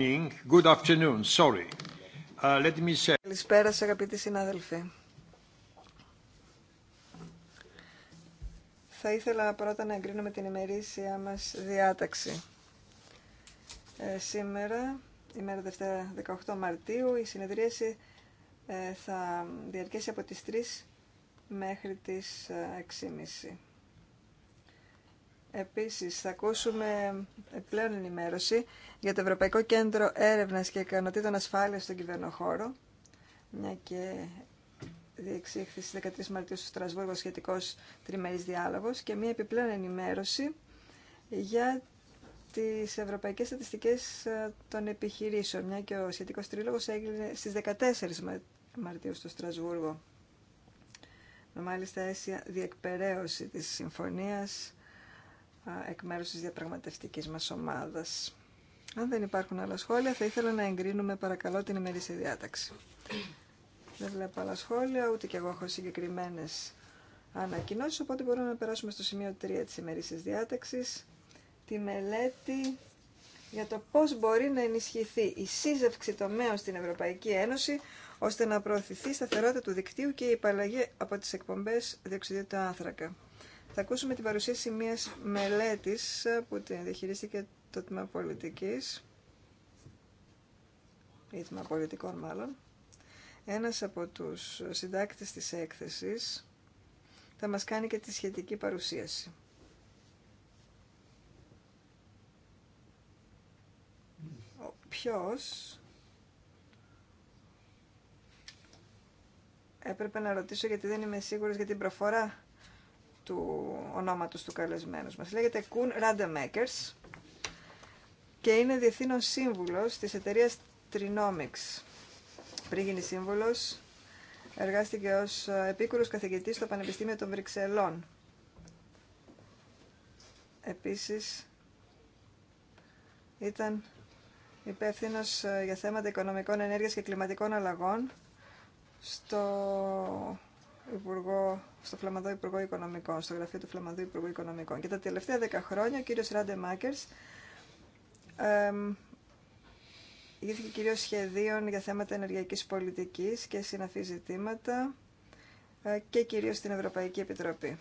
Uh, Καλησπέρα σας αγαπητοί συνάδελφοι. Θα ήθελα πρώτα να εγκρίνουμε την ημερήσια μας διάταξη. Ε, σήμερα, ημέρα Δευτέρα 18 Μαρτίου, η συνεδρίαση ε, θα διαρκέσει από τις 3 μέχρι τις 6.30. Ε, Επίσης, θα ακούσουμε επιπλέον ενημέρωση για το Ευρωπαϊκό Κέντρο Έρευνας και Εκανοτήτων Ασφάλειας στον Κυβερνοχώρο, μια και διεξήχθη στις 13 Μαρτίου στο Στρασβούργο σχετικός τριμερής διάλογος και μια επιπλέον ενημέρωση για τις ευρωπαϊκές στατιστικές ε, των επιχειρήσεων, μια και ο σχετικός τρίλογος έγινε στις 14 Μαρτίου στο Στρασβούργο. Με μάλιστα αίσια διεκπαιρέωση της συμφωνίας εκ μέρου τη διαπραγματεύτική μα ομάδα. Αν δεν υπάρχουν άλλα σχόλια, θα ήθελα να εγκρίνουμε παρακαλώ την ημερήσια διάταξη. Δεν βλέπω άλλα σχόλια, ούτε κι εγώ έχω συγκεκριμένε ανακοινώσει, οπότε μπορούμε να περάσουμε στο σημείο 3 τη ημερήσια διάταξη. τη μελέτη για το πώ μπορεί να ενισχυθεί η σύζευξη τομέων στην Ευρωπαϊκή Ένωση, ώστε να προωθηθεί η σταθερότητα του δικτύου και η υπαλλαγή από τι εκπομπέ διοξιδίου του άνθρακα. Θα ακούσουμε την παρουσίαση μιας μελέτης ε, που την διαχειρίστηκε το Τμήμα Πολιτικής ή Τμήμα Πολιτικών μάλλον. Ένας από τους συντάκτες της έκθεσης θα μας κάνει και τη σχετική παρουσίαση. Ο ποιος έπρεπε να ρωτήσω γιατί δεν είμαι σίγουρος για την προφορά του ονόματος του καλεσμένου μας. Λέγεται κουν Rademakers και είναι διευθύνων σύμβουλος της εταιρείας Trinomics. Πριν γίνει σύμβουλος, εργάστηκε ως επίκουρος καθηγητής στο Πανεπιστήμιο των Βρυξελών. Επίσης, ήταν υπεύθυνο ε, για θέματα οικονομικών ενέργειας και κλιματικών αλλαγών στο υπουργό, στο Φλαμανδό Υπουργό Οικονομικών, στο γραφείο του Φλαμανδού Υπουργού Οικονομικών. Και τα τελευταία δέκα χρόνια ο κύριος Ράντε Μάκερς ε, ηγήθηκε σχεδίων για θέματα ενεργειακής πολιτικής και συναφή ζητήματα ε, και κυρίως στην Ευρωπαϊκή Επιτροπή.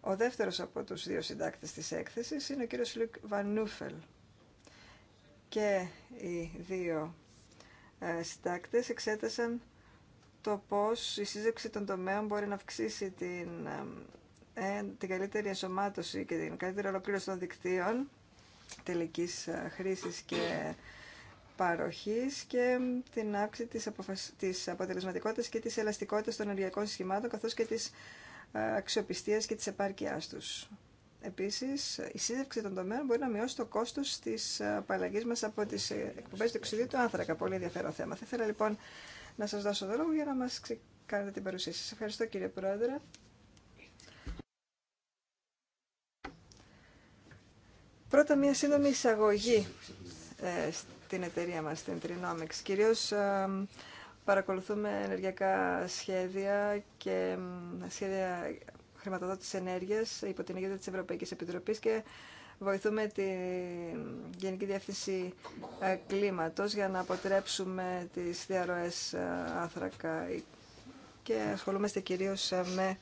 Ο δεύτερος από τους δύο συντάκτες της έκθεσης είναι ο κύριος Λουκ Βανούφελ. Και οι δύο ε, συντάκτες εξέτασαν το πώς η σύζευξη των τομέων μπορεί να αυξήσει την, ε, ε, την καλύτερη ενσωμάτωση και την καλύτερη ολοκλήρωση των δικτύων τελικής χρήσης και παροχής και την αύξηση της, αποφασ... αποτελεσματικότητας και της ελαστικότητας των ενεργειακών συστημάτων καθώς και της αξιοπιστίας και της επάρκειάς τους. Επίσης, η σύνδευξη των τομέων μπορεί να μειώσει το κόστος τη ε, απαλλαγή μα από τις ε, εκπομπές του εξουδίου του άνθρακα. Πολύ ενδιαφέρον θέμα. Θα ήθελα λοιπόν να σας δώσω το λόγο για να μα κάνετε την παρουσία σα. Ευχαριστώ κύριε Πρόεδρε. Πρώτα μια σύντομη εισαγωγή ε, στην εταιρεία μας, στην Trinomics. Κυρίως ε, παρακολουθούμε ενεργειακά σχέδια και σχέδια χρηματοδότηση ενέργεια υπό την αιγύδα της Ευρωπαϊκής Επιτροπής και βοηθούμε τη Γενική Διεύθυνση ε, Κλίματος για να αποτρέψουμε τις διαρροές ε, άνθρακα και ασχολούμαστε κυρίως ε, με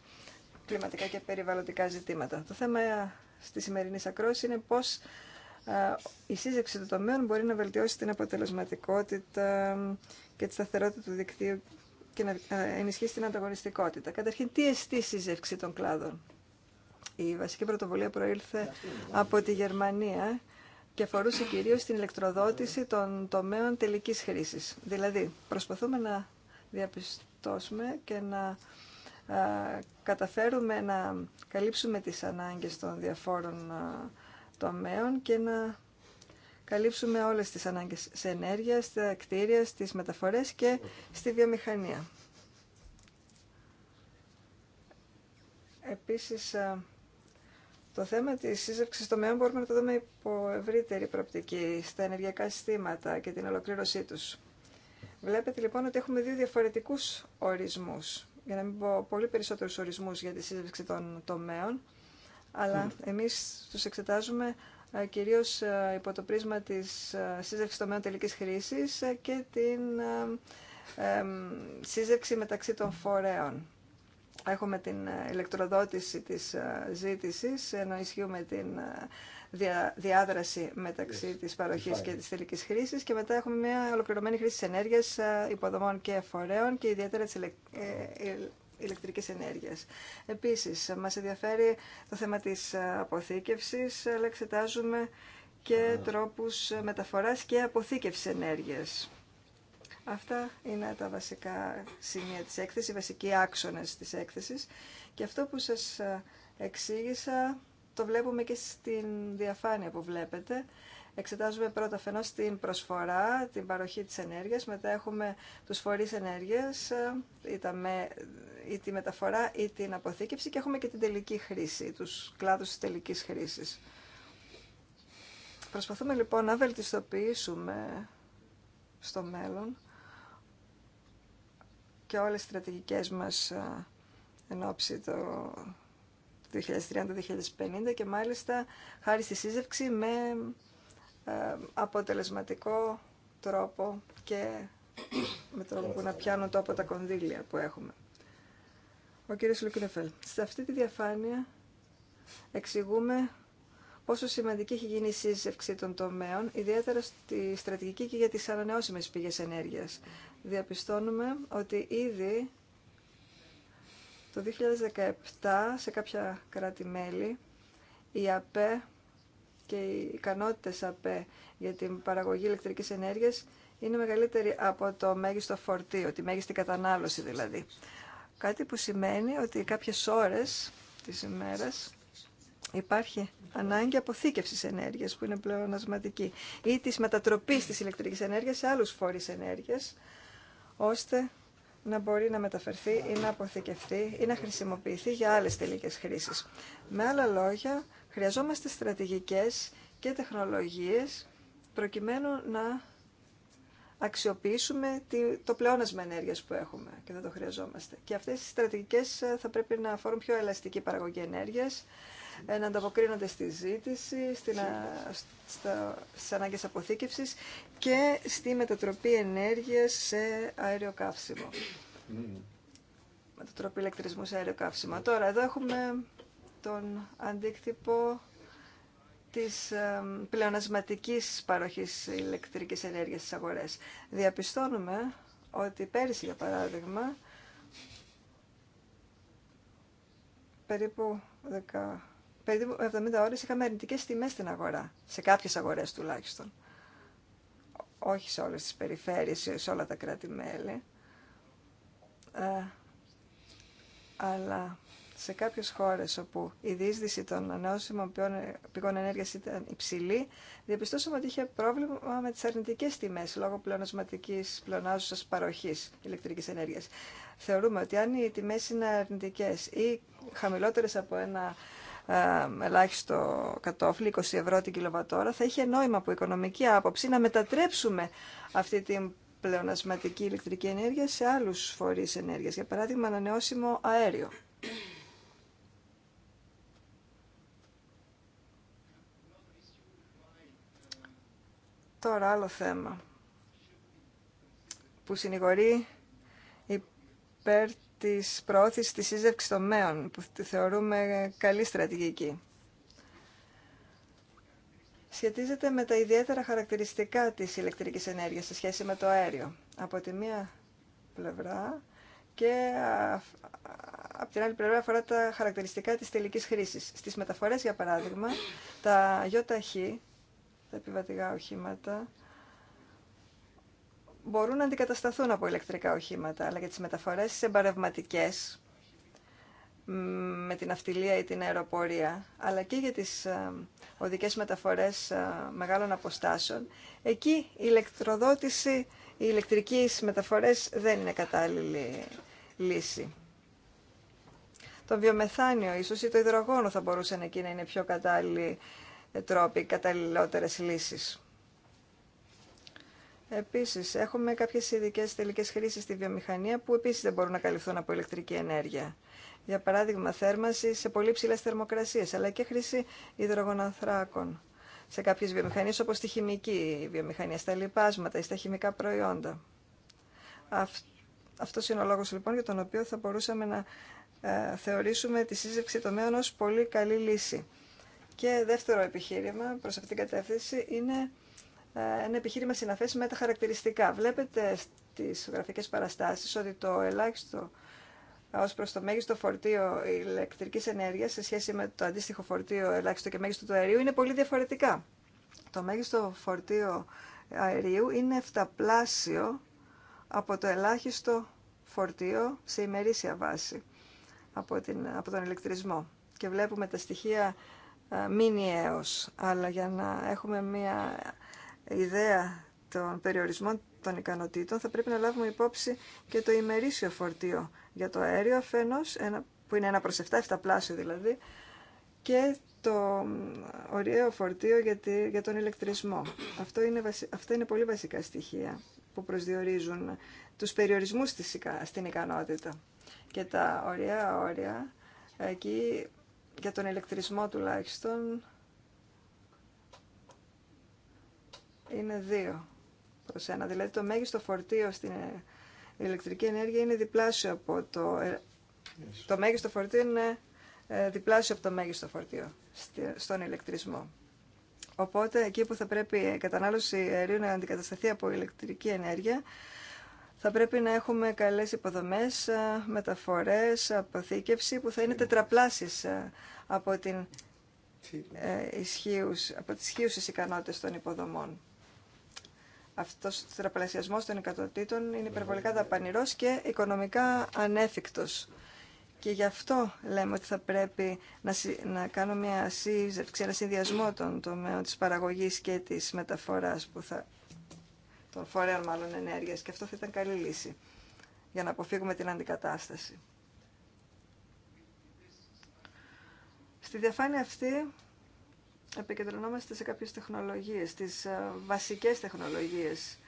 κλιματικά και περιβαλλοντικά ζητήματα. Το θέμα στη σημερινή ακρόαση είναι πώς η σύζευξη των τομέων μπορεί να βελτιώσει την αποτελεσματικότητα και τη σταθερότητα του δικτύου και να ε, ενισχύσει την ανταγωνιστικότητα. Καταρχήν, τι η συζεύξη των κλάδων. Η βασική πρωτοβουλία προήλθε από τη Γερμανία και αφορούσε κυρίως την ηλεκτροδότηση των τομέων τελικής χρήσης. Δηλαδή, προσπαθούμε να διαπιστώσουμε και να ε, καταφέρουμε να καλύψουμε τις ανάγκες των διαφόρων ε, τομέων και να καλύψουμε όλες τις ανάγκες σε ενέργεια, στα κτίρια, στις μεταφορές και στη βιομηχανία. Επίσης, το θέμα της σύζευξης τομέων μπορούμε να το δούμε υπό ευρύτερη προπτική στα ενεργειακά συστήματα και την ολοκλήρωσή τους. Βλέπετε λοιπόν ότι έχουμε δύο διαφορετικούς ορισμούς, για να μην πω πολύ περισσότερους ορισμούς για τη σύζευξη των τομέων, αλλά εμείς τους εξετάζουμε ε, κυρίως ε, υπό το πρίσμα της ε, σύζευξης τομέων τελικής χρήσης και την σύζευξη μεταξύ των φορέων. Έχουμε την ηλεκτροδότηση της ζήτησης, ενώ ισχύουμε την διάδραση μεταξύ της παροχής και της τελικής χρήσης και μετά έχουμε μια ολοκληρωμένη χρήση ενέργειας υποδομών και φορέων και ιδιαίτερα της ηλεκτρικής ενέργειας. Επίσης, μας ενδιαφέρει το θέμα της αποθήκευσης, αλλά εξετάζουμε και τρόπους μεταφοράς και αποθήκευσης ενέργειας. Αυτά είναι τα βασικά σημεία της έκθεσης, οι βασικοί άξονες της έκθεσης. Και αυτό που σας εξήγησα το βλέπουμε και στην διαφάνεια που βλέπετε. Εξετάζουμε πρώτα αφενός την προσφορά, την παροχή της ενέργειας, μετά έχουμε τους φορείς ενέργειας, ε, ή, ή τη μεταφορά ή την αποθήκευση και έχουμε και την τελική χρήση, τους κλάδους της τελικής χρήσης. Προσπαθούμε λοιπόν να βελτιστοποιήσουμε στο μέλλον και όλες τις στρατηγικές μας ε, εν ώψη το 2030-2050 και μάλιστα χάρη στη σύζευξη με ε, αποτελεσματικό τρόπο και με τρόπο που να πιάνουν το από τα κονδύλια που έχουμε. Ο κύριος Λουκνεφέλ, σε αυτή τη διαφάνεια εξηγούμε πόσο σημαντική έχει γίνει η σύζευξη των τομέων, ιδιαίτερα στη στρατηγική και για τις ανανεώσιμες πηγές ενέργειας. Διαπιστώνουμε ότι ήδη το 2017 σε κάποια κράτη-μέλη η ΑΠΕ και οι ικανότητε ΑΠΕ για την παραγωγή ηλεκτρικής ενέργειας είναι μεγαλύτερη από το μέγιστο φορτίο, τη μέγιστη κατανάλωση δηλαδή. Κάτι που σημαίνει ότι κάποιες ώρες της ημέρα υπάρχει ανάγκη αποθήκευσης ενέργειας που είναι πλεονασματική ή της μετατροπής της ηλεκτρικής ενέργειας σε άλλους φόρου ενέργεια, ώστε να μπορεί να μεταφερθεί ή να αποθηκευτεί ή να χρησιμοποιηθεί για άλλες τελικές χρήσεις. Με άλλα λόγια, Χρειαζόμαστε στρατηγικές και τεχνολογίες προκειμένου να αξιοποιήσουμε το πλεόνασμα ενέργειας που έχουμε και δεν το χρειαζόμαστε. Και αυτές οι στρατηγικές ε, θα πρέπει να αφορούν πιο ελαστική παραγωγή ενέργειας, ε, να ανταποκρίνονται στη ζήτηση, στην, στα, στις ανάγκες αποθήκευσης και στη μετατροπή ενέργειας σε αέριο καύσιμο. Mm. Μετατροπή ηλεκτρισμού σε αέριο Τώρα, εδώ έχουμε τον αντίκτυπο της πλεονασματικής παροχής ηλεκτρικής ενέργειας στις αγορές. Διαπιστώνουμε ότι πέρυσι, για παράδειγμα, περίπου, 10, περίπου 70 ώρες είχαμε αρνητικέ τιμές στην αγορά, σε κάποιες αγορές τουλάχιστον. Όχι σε όλες τις περιφέρειες, σε όλα τα κράτη-μέλη. Ε, αλλά σε κάποιες χώρες όπου η δίσδυση των ανανεώσιμων πηγών ενέργειας ήταν υψηλή, διαπιστώσαμε ότι είχε πρόβλημα με τις αρνητικές τιμές λόγω πλεονασματικής πλεονάζουσας παροχής ηλεκτρικής ενέργειας. Θεωρούμε ότι αν οι τιμές είναι αρνητικές ή χαμηλότερες από ένα ε, ελάχιστο κατόφλι, 20 ευρώ την κιλοβατόρα, θα είχε νόημα από οικονομική άποψη να μετατρέψουμε αυτή την πλεονασματική ηλεκτρική ενέργεια σε άλλους φορείς ενέργειας, για παράδειγμα ανανεώσιμο αέριο. Τώρα άλλο θέμα που συνηγορεί υπέρ της προώθησης της σύζευξης τομέων που τη θεωρούμε καλή στρατηγική. Σχετίζεται με τα ιδιαίτερα χαρακτηριστικά της ηλεκτρικής ενέργειας σε σχέση με το αέριο. Από τη μία πλευρά και από την άλλη πλευρά αφορά τα χαρακτηριστικά της τελικής χρήσης. Στις μεταφορές, για παράδειγμα, τα ΙΧ τα επιβατικά οχήματα μπορούν να αντικατασταθούν από ηλεκτρικά οχήματα, αλλά για τις μεταφορές σε εμπαρευματικές, με την αυτιλία ή την αεροπορία, αλλά και για τις ε, οδικές μεταφορές ε, μεγάλων αποστάσεων, εκεί η ηλεκτροδότηση, οι ηλεκτρικές μεταφορές δεν είναι κατάλληλη λύση. Το βιομεθάνιο ίσως ή το υδρογόνο θα μπορούσαν εκεί να είναι πιο κατάλληλη τρόποι, καταλληλότερες λύσεις. Επίσης, έχουμε κάποιες ειδικέ τελικές χρήσεις στη βιομηχανία που επίσης δεν μπορούν να καλυφθούν από ηλεκτρική ενέργεια. Για παράδειγμα, θέρμανση σε πολύ ψηλέ θερμοκρασίε, αλλά και χρήση υδρογονανθράκων σε κάποιε βιομηχανίε, όπω τη χημική βιομηχανία, στα λοιπάσματα ή στα χημικά προϊόντα. Αυτό είναι ο λόγο λοιπόν για τον οποίο θα μπορούσαμε να ε, θεωρήσουμε τη σύζευξη τομέων ως πολύ καλή λύση. Και δεύτερο επιχείρημα προς αυτήν την κατεύθυνση είναι ε, ένα επιχείρημα συναφές με τα χαρακτηριστικά. Βλέπετε στις γραφικές παραστάσεις ότι το ελάχιστο ε, ως προς το μέγιστο φορτίο ηλεκτρικής ενέργειας σε σχέση με το αντίστοιχο φορτίο ελάχιστο και μέγιστο του αερίου είναι πολύ διαφορετικά. Το μέγιστο φορτίο αερίου είναι εφταπλάσιο από το ελάχιστο φορτίο σε ημερήσια βάση από, την, από τον ηλεκτρισμό. Και βλέπουμε τα στοιχεία μηνιαίος, αλλά για να έχουμε μια ιδέα των περιορισμών των ικανοτήτων θα πρέπει να λάβουμε υπόψη και το ημερήσιο φορτίο για το αέριο αφενός, που είναι ένα προς 7, 7 πλάσιο δηλαδή, και το ωραίο φορτίο για, τον ηλεκτρισμό. Αυτό είναι, αυτά είναι πολύ βασικά στοιχεία που προσδιορίζουν τους περιορισμούς στην ικανότητα. Και τα ωραία όρια εκεί για τον ηλεκτρισμό τουλάχιστον είναι 2 προς 1. Δηλαδή το μέγιστο φορτίο στην ηλεκτρική ενέργεια είναι διπλάσιο από το... Ε, το μέγιστο φορτίο είναι ε, διπλάσιο από το μέγιστο φορτίο στον ηλεκτρισμό. Οπότε εκεί που θα πρέπει η κατανάλωση αερίου να αντικατασταθεί από ηλεκτρική ενέργεια θα πρέπει να έχουμε καλές υποδομές, ε, μεταφορές, αποθήκευση που θα είναι τετραπλάσεις ε, από, την, ε, ισχύους, από τις ισχύουσες ικανότητες των υποδομών. Αυτός ο τετραπλασιασμός των εκατοτήτων είναι υπερβολικά δαπανηρός και οικονομικά ανέφικτος. Και γι' αυτό λέμε ότι θα πρέπει να, να κάνουμε μια σύζευξη, ένα συνδυασμό των τομέων της παραγωγής και της μεταφοράς που θα των φορέων μάλλον ενέργειας και αυτό θα ήταν καλή λύση για να αποφύγουμε την αντικατάσταση. Στη διαφάνεια αυτή επικεντρωνόμαστε σε κάποιες τεχνολογίες, τις ε, βασικές τεχνολογίες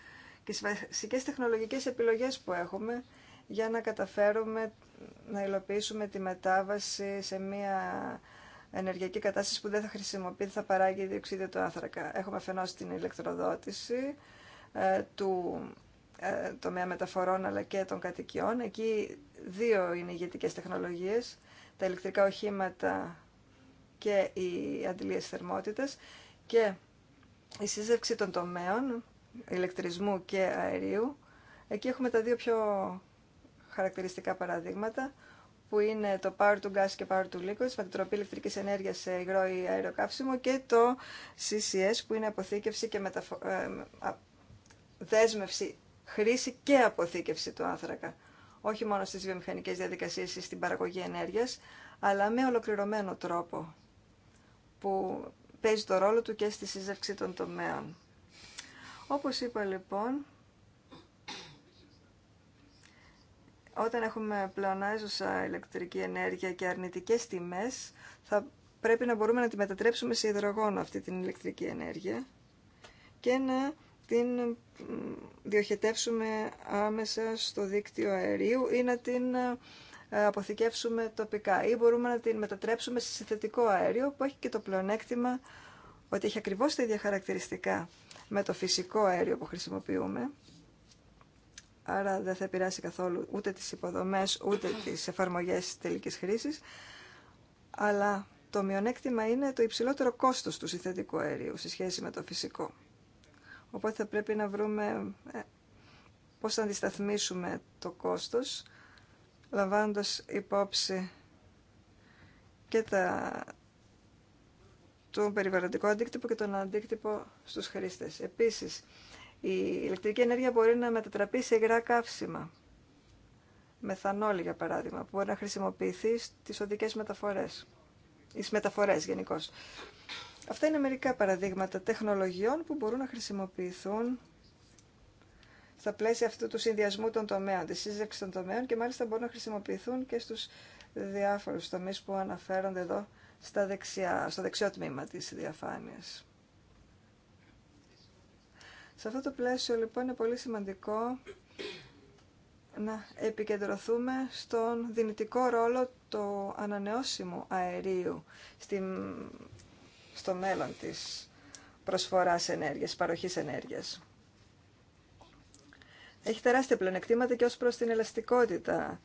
και τις βασικές τεχνολογικές επιλογές που έχουμε για να καταφέρουμε να υλοποιήσουμε τη μετάβαση σε μια ενεργειακή κατάσταση που δεν θα χρησιμοποιεί, θα παράγει διοξίδιο του άνθρακα. Έχουμε αφενός την ηλεκτροδότηση, ε, του ε, τομέα μεταφορών αλλά και των κατοικιών. Εκεί δύο είναι ηγετικέ τεχνολογίες, τα ηλεκτρικά οχήματα και οι αντιλίε θερμότητας και η σύζευξη των τομέων ηλεκτρισμού και αερίου. Εκεί έχουμε τα δύο πιο χαρακτηριστικά παραδείγματα που είναι το power to gas και power to liquids, μετατροπή ηλεκτρική ενέργειας σε υγρό ή αεροκαύσιμο και το CCS που είναι αποθήκευση και μεταφο... Ε, δέσμευση, χρήση και αποθήκευση του άνθρακα. Όχι μόνο στις βιομηχανικές διαδικασίες ή στην παραγωγή ενέργειας, αλλά με ολοκληρωμένο τρόπο που παίζει το ρόλο του και στη σύζευξη των τομέων. Όπως είπα λοιπόν, όταν έχουμε πλεονάζουσα ηλεκτρική ενέργεια και αρνητικές τιμές, θα πρέπει να μπορούμε να τη μετατρέψουμε σε υδρογόνο αυτή την ηλεκτρική ενέργεια και να την διοχετεύσουμε άμεσα στο δίκτυο αερίου ή να την ε, αποθηκεύσουμε τοπικά ή μπορούμε να την μετατρέψουμε σε συνθετικό αέριο που έχει και το πλεονέκτημα ότι έχει ακριβώς τα ίδια χαρακτηριστικά με το φυσικό αέριο που χρησιμοποιούμε άρα δεν θα επηρεάσει καθόλου ούτε τις υποδομές ούτε τις εφαρμογές τελικής χρήσης αλλά το μειονέκτημα είναι το υψηλότερο κόστος του συνθετικού αερίου σε σχέση με το φυσικό. Οπότε θα πρέπει να βρούμε ε, πώς θα αντισταθμίσουμε το κόστος, λαμβάνοντας υπόψη και τα, τον περιβαλλοντικό αντίκτυπο και τον αντίκτυπο στους χρήστες. Επίσης, η ηλεκτρική ενέργεια μπορεί να μετατραπεί σε υγρά καύσιμα, μεθανόλη για παράδειγμα, που μπορεί να χρησιμοποιηθεί στις οδικές μεταφορές, στις μεταφορές γενικώς. Αυτά είναι μερικά παραδείγματα τεχνολογιών που μπορούν να χρησιμοποιηθούν στα πλαίσια αυτού του συνδυασμού των τομέων, τη σύζευξη των τομέων και μάλιστα μπορούν να χρησιμοποιηθούν και στους διάφορους τομείς που αναφέρονται εδώ στα δεξιά, στο δεξιό τμήμα της διαφάνειας. Σε αυτό το πλαίσιο λοιπόν είναι πολύ σημαντικό να επικεντρωθούμε στον δυνητικό ρόλο του ανανεώσιμου αερίου στην στο μέλλον της προσφοράς ενέργειας, παροχής ενέργειας. Έχει τεράστια πλεονεκτήματα και ως προς την ελαστικότητα,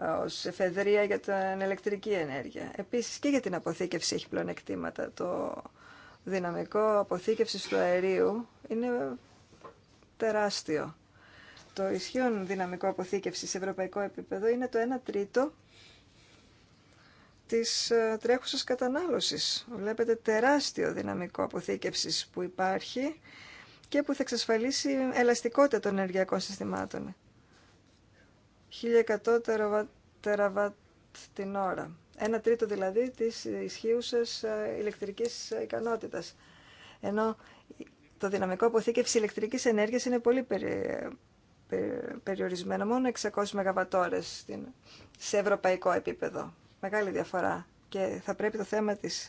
ε, ως εφεδρεία για την ηλεκτρική ενέργεια. Επίσης και για την αποθήκευση έχει πλεονεκτήματα. Το δυναμικό αποθήκευσης του αερίου είναι τεράστιο. Το ισχύον δυναμικό αποθήκευση σε ευρωπαϊκό επίπεδο είναι το 1 τρίτο της ε, τρέχουσας κατανάλωσης. Βλέπετε τεράστιο δυναμικό αποθήκευσης που υπάρχει και που θα εξασφαλίσει ελαστικότητα των ενεργειακών συστημάτων. 1100 τεραβατ, την ώρα. Ένα τρίτο δηλαδή της ισχύουσας ε, ηλεκτρικής ικανότητας. Ενώ το δυναμικό αποθήκευση ηλεκτρικής ενέργειας είναι πολύ περιορισμένο, μόνο 600 ΜΒ σε ευρωπαϊκό επίπεδο. Μεγάλη διαφορά. Και θα πρέπει το θέμα της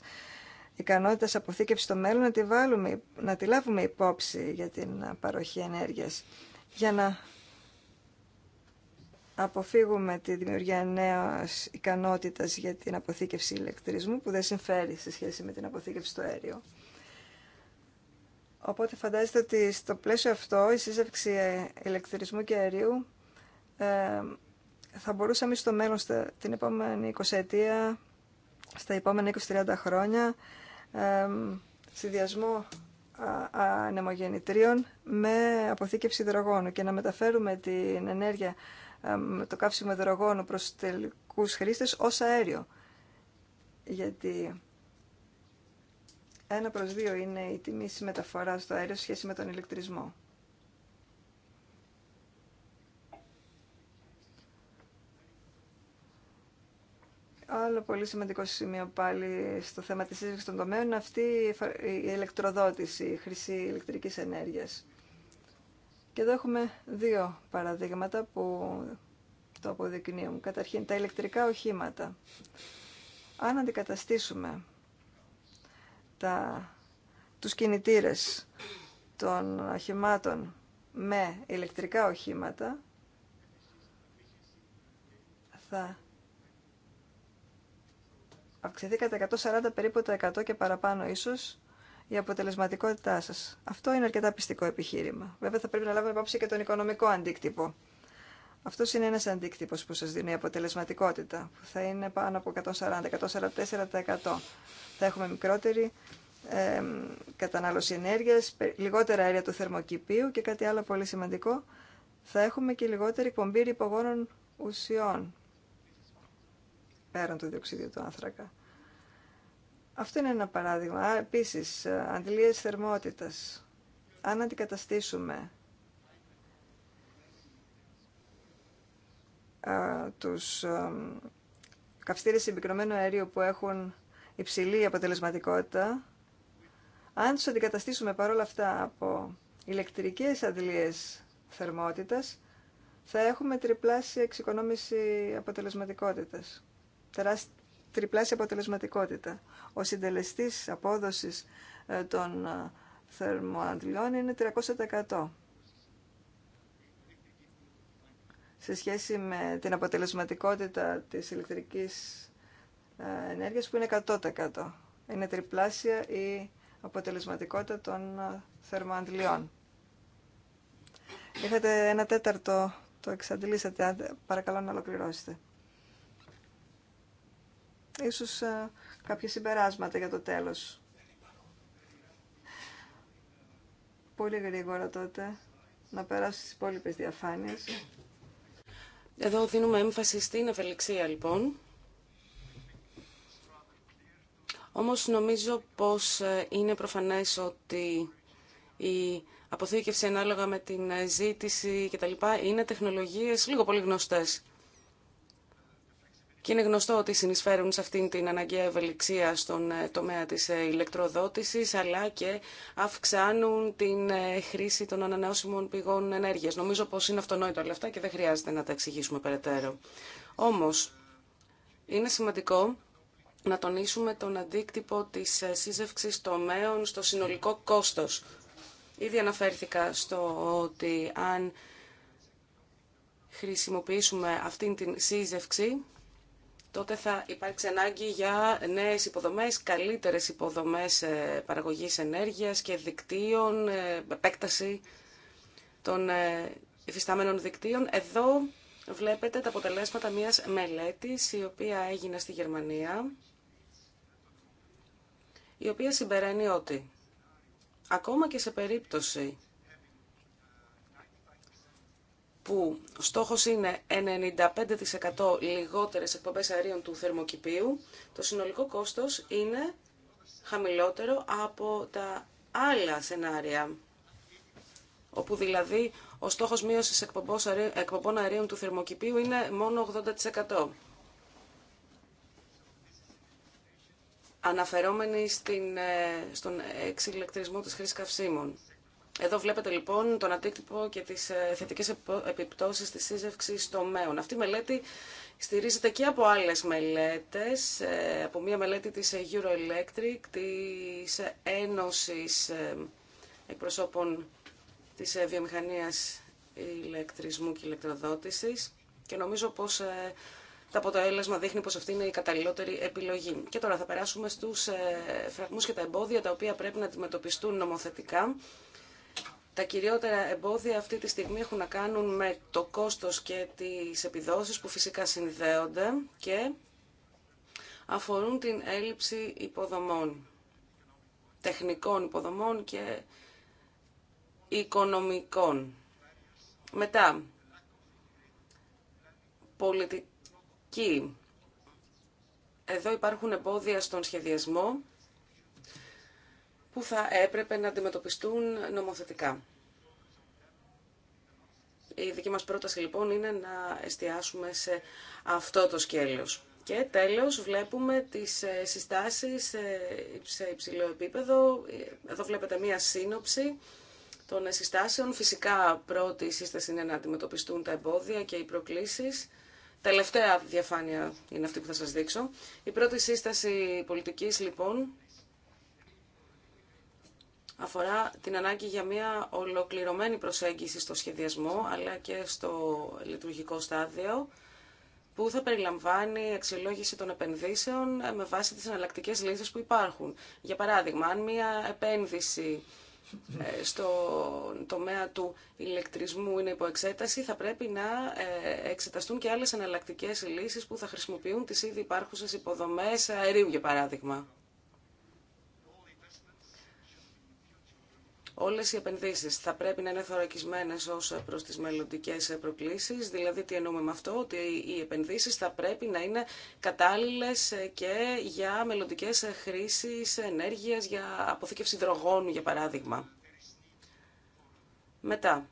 ικανότητας αποθήκευσης στο μέλλον να τη, βάλουμε, να τη λάβουμε υπόψη για την παροχή ενέργειας. Για να αποφύγουμε τη δημιουργία νέα ικανότητα για την αποθήκευση ηλεκτρισμού που δεν συμφέρει σε σχέση με την αποθήκευση του αέριου. Οπότε φαντάζεστε ότι στο πλαίσιο αυτό η σύζευξη ηλεκτρισμού και αερίου ε, θα μπορούσαμε στο μέλλον, στα, την επόμενη 20 ετία, στα επόμενα 20-30 χρόνια, ε, συνδυασμό ανεμογεννητρίων με αποθήκευση υδρογόνου και να μεταφέρουμε την ενέργεια με το καύσιμο υδρογόνου προς τελικούς χρήστες ως αέριο. Γιατί ένα προς δύο είναι η τιμή της μεταφοράς στο αέριο σχέση με τον ηλεκτρισμό. Άλλο πολύ σημαντικό σημείο πάλι στο θέμα της σύζυγης των τομέων είναι αυτή η ηλεκτροδότηση, η χρήση ηλεκτρικής ενέργειας. Και εδώ έχουμε δύο παραδείγματα που το αποδεικνύουν. Καταρχήν, τα ηλεκτρικά οχήματα. Αν αντικαταστήσουμε τα, τους κινητήρες των οχημάτων με ηλεκτρικά οχήματα, θα αυξηθεί κατά 140 περίπου το 100 και παραπάνω ίσως η αποτελεσματικότητά σας. Αυτό είναι αρκετά πιστικό επιχείρημα. Βέβαια θα πρέπει να λάβουμε υπόψη και τον οικονομικό αντίκτυπο. Αυτό είναι ένας αντίκτυπος που σας δίνει η αποτελεσματικότητα, που θα είναι πάνω από 140, 144%. Θα έχουμε μικρότερη κατανάλωση ενέργειας, λιγότερα αέρια του θερμοκηπίου και κάτι άλλο πολύ σημαντικό, θα έχουμε και λιγότερη εκπομπή υπογόνων ουσιών πέραν του διοξίδιου του άνθρακα. Αυτό είναι ένα παράδειγμα. Επίσης, ε, αντιλίες θερμότητας. Αν αντικαταστήσουμε τους ε, καυστήρες συμπυκνωμένου αερίου που έχουν υψηλή αποτελεσματικότητα, αν τους αντικαταστήσουμε παρόλα αυτά από ηλεκτρικές αντιλίες θερμότητας, θα έχουμε τριπλάσια εξοικονόμηση αποτελεσματικότητας τριπλάσια αποτελεσματικότητα. Ο συντελεστής απόδοσης ε, των ε, θερμοαντλιών είναι 300%. σε σχέση με την αποτελεσματικότητα της ηλεκτρικής ε, ενέργειας που είναι 100%. Είναι τριπλάσια η αποτελεσματικότητα των θερμοαντλειών. Είχατε ένα τέταρτο, το εξαντλήσατε, παρακαλώ να ολοκληρώσετε ίσως ε, κάποια συμπεράσματα για το τέλος. Πολύ γρήγορα τότε να περάσω στις υπόλοιπες διαφάνειες. Εδώ δίνουμε έμφαση στην ευελιξία λοιπόν. Όμως νομίζω πως ε, είναι προφανές ότι η αποθήκευση ανάλογα με την ε, ζήτηση λοιπά είναι τεχνολογίες λίγο πολύ γνωστές. Και είναι γνωστό ότι συνεισφέρουν σε αυτήν την αναγκαία ευελιξία στον ε, τομέα της ε, ηλεκτροδότησης, αλλά και αυξάνουν την ε, χρήση των ανανεώσιμων πηγών ενέργειας. Νομίζω πως είναι αυτονόητο όλα αυτά και δεν χρειάζεται να τα εξηγήσουμε περαιτέρω. Όμως, είναι σημαντικό να τονίσουμε τον αντίκτυπο της σύζευξης τομέων στο συνολικό κόστος. Ήδη αναφέρθηκα στο ότι αν χρησιμοποιήσουμε αυτήν την σύζευξη, τότε θα υπάρξει ανάγκη για νέες υποδομές, καλύτερες υποδομές ε, παραγωγής ενέργειας και δικτύων, ε, επέκταση των ε, υφιστάμενων δικτύων. Εδώ βλέπετε τα αποτελέσματα μιας μελέτης η οποία έγινε στη Γερμανία, η οποία συμπεραίνει ότι ακόμα και σε περίπτωση που ο στόχος είναι 95% λιγότερες εκπομπές αερίων του θερμοκηπίου, το συνολικό κόστος είναι χαμηλότερο από τα άλλα σενάρια, όπου δηλαδή ο στόχος μείωσης εκπομπών αερίων του θερμοκηπίου είναι μόνο 80%. αναφερόμενοι στην, ε, στον εξηλεκτρισμό της χρήσης καυσίμων. Εδώ βλέπετε λοιπόν τον αντίκτυπο και τις ε, θετικές επιπτώσεις της σύζευξης τομέων. Αυτή η μελέτη στηρίζεται και από άλλες μελέτες, ε, από μια μελέτη της ε, Euroelectric, της Ένωσης Εκπροσώπων της Βιομηχανίας Ηλεκτρισμού και Ηλεκτροδότησης και νομίζω πως το αποτέλεσμα δείχνει πως αυτή είναι η καταλληλότερη επιλογή. Και τώρα θα περάσουμε στους φραγμούς και τα εμπόδια τα οποία πρέπει να αντιμετωπιστούν νομοθετικά τα κυριότερα εμπόδια αυτή τη στιγμή έχουν να κάνουν με το κόστος και τις επιδόσεις που φυσικά συνδέονται και αφορούν την έλλειψη υποδομών, τεχνικών υποδομών και οικονομικών. Μετά, πολιτική. Εδώ υπάρχουν εμπόδια στον σχεδιασμό που θα έπρεπε να αντιμετωπιστούν νομοθετικά. Η δική μας πρόταση λοιπόν είναι να εστιάσουμε σε αυτό το σκέλος. Και τέλος βλέπουμε τις ε, συστάσεις ε, σε υψηλό επίπεδο. Εδώ βλέπετε μία σύνοψη των ε, συστάσεων. Φυσικά πρώτη σύσταση είναι να αντιμετωπιστούν τα εμπόδια και οι προκλήσεις. Τελευταία διαφάνεια είναι αυτή που θα σας δείξω. Η πρώτη σύσταση πολιτικής λοιπόν αφορά την ανάγκη για μια ολοκληρωμένη προσέγγιση στο σχεδιασμό αλλά και στο λειτουργικό στάδιο που θα περιλαμβάνει αξιολόγηση των επενδύσεων ε, με βάση τις εναλλακτικέ λύσεις που υπάρχουν. Για παράδειγμα, αν μια επένδυση ε, στο τομέα του ηλεκτρισμού είναι υπό εξέταση, θα πρέπει να ε, εξεταστούν και άλλες εναλλακτικέ λύσεις που θα χρησιμοποιούν τις ήδη υπάρχουσες υποδομές αερίου, για παράδειγμα. Όλες οι επενδύσεις θα πρέπει να είναι θωρακισμένες ως προς τις μελλοντικές προκλήσεις, δηλαδή τι εννοούμε με αυτό, ότι οι επενδύσεις θα πρέπει να είναι κατάλληλες και για μελλοντικές χρήσεις ενέργειας, για αποθήκευση δρογόνου για παράδειγμα. Μετά,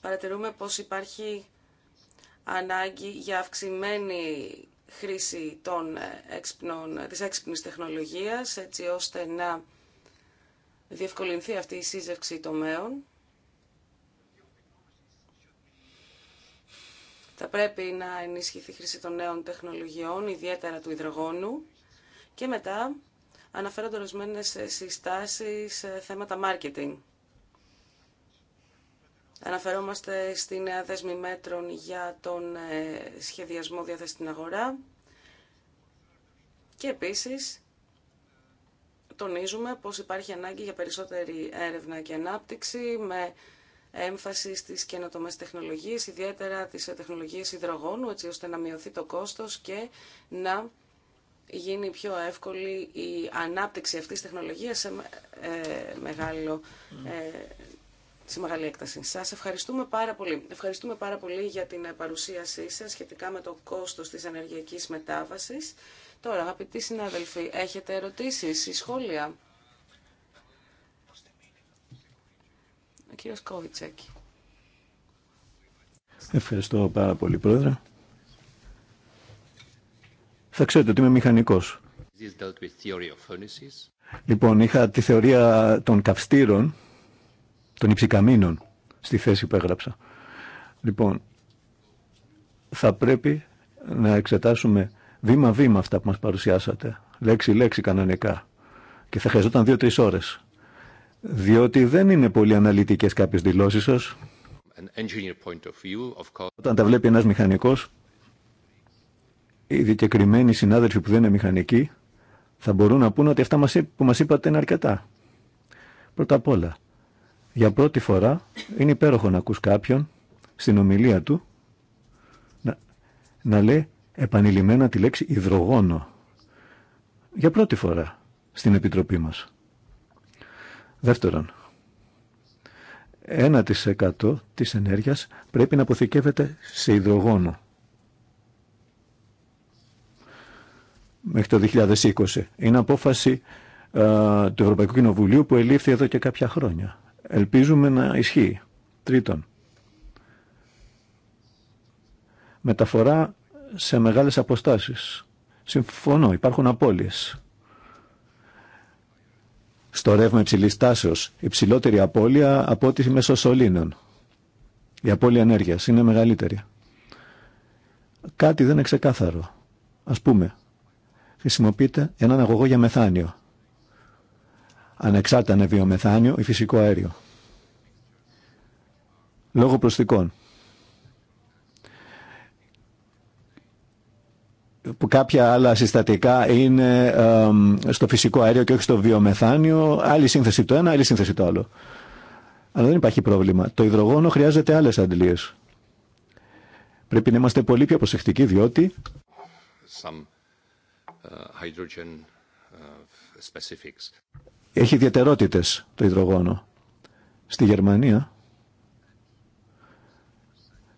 παρατηρούμε πως υπάρχει ανάγκη για αυξημένη χρήση των ε, έξυπνων, της έξυπνης τεχνολογίας, έτσι ώστε να διευκολυνθεί αυτή η σύζευξη τομέων. Θα πρέπει να ενισχυθεί η χρήση των νέων τεχνολογιών, ιδιαίτερα του υδρογόνου. Και μετά αναφέρονται ορισμένε συστάσεις θέματα marketing. Αναφερόμαστε στη νέα δέσμη μέτρων για τον ε, σχεδιασμό διάθεση στην αγορά και επίσης τονίζουμε πως υπάρχει ανάγκη για περισσότερη έρευνα και ανάπτυξη με έμφαση στις καινοτομές τεχνολογίες, ιδιαίτερα τις τεχνολογίες υδρογόνου, έτσι ώστε να μειωθεί το κόστος και να γίνει πιο εύκολη η ανάπτυξη αυτής της τεχνολογίας σε, ε, μεγάλο, ε, μεγάλη έκταση. Σας ευχαριστούμε πάρα πολύ. Ευχαριστούμε πάρα πολύ για την παρουσίασή σας σχετικά με το κόστος της ενεργειακής μετάβασης. Τώρα, αγαπητοί συνάδελφοι, έχετε ερωτήσεις ή σχόλια. Ο κύριος Κόβιτσέκη. Ευχαριστώ πάρα πολύ, Πρόεδρε. Θα ξέρετε ότι είμαι μηχανικός. Λοιπόν, είχα τη θεωρία των καυστήρων, των υψικαμίνων, στη θέση που έγραψα. Λοιπόν, θα πρέπει να εξετάσουμε βήμα-βήμα αυτά που μας παρουσιάσατε, λέξη-λέξη κανονικά και θα χρειαζόταν δύο-τρεις ώρες. Διότι δεν είναι πολύ αναλυτικές κάποιες δηλώσεις σας. Όταν τα βλέπει ένας μηχανικός, οι δικαιοκριμένοι συνάδελφοι που δεν είναι μηχανικοί θα μπορούν να πούν ότι αυτά που μας είπατε είναι αρκετά. Πρώτα απ' όλα, για πρώτη φορά είναι υπέροχο να ακούς κάποιον στην ομιλία του να, να λέει επανειλημμένα τη λέξη υδρογόνο. Για πρώτη φορά στην Επιτροπή μας. Δεύτερον, 1% της ενέργειας πρέπει να αποθηκεύεται σε υδρογόνο. Μέχρι το 2020. Είναι απόφαση ε, του Ευρωπαϊκού Κοινοβουλίου που ελήφθη εδώ και κάποια χρόνια. Ελπίζουμε να ισχύει. Τρίτον, μεταφορά σε μεγάλες αποστάσεις. Συμφωνώ, υπάρχουν απώλειες. Στο ρεύμα υψηλή τάσεω, υψηλότερη απώλεια από ό,τι σωλήνων Η απώλεια ενέργεια είναι μεγαλύτερη. Κάτι δεν είναι ξεκάθαρο. Α πούμε, χρησιμοποιείται έναν αγωγό για μεθάνιο. Ανεξάρτητα είναι βιομεθάνιο ή φυσικό αέριο. Λόγω προσθήκων. που κάποια άλλα συστατικά είναι στο φυσικό αέριο και όχι στο βιομεθάνιο, άλλη σύνθεση το ένα, άλλη σύνθεση το άλλο. Αλλά δεν υπάρχει πρόβλημα. Το υδρογόνο χρειάζεται άλλες αντλίες. Πρέπει να είμαστε πολύ πιο προσεκτικοί διότι uh, uh, έχει ιδιαιτερότητες το υδρογόνο. Στη Γερμανία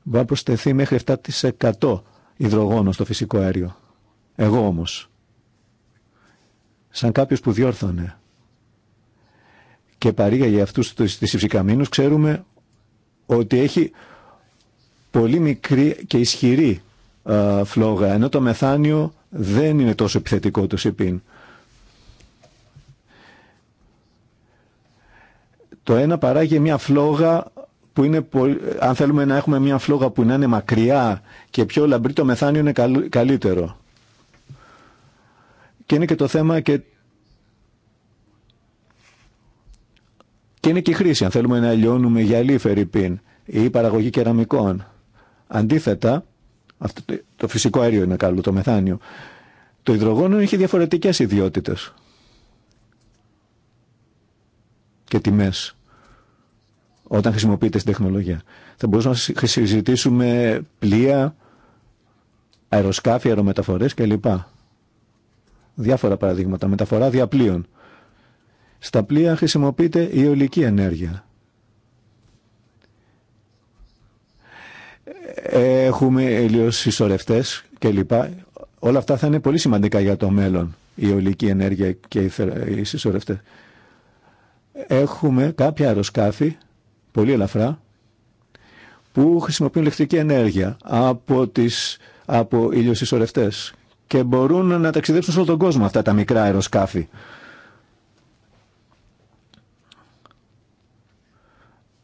μπορεί να προσθεθεί μέχρι 7% υδρογόνο στο φυσικό αέριο. Εγώ όμως, σαν κάποιος που διόρθωνε και παρήγαγε για αυτούς τους υψηκαμίνους, ξέρουμε ότι έχει πολύ μικρή και ισχυρή φλόγα, ενώ το μεθάνιο δεν είναι τόσο επιθετικό το ΣΥΠΗΝ. Το ένα παράγει μια φλόγα που είναι πολύ, αν θέλουμε να έχουμε μια φλόγα που να είναι μακριά και πιο λαμπρή το μεθάνιο είναι καλύτερο. Και είναι και το θέμα και... είναι και η χρήση, αν θέλουμε να λιώνουμε γυαλί φερρυπίν ή παραγωγή κεραμικών. Αντίθετα, το φυσικό αέριο είναι καλό, το μεθάνιο. Το υδρογόνο έχει διαφορετικές ιδιότητες και τιμές όταν χρησιμοποιείται στην τεχνολογία. Θα μπορούσαμε να συζητήσουμε πλοία, αεροσκάφη, αερομεταφορές κλπ διάφορα παραδείγματα. Μεταφορά διαπλοίων. Στα πλοία χρησιμοποιείται η ολική ενέργεια. Έχουμε ελιοσυσσωρευτές κλπ. Όλα αυτά θα είναι πολύ σημαντικά για το μέλλον. Η ολική ενέργεια και οι συσσωρευτές. Έχουμε κάποια αεροσκάφη, πολύ ελαφρά, που χρησιμοποιούν ηλεκτρική ενέργεια από, τις, από ηλιοσυσσωρευτές και μπορούν να ταξιδέψουν σε όλο τον κόσμο αυτά τα μικρά αεροσκάφη.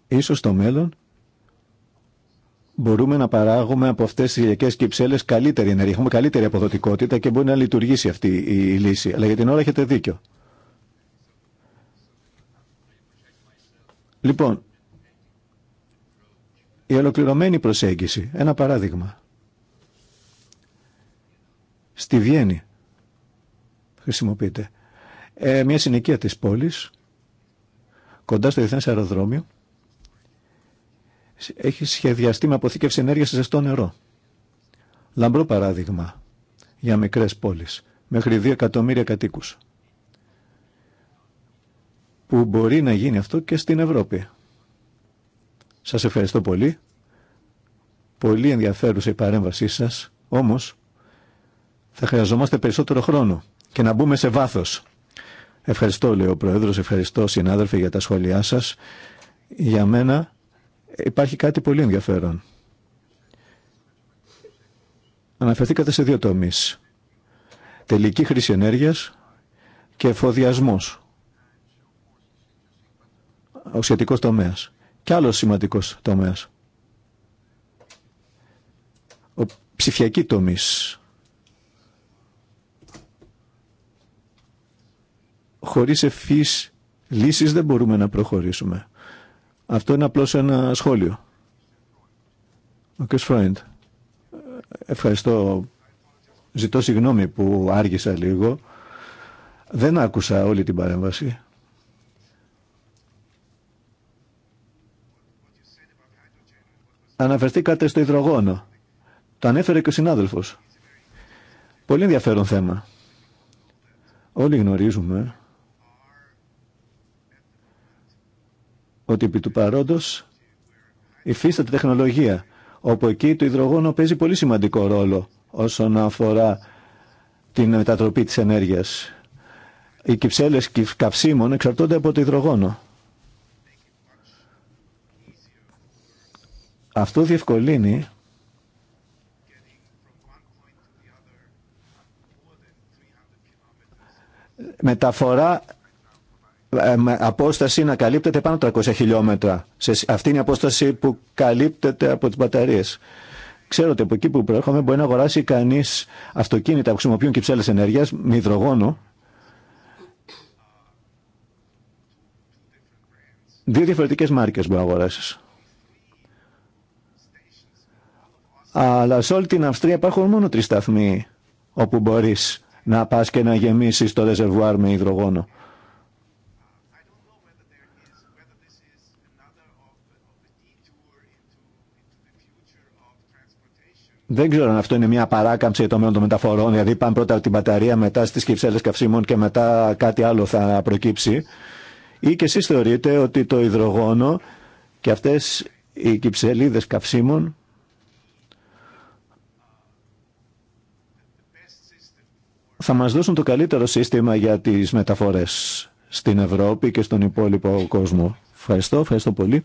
Ίσως στο μέλλον μπορούμε να παράγουμε από αυτές τις ηλιακές κυψέλες καλύτερη ενέργεια. Έχουμε καλύτερη αποδοτικότητα και μπορεί να λειτουργήσει αυτή η λύση. Αλλά για την ώρα έχετε δίκιο. Λοιπόν, η ολοκληρωμένη προσέγγιση. Ένα παράδειγμα στη Βιέννη χρησιμοποιείται. Ε, μια συνοικία της πόλης, κοντά στο διεθνές αεροδρόμιο, έχει σχεδιαστεί με αποθήκευση ενέργειας σε ζεστό νερό. Λαμπρό παράδειγμα για μικρές πόλεις, μέχρι 2 εκατομμύρια κατοίκους. Που μπορεί να γίνει αυτό και στην Ευρώπη. Σας ευχαριστώ πολύ. Πολύ ενδιαφέρουσα η παρέμβασή σας, όμως θα χρειαζόμαστε περισσότερο χρόνο και να μπούμε σε βάθος. Ευχαριστώ, λέει ο Πρόεδρος, ευχαριστώ συνάδελφοι για τα σχόλιά σα. Για μένα υπάρχει κάτι πολύ ενδιαφέρον. Αναφερθήκατε σε δύο τομείς. Τελική χρήση ενέργεια και εφοδιασμό. Ο σχετικό τομέα Και άλλος σημαντικός τομέα. Ο ψηφιακή τομής. χωρίς ευφύς λύσεις δεν μπορούμε να προχωρήσουμε. Αυτό είναι απλώς ένα σχόλιο. Ο κ. Φρόιντ, ευχαριστώ. Ζητώ συγγνώμη που άργησα λίγο. Δεν άκουσα όλη την παρέμβαση. Αναφερθήκατε στο υδρογόνο. Το ανέφερε και ο συνάδελφος. Πολύ ενδιαφέρον θέμα. Όλοι γνωρίζουμε ότι επί του παρόντος υφίσταται τεχνολογία, όπου εκεί το υδρογόνο παίζει πολύ σημαντικό ρόλο όσον αφορά την μετατροπή της ενέργειας. Οι κυψέλες καυσίμων εξαρτώνται από το υδρογόνο. Αυτό διευκολύνει μεταφορά ε, απόσταση να καλύπτεται πάνω από 300 χιλιόμετρα. Αυτή είναι η απόσταση που καλύπτεται από τις μπαταρίες. Ξέρω ότι από εκεί που προέρχομαι μπορεί να αγοράσει κανείς αυτοκίνητα που χρησιμοποιούν κυψέλες ενέργειας με υδρογόνο. Δύο διαφορετικές μάρκες μπορεί να αγοράσει. Αλλά σε όλη την Αυστρία υπάρχουν μόνο τρει σταθμοί όπου μπορεί να πα και να γεμίσει το ρεζερβουάρ με υδρογόνο. Δεν ξέρω αν αυτό είναι μια παράκαμψη για το μέλλον των μεταφορών, δηλαδή πάνε πρώτα από την μπαταρία, μετά στις κυψέλες καυσίμων και μετά κάτι άλλο θα προκύψει. Ή και εσεί θεωρείτε ότι το υδρογόνο και αυτές οι κυψελίδε καυσίμων θα μας δώσουν το καλύτερο σύστημα για τις μεταφορές στην Ευρώπη και στον υπόλοιπο κόσμο. Ευχαριστώ, ευχαριστώ πολύ.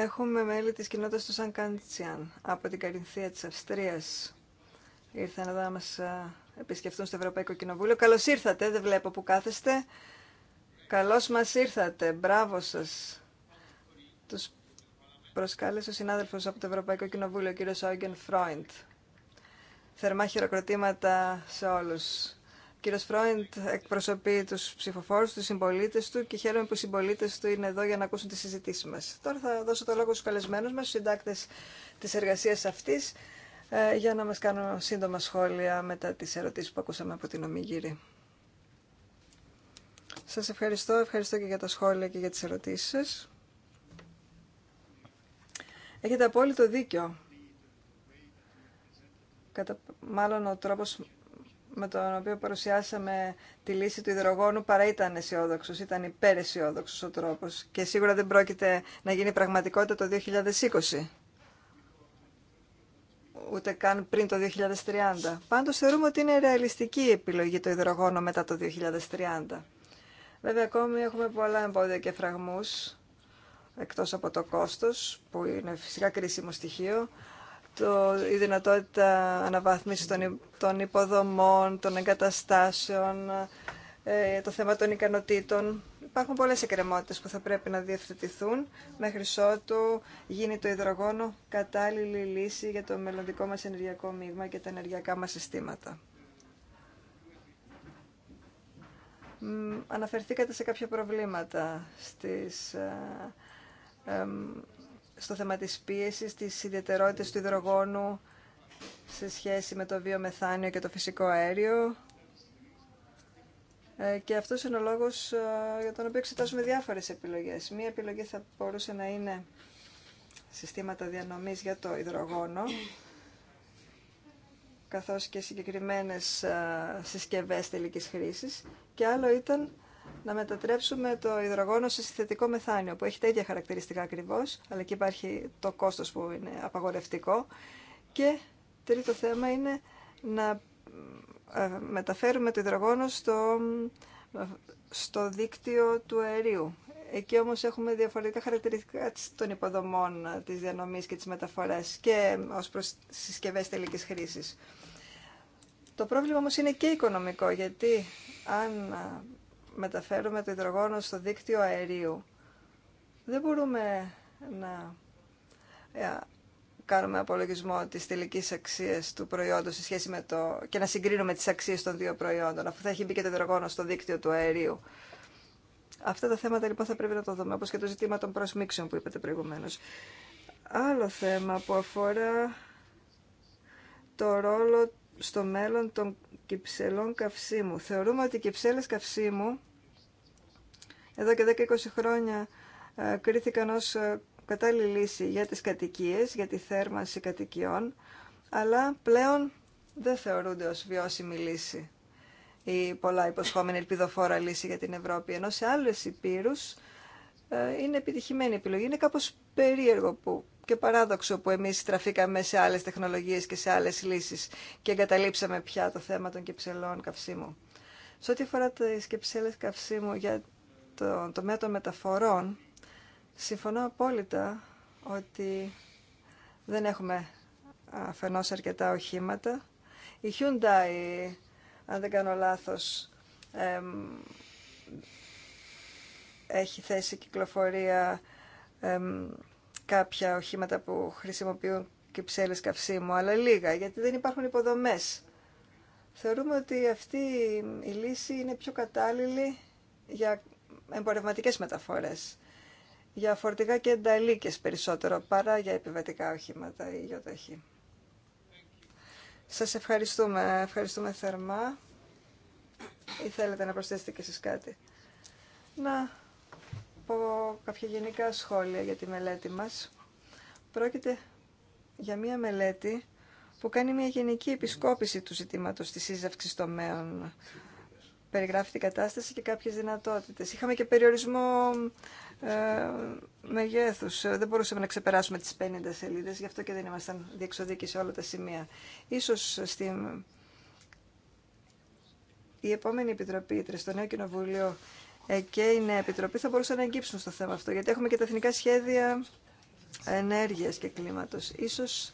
Έχουμε μέλη της κοινότητας του Σαν Κάντσιαν από την Καρινθία της Αυστρίας. Ήρθαν εδώ να μας ε, επισκεφτούν στο Ευρωπαϊκό Κοινοβούλιο. Καλώς ήρθατε, δεν βλέπω που κάθεστε. Καλώς μας ήρθατε, μπράβο σας. Τους προσκάλεσε ο συνάδελφος από το Ευρωπαϊκό Κοινοβούλιο, ο κύριος Όγγεν Φρόιντ. Θερμά χειροκροτήματα σε όλους κύριος Φρόιντ εκπροσωπεί τους ψηφοφόρους, τους συμπολίτες του και χαίρομαι που οι συμπολίτες του είναι εδώ για να ακούσουν τις συζητήσεις μας. Τώρα θα δώσω το λόγο στους καλεσμένους μας, στους συντάκτες της εργασίας αυτής, ε, για να μας κάνουν σύντομα σχόλια μετά τις ερωτήσεις που ακούσαμε από την Ομιγύρη. Σας ευχαριστώ, ευχαριστώ και για τα σχόλια και για τις ερωτήσεις σας. Έχετε απόλυτο δίκιο. Κατά, μάλλον ο τρόπος με τον οποίο παρουσιάσαμε τη λύση του υδρογόνου παρά ήταν αισιόδοξο, ήταν υπεραισιόδοξο ο τρόπο και σίγουρα δεν πρόκειται να γίνει πραγματικότητα το 2020 ούτε καν πριν το 2030. Πάντως θεωρούμε ότι είναι ρεαλιστική η επιλογή το υδρογόνο μετά το 2030. Βέβαια ακόμη έχουμε πολλά εμπόδια και φραγμούς, εκτός από το κόστος, που είναι φυσικά κρίσιμο στοιχείο, το, η δυνατότητα αναβάθμιση των, των υποδομών, των εγκαταστάσεων, ε, το θέμα των ικανοτήτων. Υπάρχουν πολλές εκκρεμότητες που θα πρέπει να διευθετηθούν μέχρι ότου γίνει το υδρογόνο κατάλληλη λύση για το μελλοντικό μας ενεργειακό μείγμα και τα ενεργειακά μας συστήματα. Αναφερθήκατε σε κάποια προβλήματα στις, ε, στο θέμα της πίεσης, της ιδιαιτερότητας του υδρογόνου σε σχέση με το βιομεθάνιο και το φυσικό αέριο. Ε, και αυτό είναι ο λόγος ε, για τον οποίο εξετάζουμε διάφορε επιλογές. Μία επιλογή θα μπορούσε να είναι συστήματα διανομής για το υδρογόνο, καθώς και συγκεκριμένε ε, συσκευέ τελικής χρήσης. Και άλλο ήταν να μετατρέψουμε το υδρογόνο σε συνθετικό μεθάνιο, που έχει τα ίδια χαρακτηριστικά ακριβώς, αλλά και υπάρχει το κόστος που είναι απαγορευτικό. Και τρίτο θέμα είναι να ε, μεταφέρουμε το υδρογόνο στο, ε, στο δίκτυο του αερίου. Εκεί όμως έχουμε διαφορετικά χαρακτηριστικά των υποδομών ε, της διανομής και της μεταφοράς και ως προς συσκευές τελικής χρήσης. Το πρόβλημα όμως είναι και οικονομικό, γιατί αν μεταφέρουμε το υδρογόνο στο δίκτυο αερίου, δεν μπορούμε να ε, κάνουμε απολογισμό της τελική αξίας του προϊόντος σε σχέση με το... και να συγκρίνουμε τις αξίες των δύο προϊόντων, αφού θα έχει μπει και το υδρογόνο στο δίκτυο του αερίου. Αυτά τα θέματα λοιπόν θα πρέπει να το δούμε, όπως και το ζήτημα των προσμίξεων που είπατε προηγουμένως. Άλλο θέμα που αφορά το ρόλο στο μέλλον των κυψελών καυσίμου. Θεωρούμε ότι οι κυψέλες καυσίμου εδώ και 10-20 χρόνια ε, κρίθηκαν ως ε, κατάλληλη λύση για τις κατοικίες, για τη θέρμανση κατοικιών, αλλά πλέον δεν θεωρούνται ως βιώσιμη λύση η πολλά υποσχόμενη ελπιδοφόρα λύση για την Ευρώπη, ενώ σε άλλες υπήρους ε, είναι επιτυχημένη επιλογή. Είναι κάπως περίεργο που και παράδοξο που εμείς στραφήκαμε σε άλλες τεχνολογίες και σε άλλες λύσεις και εγκαταλείψαμε πια το θέμα των κεψελών καυσίμου. Σε ό,τι αφορά τις κεψέλες καυσίμου για το τομέα των μεταφορών, συμφωνώ απόλυτα ότι δεν έχουμε αφενός αρκετά οχήματα. Η Hyundai, αν δεν κάνω λάθος, έχει θέση κυκλοφορία κάποια οχήματα που χρησιμοποιούν κυψέλες καυσίμου, αλλά λίγα, γιατί δεν υπάρχουν υποδομές. Θεωρούμε ότι αυτή η λύση είναι πιο κατάλληλη για εμπορευματικές μεταφορές, για φορτικά και ενταλίκες περισσότερο παρά για επιβατικά οχήματα ή γιοταχή. Σας ευχαριστούμε. Ευχαριστούμε θερμά. Ή θέλετε να προσθέσετε και εσείς κάτι. Να πω κάποια γενικά σχόλια για τη μελέτη μας. Πρόκειται για μία μελέτη που κάνει μια γενική επισκόπηση του ζητήματος της σύζευξης τομέων περιγράφει την κατάσταση και κάποιες δυνατότητες. Είχαμε και περιορισμό ε, μεγέθους. Δεν μπορούσαμε να ξεπεράσουμε τις 50 σελίδες, γι' αυτό και δεν ήμασταν διεξοδίκοι σε όλα τα σημεία. Ίσως στην... η επόμενη επιτροπή, στο νέο κοινοβούλιο ε, και η νέα επιτροπή θα μπορούσαν να εγκύψουν στο θέμα αυτό, γιατί έχουμε και τα εθνικά σχέδια ενέργειας και κλίματος. Ίσως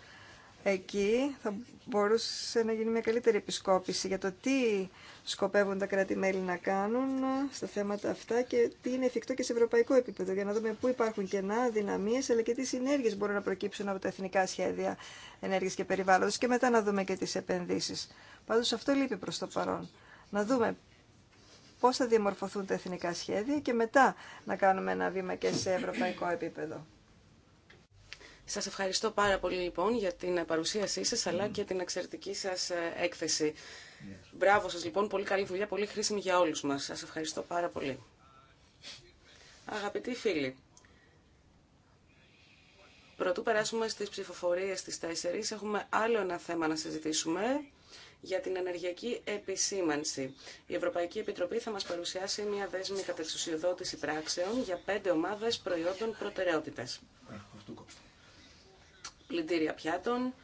Εκεί θα μπορούσε να γίνει μια καλύτερη επισκόπηση για το τι σκοπεύουν τα κράτη-μέλη να κάνουν στα θέματα αυτά και τι είναι εφικτό και σε ευρωπαϊκό επίπεδο για να δούμε πού υπάρχουν κενά, δυναμίες αλλά και τι συνέργειες μπορούν να προκύψουν από τα εθνικά σχέδια ενέργειας και περιβάλλοντος και μετά να δούμε και τις επενδύσεις. Πάντως αυτό λείπει προς το παρόν. Να δούμε πώς θα διαμορφωθούν τα εθνικά σχέδια και μετά να κάνουμε ένα βήμα και σε ευρωπαϊκό επίπεδο. Σας ευχαριστώ πάρα πολύ λοιπόν για την παρουσίασή σας αλλά και την εξαιρετική σας ε, έκθεση. Μπράβο σας λοιπόν, πολύ καλή δουλειά, πολύ χρήσιμη για όλους μας. Σας ευχαριστώ πάρα πολύ. Αγαπητοί φίλοι, πρωτού περάσουμε στις ψηφοφορίες τη 4, έχουμε άλλο ένα θέμα να συζητήσουμε για την ενεργειακή επισήμανση. Η Ευρωπαϊκή Επιτροπή θα μας παρουσιάσει μια δέσμη κατεξουσιοδότηση πράξεων για πέντε ομάδες προϊόντων προτεραιότητας πλυντήρια πιάτων,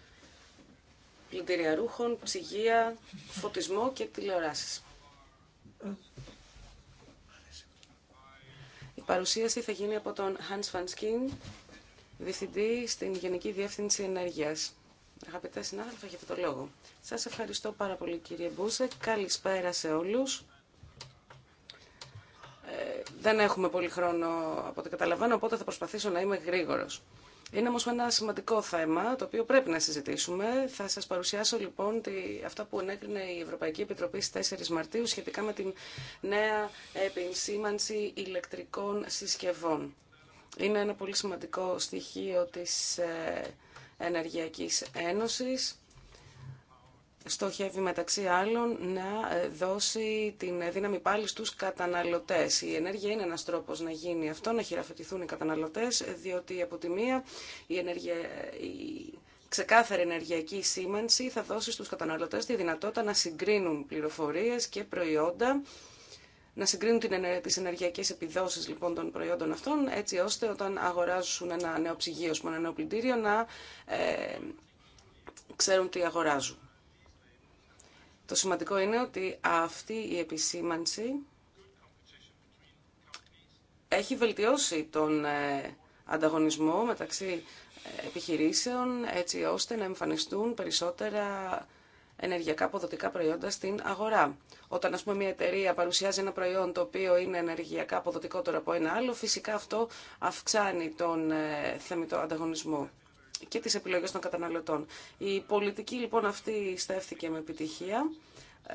πλυντήρια ρούχων, ψυγεία, φωτισμό και τηλεοράσεις. Η παρουσίαση θα γίνει από τον Hans Van Skin, Διευθυντή στην Γενική Διεύθυνση Ενέργειας. Αγαπητέ για αυτό το λόγο. Σας ευχαριστώ πάρα πολύ κύριε Μπούσε, Καλησπέρα σε όλους. Ε, δεν έχουμε πολύ χρόνο από το καταλαβαίνω, οπότε θα προσπαθήσω να είμαι γρήγορος. Είναι όμω ένα σημαντικό θέμα το οποίο πρέπει να συζητήσουμε. Θα σας παρουσιάσω λοιπόν τη, αυτά που ενέκρινε η Ευρωπαϊκή Επιτροπή στις 4 Μαρτίου σχετικά με την νέα επισήμανση ηλεκτρικών συσκευών. Είναι ένα πολύ σημαντικό στοιχείο της ε, Ενεργειακής Ένωσης στοχεύει μεταξύ άλλων να ε, δώσει την ε, δύναμη πάλι στους καταναλωτές. Η ενέργεια είναι ένας τρόπος να γίνει αυτό, να χειραφετηθούν οι καταναλωτές, ε, διότι από τη μία η, ενέργεια, η ξεκάθαρη ενεργειακή σήμανση θα δώσει στους καταναλωτές τη δυνατότητα να συγκρίνουν πληροφορίες και προϊόντα, να συγκρίνουν τις ενεργειακές επιδόσεις λοιπόν των προϊόντων αυτών, έτσι ώστε όταν αγοράζουν ένα νέο ψυγείο, ένα νέο πλυντήριο, να ε, ξέρουν τι αγοράζουν. Το σημαντικό είναι ότι αυτή η επισήμανση έχει βελτιώσει τον ε, ανταγωνισμό μεταξύ ε, επιχειρήσεων έτσι ώστε να εμφανιστούν περισσότερα ενεργειακά αποδοτικά προϊόντα στην αγορά. Όταν ας πούμε, μια εταιρεία παρουσιάζει ένα προϊόν το οποίο είναι ενεργειακά αποδοτικότερο από ένα άλλο, φυσικά αυτό αυξάνει τον ε, θεμητό ανταγωνισμό και τις επιλογές των καταναλωτών. Η πολιτική λοιπόν αυτή στέφθηκε με επιτυχία ε,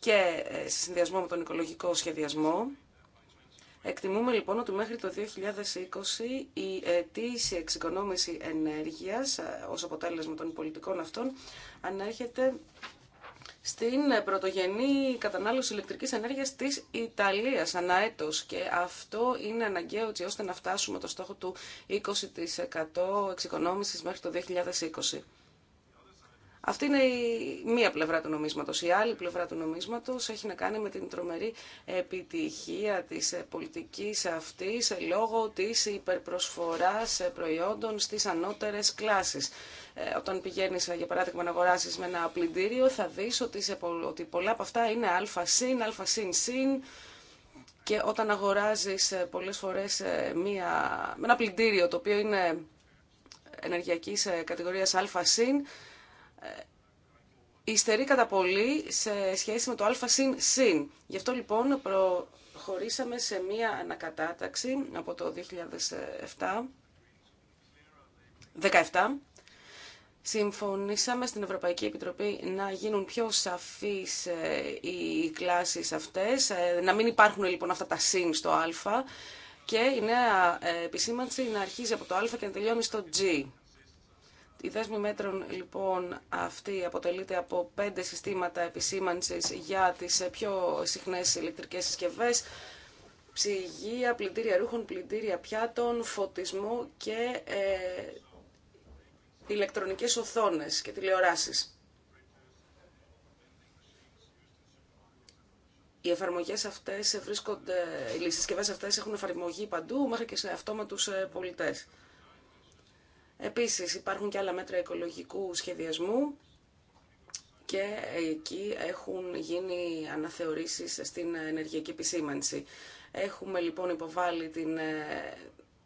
και ε, σε συνδυασμό με τον οικολογικό σχεδιασμό. Εκτιμούμε λοιπόν ότι μέχρι το 2020 η αιτήση εξοικονόμηση ενέργειας ε, ως αποτέλεσμα των πολιτικών αυτών ανέρχεται στην πρωτογενή κατανάλωση ηλεκτρικής ενέργειας της Ιταλίας ανά Και αυτό είναι αναγκαίο έτσι ώστε να φτάσουμε το στόχο του 20% εξοικονόμησης μέχρι το 2020. Αυτή είναι η μία πλευρά του νομίσματος. Η άλλη πλευρά του νομίσματος έχει να κάνει με την τρομερή επιτυχία της πολιτικής αυτής λόγω της υπερπροσφοράς προϊόντων στις ανώτερες κλάσεις. Ε, όταν πηγαίνεις ε, για παράδειγμα να αγοράσει με ένα πλυντήριο θα δεις ότι, ότι πολλά από αυτά είναι α συν, α συν συν και όταν αγοράζεις ε, πολλές φορές με ένα πλυντήριο το οποίο είναι ενεργειακής κατηγορίας α συν υστερεί κατά πολύ σε σχέση με το α συν συν. Γι' αυτό λοιπόν προχωρήσαμε σε μία ανακατάταξη από το 2007 17 Συμφωνήσαμε στην Ευρωπαϊκή Επιτροπή να γίνουν πιο σαφείς ε, οι κλάσεις αυτές, ε, να μην υπάρχουν λοιπόν αυτά τα συν στο α και η νέα ε, επισήμανση να αρχίζει από το α και να τελειώνει στο g. Η δέσμη μέτρων λοιπόν αυτή αποτελείται από πέντε συστήματα επισήμανσης για τις πιο συχνές ηλεκτρικές συσκευές, ψυγεία, πλυντήρια ρούχων, πλυντήρια πιάτων, φωτισμό και ε, ηλεκτρονικές οθόνες και τηλεοράσεις. Οι εφαρμογές αυτές βρίσκονται, οι συσκευές αυτές έχουν εφαρμογή παντού, μέχρι και σε αυτόματους ε, πολιτές. Επίσης υπάρχουν και άλλα μέτρα οικολογικού σχεδιασμού και εκεί έχουν γίνει αναθεωρήσεις στην ενεργειακή επισήμανση. Έχουμε λοιπόν υποβάλει την ε,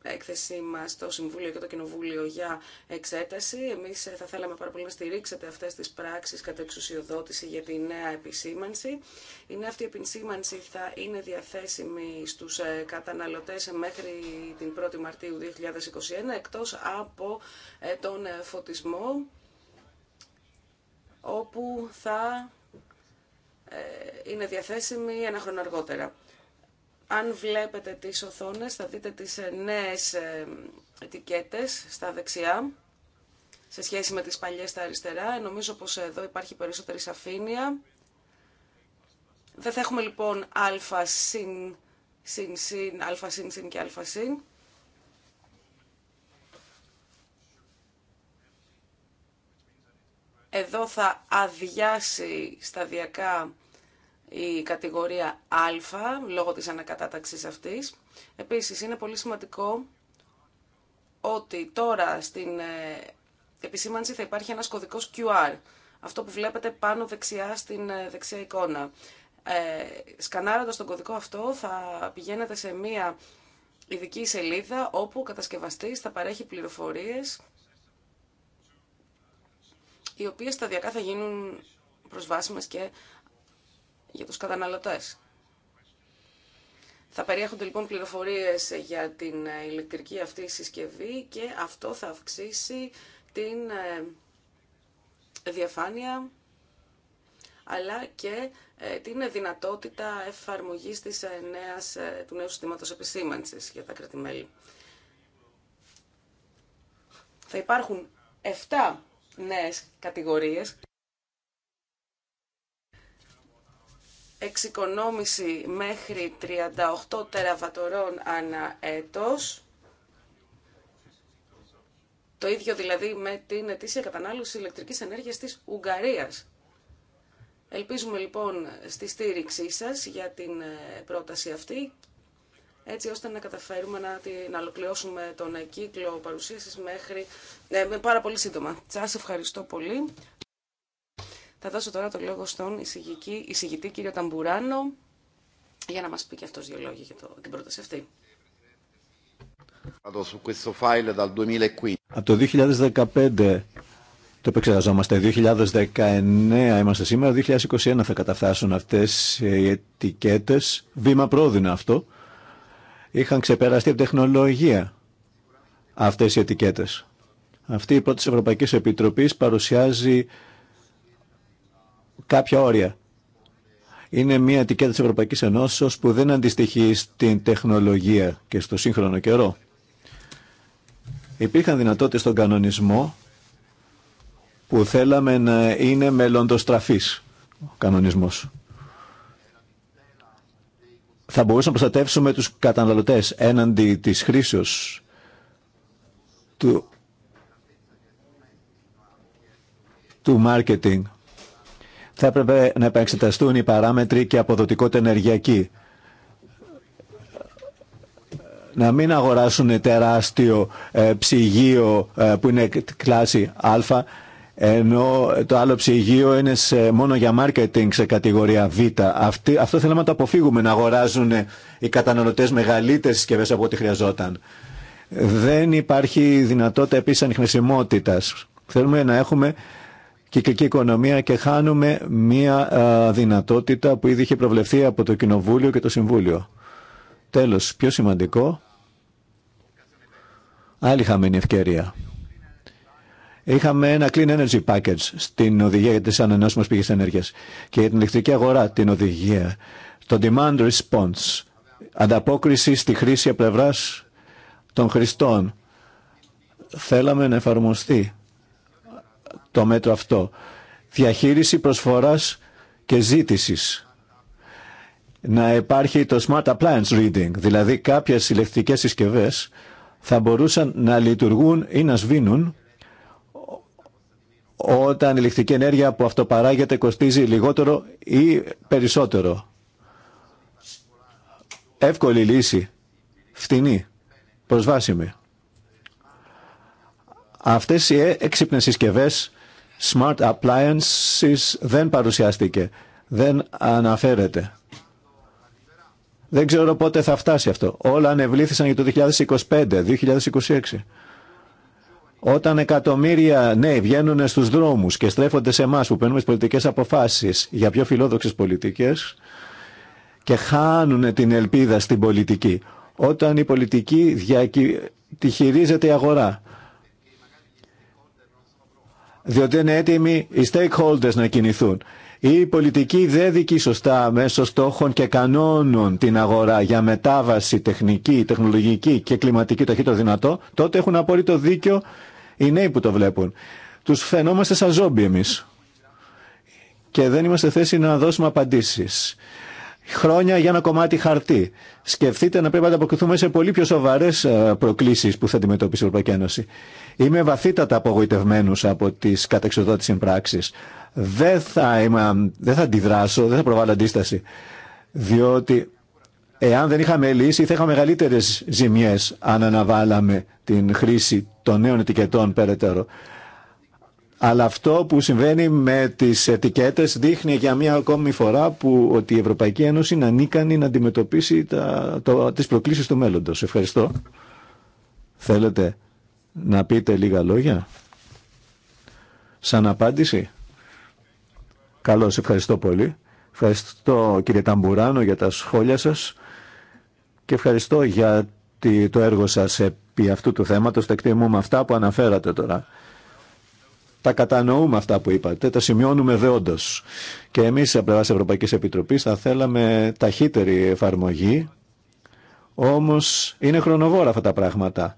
έκθεσή μας στο Συμβούλιο και το Κοινοβούλιο για εξέταση. Εμείς ε, θα θέλαμε πάρα πολύ να στηρίξετε αυτές τις πράξεις κατά εξουσιοδότηση για τη νέα επισήμανση. Η νέα αυτή επισήμανση θα είναι διαθέσιμη στους ε, καταναλωτές μέχρι την 1η Μαρτίου 2021, εκτός από ε, τον φωτισμό, όπου θα είναι διαθέσιμη ένα χρόνο αργότερα. Αν βλέπετε τις οθόνες θα δείτε τις ε, νέες ε, ετικέτες στα δεξιά σε σχέση με τις παλιές στα αριστερά. Νομίζω πως εδώ υπάρχει περισσότερη σαφήνεια. Δεν θα έχουμε λοιπόν α συν, συν, συν, α συν, συν και α συν. Εδώ θα αδειάσει σταδιακά η κατηγορία Α, λόγω της ανακατάταξης αυτής. Επίσης, είναι πολύ σημαντικό ότι τώρα στην ε, επισήμανση θα υπάρχει ένας κωδικός QR, αυτό που βλέπετε πάνω δεξιά στην ε, δεξιά εικόνα. Ε, σκανάροντας τον κωδικό αυτό θα πηγαίνετε σε μία ειδική σελίδα όπου ο κατασκευαστής θα παρέχει πληροφορίες οι οποίες σταδιακά θα γίνουν προσβάσιμες και για τους καταναλωτές. Θα περιέχονται λοιπόν πληροφορίες για την ε, ηλεκτρική αυτή συσκευή και αυτό θα αυξήσει την ε, διαφάνεια αλλά και ε, την δυνατότητα εφαρμογής της νέας, του νέου συστήματος επισήμανσης για τα κρατημέλη. Θα υπάρχουν 7 νέες κατηγορίες εξοικονόμηση μέχρι 38 τεραβατορών ανά έτος. Το ίδιο δηλαδή με την ετήσια κατανάλωση ηλεκτρικής ενέργειας της Ουγγαρίας. Ελπίζουμε λοιπόν στη στήριξή σας για την ε, πρόταση αυτή, έτσι ώστε να καταφέρουμε να, την, ολοκληρώσουμε τον κύκλο παρουσίασης μέχρι, ε, πάρα πολύ σύντομα. Σας ευχαριστώ πολύ. Θα δώσω τώρα το λόγο στον εισηγητή, εισηγητή κύριο Ταμπουράνο για να μας πει και αυτός δύο λόγια για, το, την πρόταση αυτή. Από το 2015 το επεξεργαζόμαστε. 2019 είμαστε σήμερα, 2021 θα καταφτάσουν αυτές οι ετικέτες. Βήμα πρόδεινα αυτό. Είχαν ξεπεραστεί από τεχνολογία αυτές οι ετικέτες. Αυτή η πρώτη Ευρωπαϊκή Επιτροπή παρουσιάζει κάποια όρια. Είναι μια ετικέτα της Ευρωπαϊκής Ενώση που δεν αντιστοιχεί στην τεχνολογία και στο σύγχρονο καιρό. Υπήρχαν δυνατότητες στον κανονισμό που θέλαμε να είναι μελλοντοστραφής ο κανονισμός. Θα μπορούσαμε να προστατεύσουμε τους καταναλωτές έναντι της χρήσεως του, του marketing θα έπρεπε να επεξεταστούν οι παράμετροι και αποδοτικότητα ενεργειακή. Να μην αγοράσουν τεράστιο ε, ψυγείο ε, που είναι κλάση α, ενώ το άλλο ψυγείο είναι σε, μόνο για marketing σε κατηγορία Β. Αυτή, αυτό θέλαμε να το αποφύγουμε, να αγοράζουν οι καταναλωτές μεγαλύτερες συσκευέ από ό,τι χρειαζόταν. Δεν υπάρχει δυνατότητα επίσης ανιχνησιμότητας. Θέλουμε να έχουμε κυκλική οικονομία και χάνουμε μία δυνατότητα που ήδη είχε προβλεφθεί από το Κοινοβούλιο και το Συμβούλιο. Τέλος, πιο σημαντικό, άλλη χαμένη ευκαιρία. Είχαμε ένα clean energy package στην οδηγία για τις ανανεώσιμες πηγές ενέργειας και για την ηλεκτρική αγορά την οδηγία. Το demand response, ανταπόκριση στη χρήση πλευρά των χρηστών. Θέλαμε να εφαρμοστεί το μέτρο αυτό. Διαχείριση προσφοράς και ζήτησης. Να υπάρχει το Smart Appliance Reading, δηλαδή κάποιες ηλεκτρικές συσκευές θα μπορούσαν να λειτουργούν ή να σβήνουν όταν η ηλεκτρική ενέργεια που αυτοπαράγεται κοστίζει λιγότερο ή περισσότερο. Εύκολη λύση, φτηνή, προσβάσιμη. Αυτές οι έξυπνες συσκευές Smart Appliances δεν παρουσιάστηκε, δεν αναφέρεται. Δεν ξέρω πότε θα φτάσει αυτό. Όλα ανεβλήθησαν για το 2025, 2026. Όταν εκατομμύρια νέοι βγαίνουν στους δρόμους και στρέφονται σε εμά που παίρνουμε τις πολιτικές αποφάσεις για πιο φιλόδοξες πολιτικές και χάνουν την ελπίδα στην πολιτική. Όταν η πολιτική διακυ τη χειρίζεται η αγορά διότι είναι έτοιμοι οι stakeholders να κινηθούν. Η πολιτική δεν δικεί σωστά μέσω στόχων και κανόνων την αγορά για μετάβαση τεχνική, τεχνολογική και κλιματική το το δυνατό, τότε έχουν απόλυτο δίκιο οι νέοι που το βλέπουν. Τους φαινόμαστε σαν ζόμπι εμείς και δεν είμαστε θέση να δώσουμε απαντήσεις. Χρόνια για ένα κομμάτι χαρτί. Σκεφτείτε να πρέπει να ανταποκριθούμε σε πολύ πιο σοβαρέ ε, προκλήσεις που θα αντιμετωπίσει η Ευρωπαϊκή Ένωση. Είμαι βαθύτατα απογοητευμένος από τι κατεξοδότης συμπράξεις. Δεν θα, δεν θα αντιδράσω, δεν θα προβάλλω αντίσταση. Διότι εάν δεν είχαμε λύσει θα είχαμε μεγαλύτερε ζημιέ αν αναβάλαμε την χρήση των νέων ετικετών περαιτέρω. Αλλά αυτό που συμβαίνει με τις ετικέτες δείχνει για μια ακόμη φορά που ότι η Ευρωπαϊκή Ένωση είναι ανίκανη να αντιμετωπίσει τα, προκλήσει τις προκλήσεις του μέλλοντος. Ευχαριστώ. Θέλετε να πείτε λίγα λόγια σαν απάντηση. Καλώς, ευχαριστώ πολύ. Ευχαριστώ κύριε Ταμπουράνο για τα σχόλια σας και ευχαριστώ για το έργο σας επί αυτού του θέματος. Τα εκτιμούμε αυτά που αναφέρατε τώρα. Τα κατανοούμε αυτά που είπατε, τα σημειώνουμε δεόντως. Και εμείς από πλευράς Ευρωπαϊκής Επιτροπής θα θέλαμε ταχύτερη εφαρμογή, όμως είναι χρονοβόρα αυτά τα πράγματα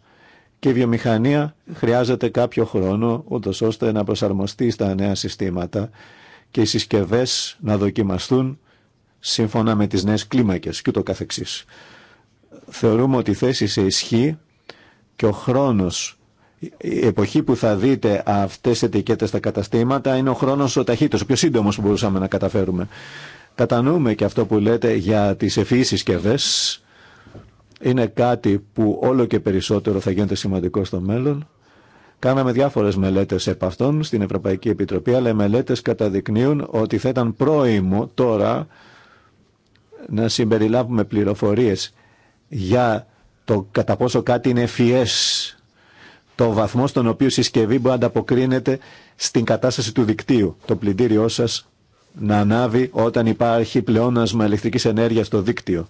και η βιομηχανία χρειάζεται κάποιο χρόνο ούτως ώστε να προσαρμοστεί στα νέα συστήματα και οι συσκευές να δοκιμαστούν σύμφωνα με τις νέες κλίμακες και το καθεξής. Θεωρούμε ότι η θέση σε ισχύ και ο χρόνος, η εποχή που θα δείτε αυτές τις ετικέτες στα καταστήματα είναι ο χρόνος ο ταχύτερος, ο πιο σύντομος που μπορούσαμε να καταφέρουμε. Κατανοούμε και αυτό που λέτε για τις ευφυείς συσκευές, είναι κάτι που όλο και περισσότερο θα γίνεται σημαντικό στο μέλλον. Κάναμε διάφορες μελέτες επ' αυτών στην Ευρωπαϊκή Επιτροπή, αλλά οι μελέτες καταδεικνύουν ότι θα ήταν πρόημο τώρα να συμπεριλάβουμε πληροφορίες για το κατά πόσο κάτι είναι ευφυέ, το βαθμό στον οποίο η συσκευή μπορεί να ανταποκρίνεται στην κατάσταση του δικτύου. Το πλυντήριό σα, να ανάβει όταν υπάρχει πλεόνασμα ηλεκτρική ενέργεια στο δίκτυο.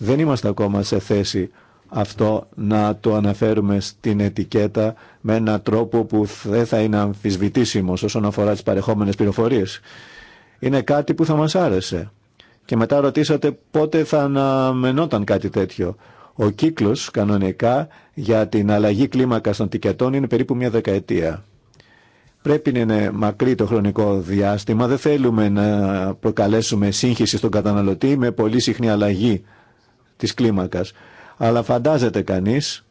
Δεν είμαστε ακόμα σε θέση αυτό να το αναφέρουμε στην ετικέτα με έναν τρόπο που δεν θα είναι αμφισβητήσιμος όσον αφορά τις παρεχόμενες πληροφορίες. Είναι κάτι που θα μας άρεσε. Και μετά ρωτήσατε πότε θα αναμενόταν κάτι τέτοιο. Ο κύκλος κανονικά για την αλλαγή κλίμακα των τικετών είναι περίπου μια δεκαετία. Πρέπει να είναι μακρύ το χρονικό διάστημα. Δεν θέλουμε να προκαλέσουμε σύγχυση στον καταναλωτή με πολύ συχνή αλλαγή της κλίμακας. Αλλά φαντάζεται κανείς,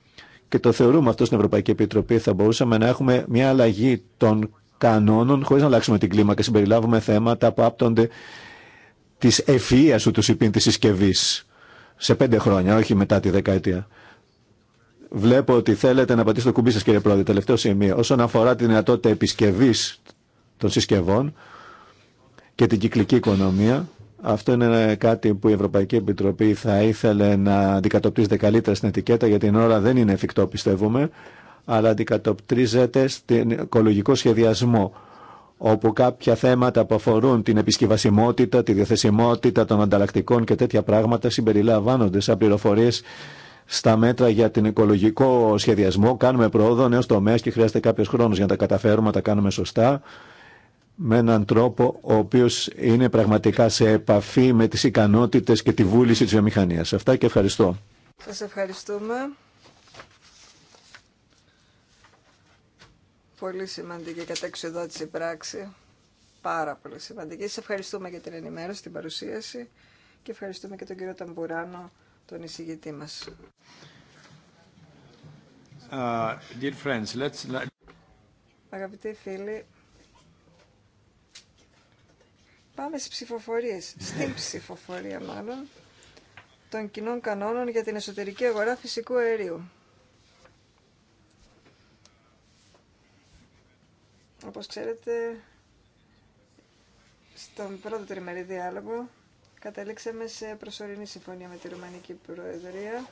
και το θεωρούμε αυτό στην Ευρωπαϊκή Επιτροπή, θα μπορούσαμε να έχουμε μια αλλαγή των κανόνων χωρίς να αλλάξουμε την κλίμακα. Συμπεριλάβουμε θέματα που άπτονται της ευφυΐας του συμπίν της συσκευής σε πέντε χρόνια, όχι μετά τη δεκαετία. Βλέπω ότι θέλετε να πατήσετε το κουμπί σας κύριε Πρόεδρε, τελευταίο σημείο. Όσον αφορά τη δυνατότητα επισκευής των συσκευών και την κυκλική οικονομία, αυτό είναι κάτι που η Ευρωπαϊκή Επιτροπή θα ήθελε να αντικατοπτρίζεται καλύτερα στην ετικέτα, γιατί την ώρα δεν είναι εφικτό πιστεύουμε, αλλά αντικατοπτρίζεται στην οικολογικό σχεδιασμό, όπου κάποια θέματα που αφορούν την επισκευασιμότητα, τη διαθεσιμότητα των ανταλλακτικών και τέτοια πράγματα συμπεριλαμβάνονται σαν πληροφορίε στα μέτρα για την οικολογικό σχεδιασμό. Κάνουμε πρόοδο, νέο τομέα και χρειάζεται κάποιο χρόνο για να τα καταφέρουμε, να τα κάνουμε σωστά με έναν τρόπο ο οποίος είναι πραγματικά σε επαφή με τις ικανότητες και τη βούληση της βιομηχανίας. Αυτά και ευχαριστώ. Σας ευχαριστούμε. Πολύ σημαντική καταξιδότηση πράξη. Πάρα πολύ σημαντική. Σας ευχαριστούμε για την ενημέρωση, την παρουσίαση και ευχαριστούμε και τον κύριο Ταμπουράνο, τον εισηγητή μας. Uh, dear friends, let's... Αγαπητοί φίλοι, Πάμε στι ψηφοφορίες, στην ψηφοφορία μάλλον, των κοινών κανόνων για την εσωτερική αγορά φυσικού αερίου. Όπως ξέρετε, στον πρώτο τριμερή διάλογο καταλήξαμε σε προσωρινή συμφωνία με τη Ρουμανική Προεδρία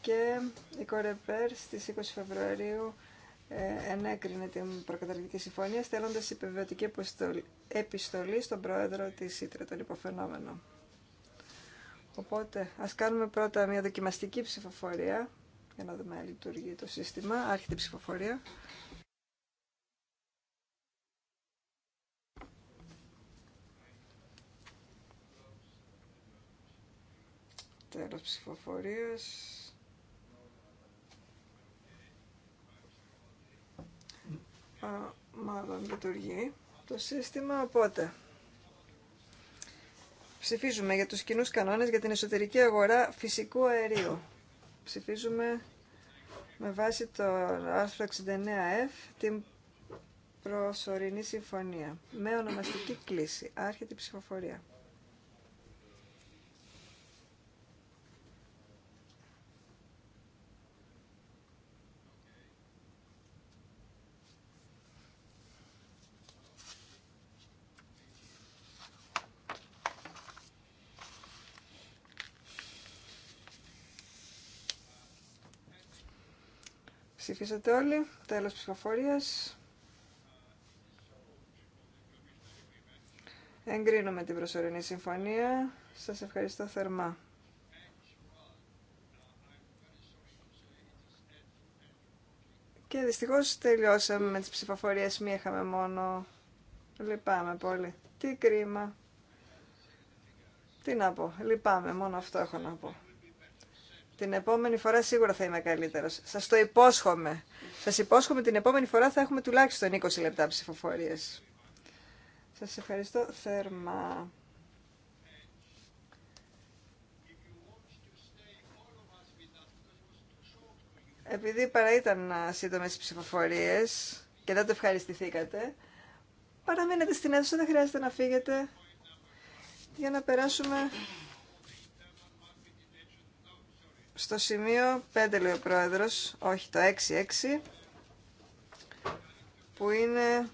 και η Κορεπέρ στις 20 Φεβρουαρίου ε, ενέκρινε την προκαταρκτική συμφωνία στέλνοντας επιβεβαιωτική επιστολή στον πρόεδρο της Ήτρα, τον υποφαινόμενο. Οπότε ας κάνουμε πρώτα μια δοκιμαστική ψηφοφορία για να δούμε αν λειτουργεί το σύστημα. Άρχεται η ψηφοφορία. Τέλος ψηφοφορίας. μάλλον λειτουργεί το σύστημα. Οπότε, ψηφίζουμε για τους κοινούς κανόνες για την εσωτερική αγορά φυσικού αερίου. Ψηφίζουμε με βάση το άρθρο 69F την προσωρινή συμφωνία με ονομαστική κλίση. Άρχεται η ψηφοφορία. Ψηφίσατε όλοι. Τέλος ψηφοφορίας. Εγκρίνουμε την προσωρινή συμφωνία. Σας ευχαριστώ θερμά. Και δυστυχώς τελειώσαμε με τις ψηφοφορίες. Μία είχαμε μόνο. Λυπάμαι πολύ. Τι κρίμα. Τι να πω. Λυπάμαι. Μόνο αυτό έχω να πω. Την επόμενη φορά σίγουρα θα είμαι καλύτερος. Σας το υπόσχομαι. Σας υπόσχομαι την επόμενη φορά θα έχουμε τουλάχιστον 20 λεπτά ψηφοφορίες. Σας ευχαριστώ θερμά. Επειδή παρά ήταν σύντομες οι ψηφοφορίες και δεν το ευχαριστηθήκατε, παραμείνετε στην αίθουσα, δεν χρειάζεται να φύγετε για να περάσουμε στο σημείο 5 λέει ο πρόεδρος, όχι το 6-6, που είναι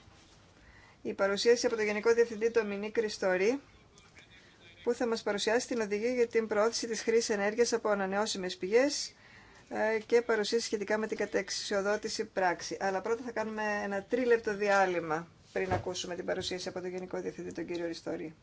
η παρουσίαση από το Γενικό Διευθυντή Μινή Κριστορή, που θα μας παρουσιάσει την οδηγία για την προώθηση της χρήσης ενέργειας από ανανεώσιμες πηγές ε, και παρουσίαση σχετικά με την κατεξιοδότηση πράξη. Αλλά πρώτα θα κάνουμε ένα τρίλεπτο διάλειμμα πριν ακούσουμε την παρουσίαση από τον Γενικό Διευθυντή, τον κύριο Ριστορή.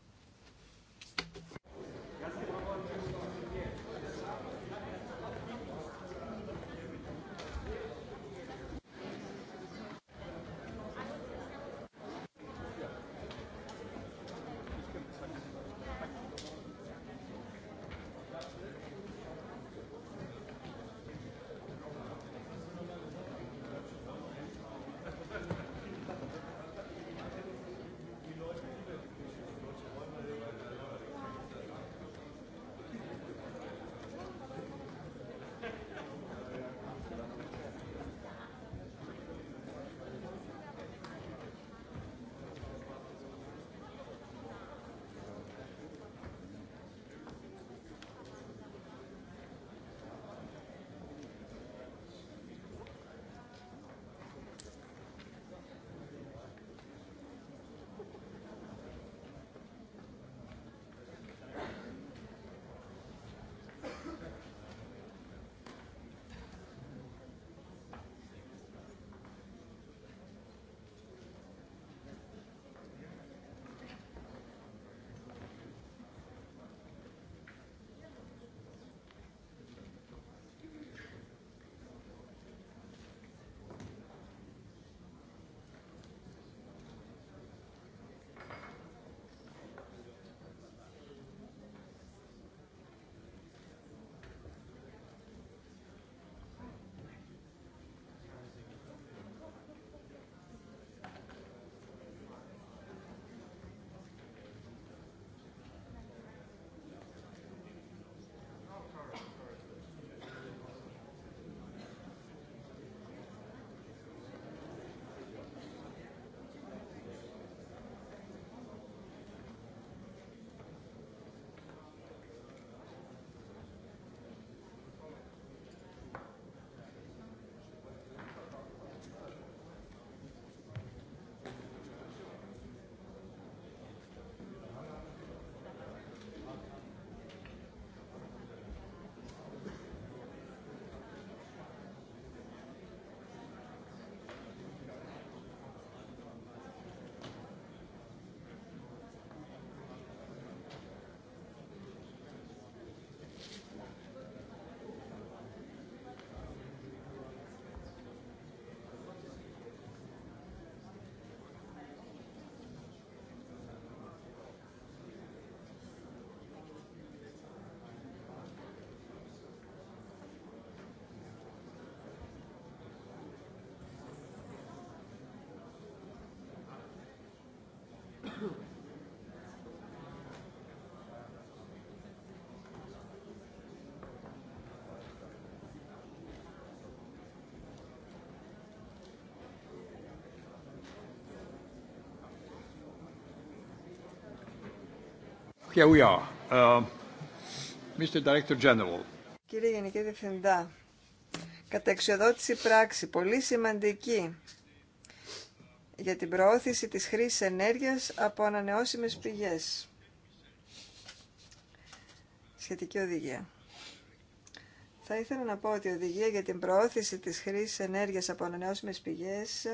Uh, Κύριε Γενική Διευθυντά, εξοδότηση πράξη, πολύ σημαντική για την προώθηση της χρήσης ενέργειας από ανανεώσιμες πηγές. Σχετική οδηγία. Θα ήθελα να πω ότι η οδηγία για την προώθηση της χρήσης ενέργειας από ανανεώσιμες πηγές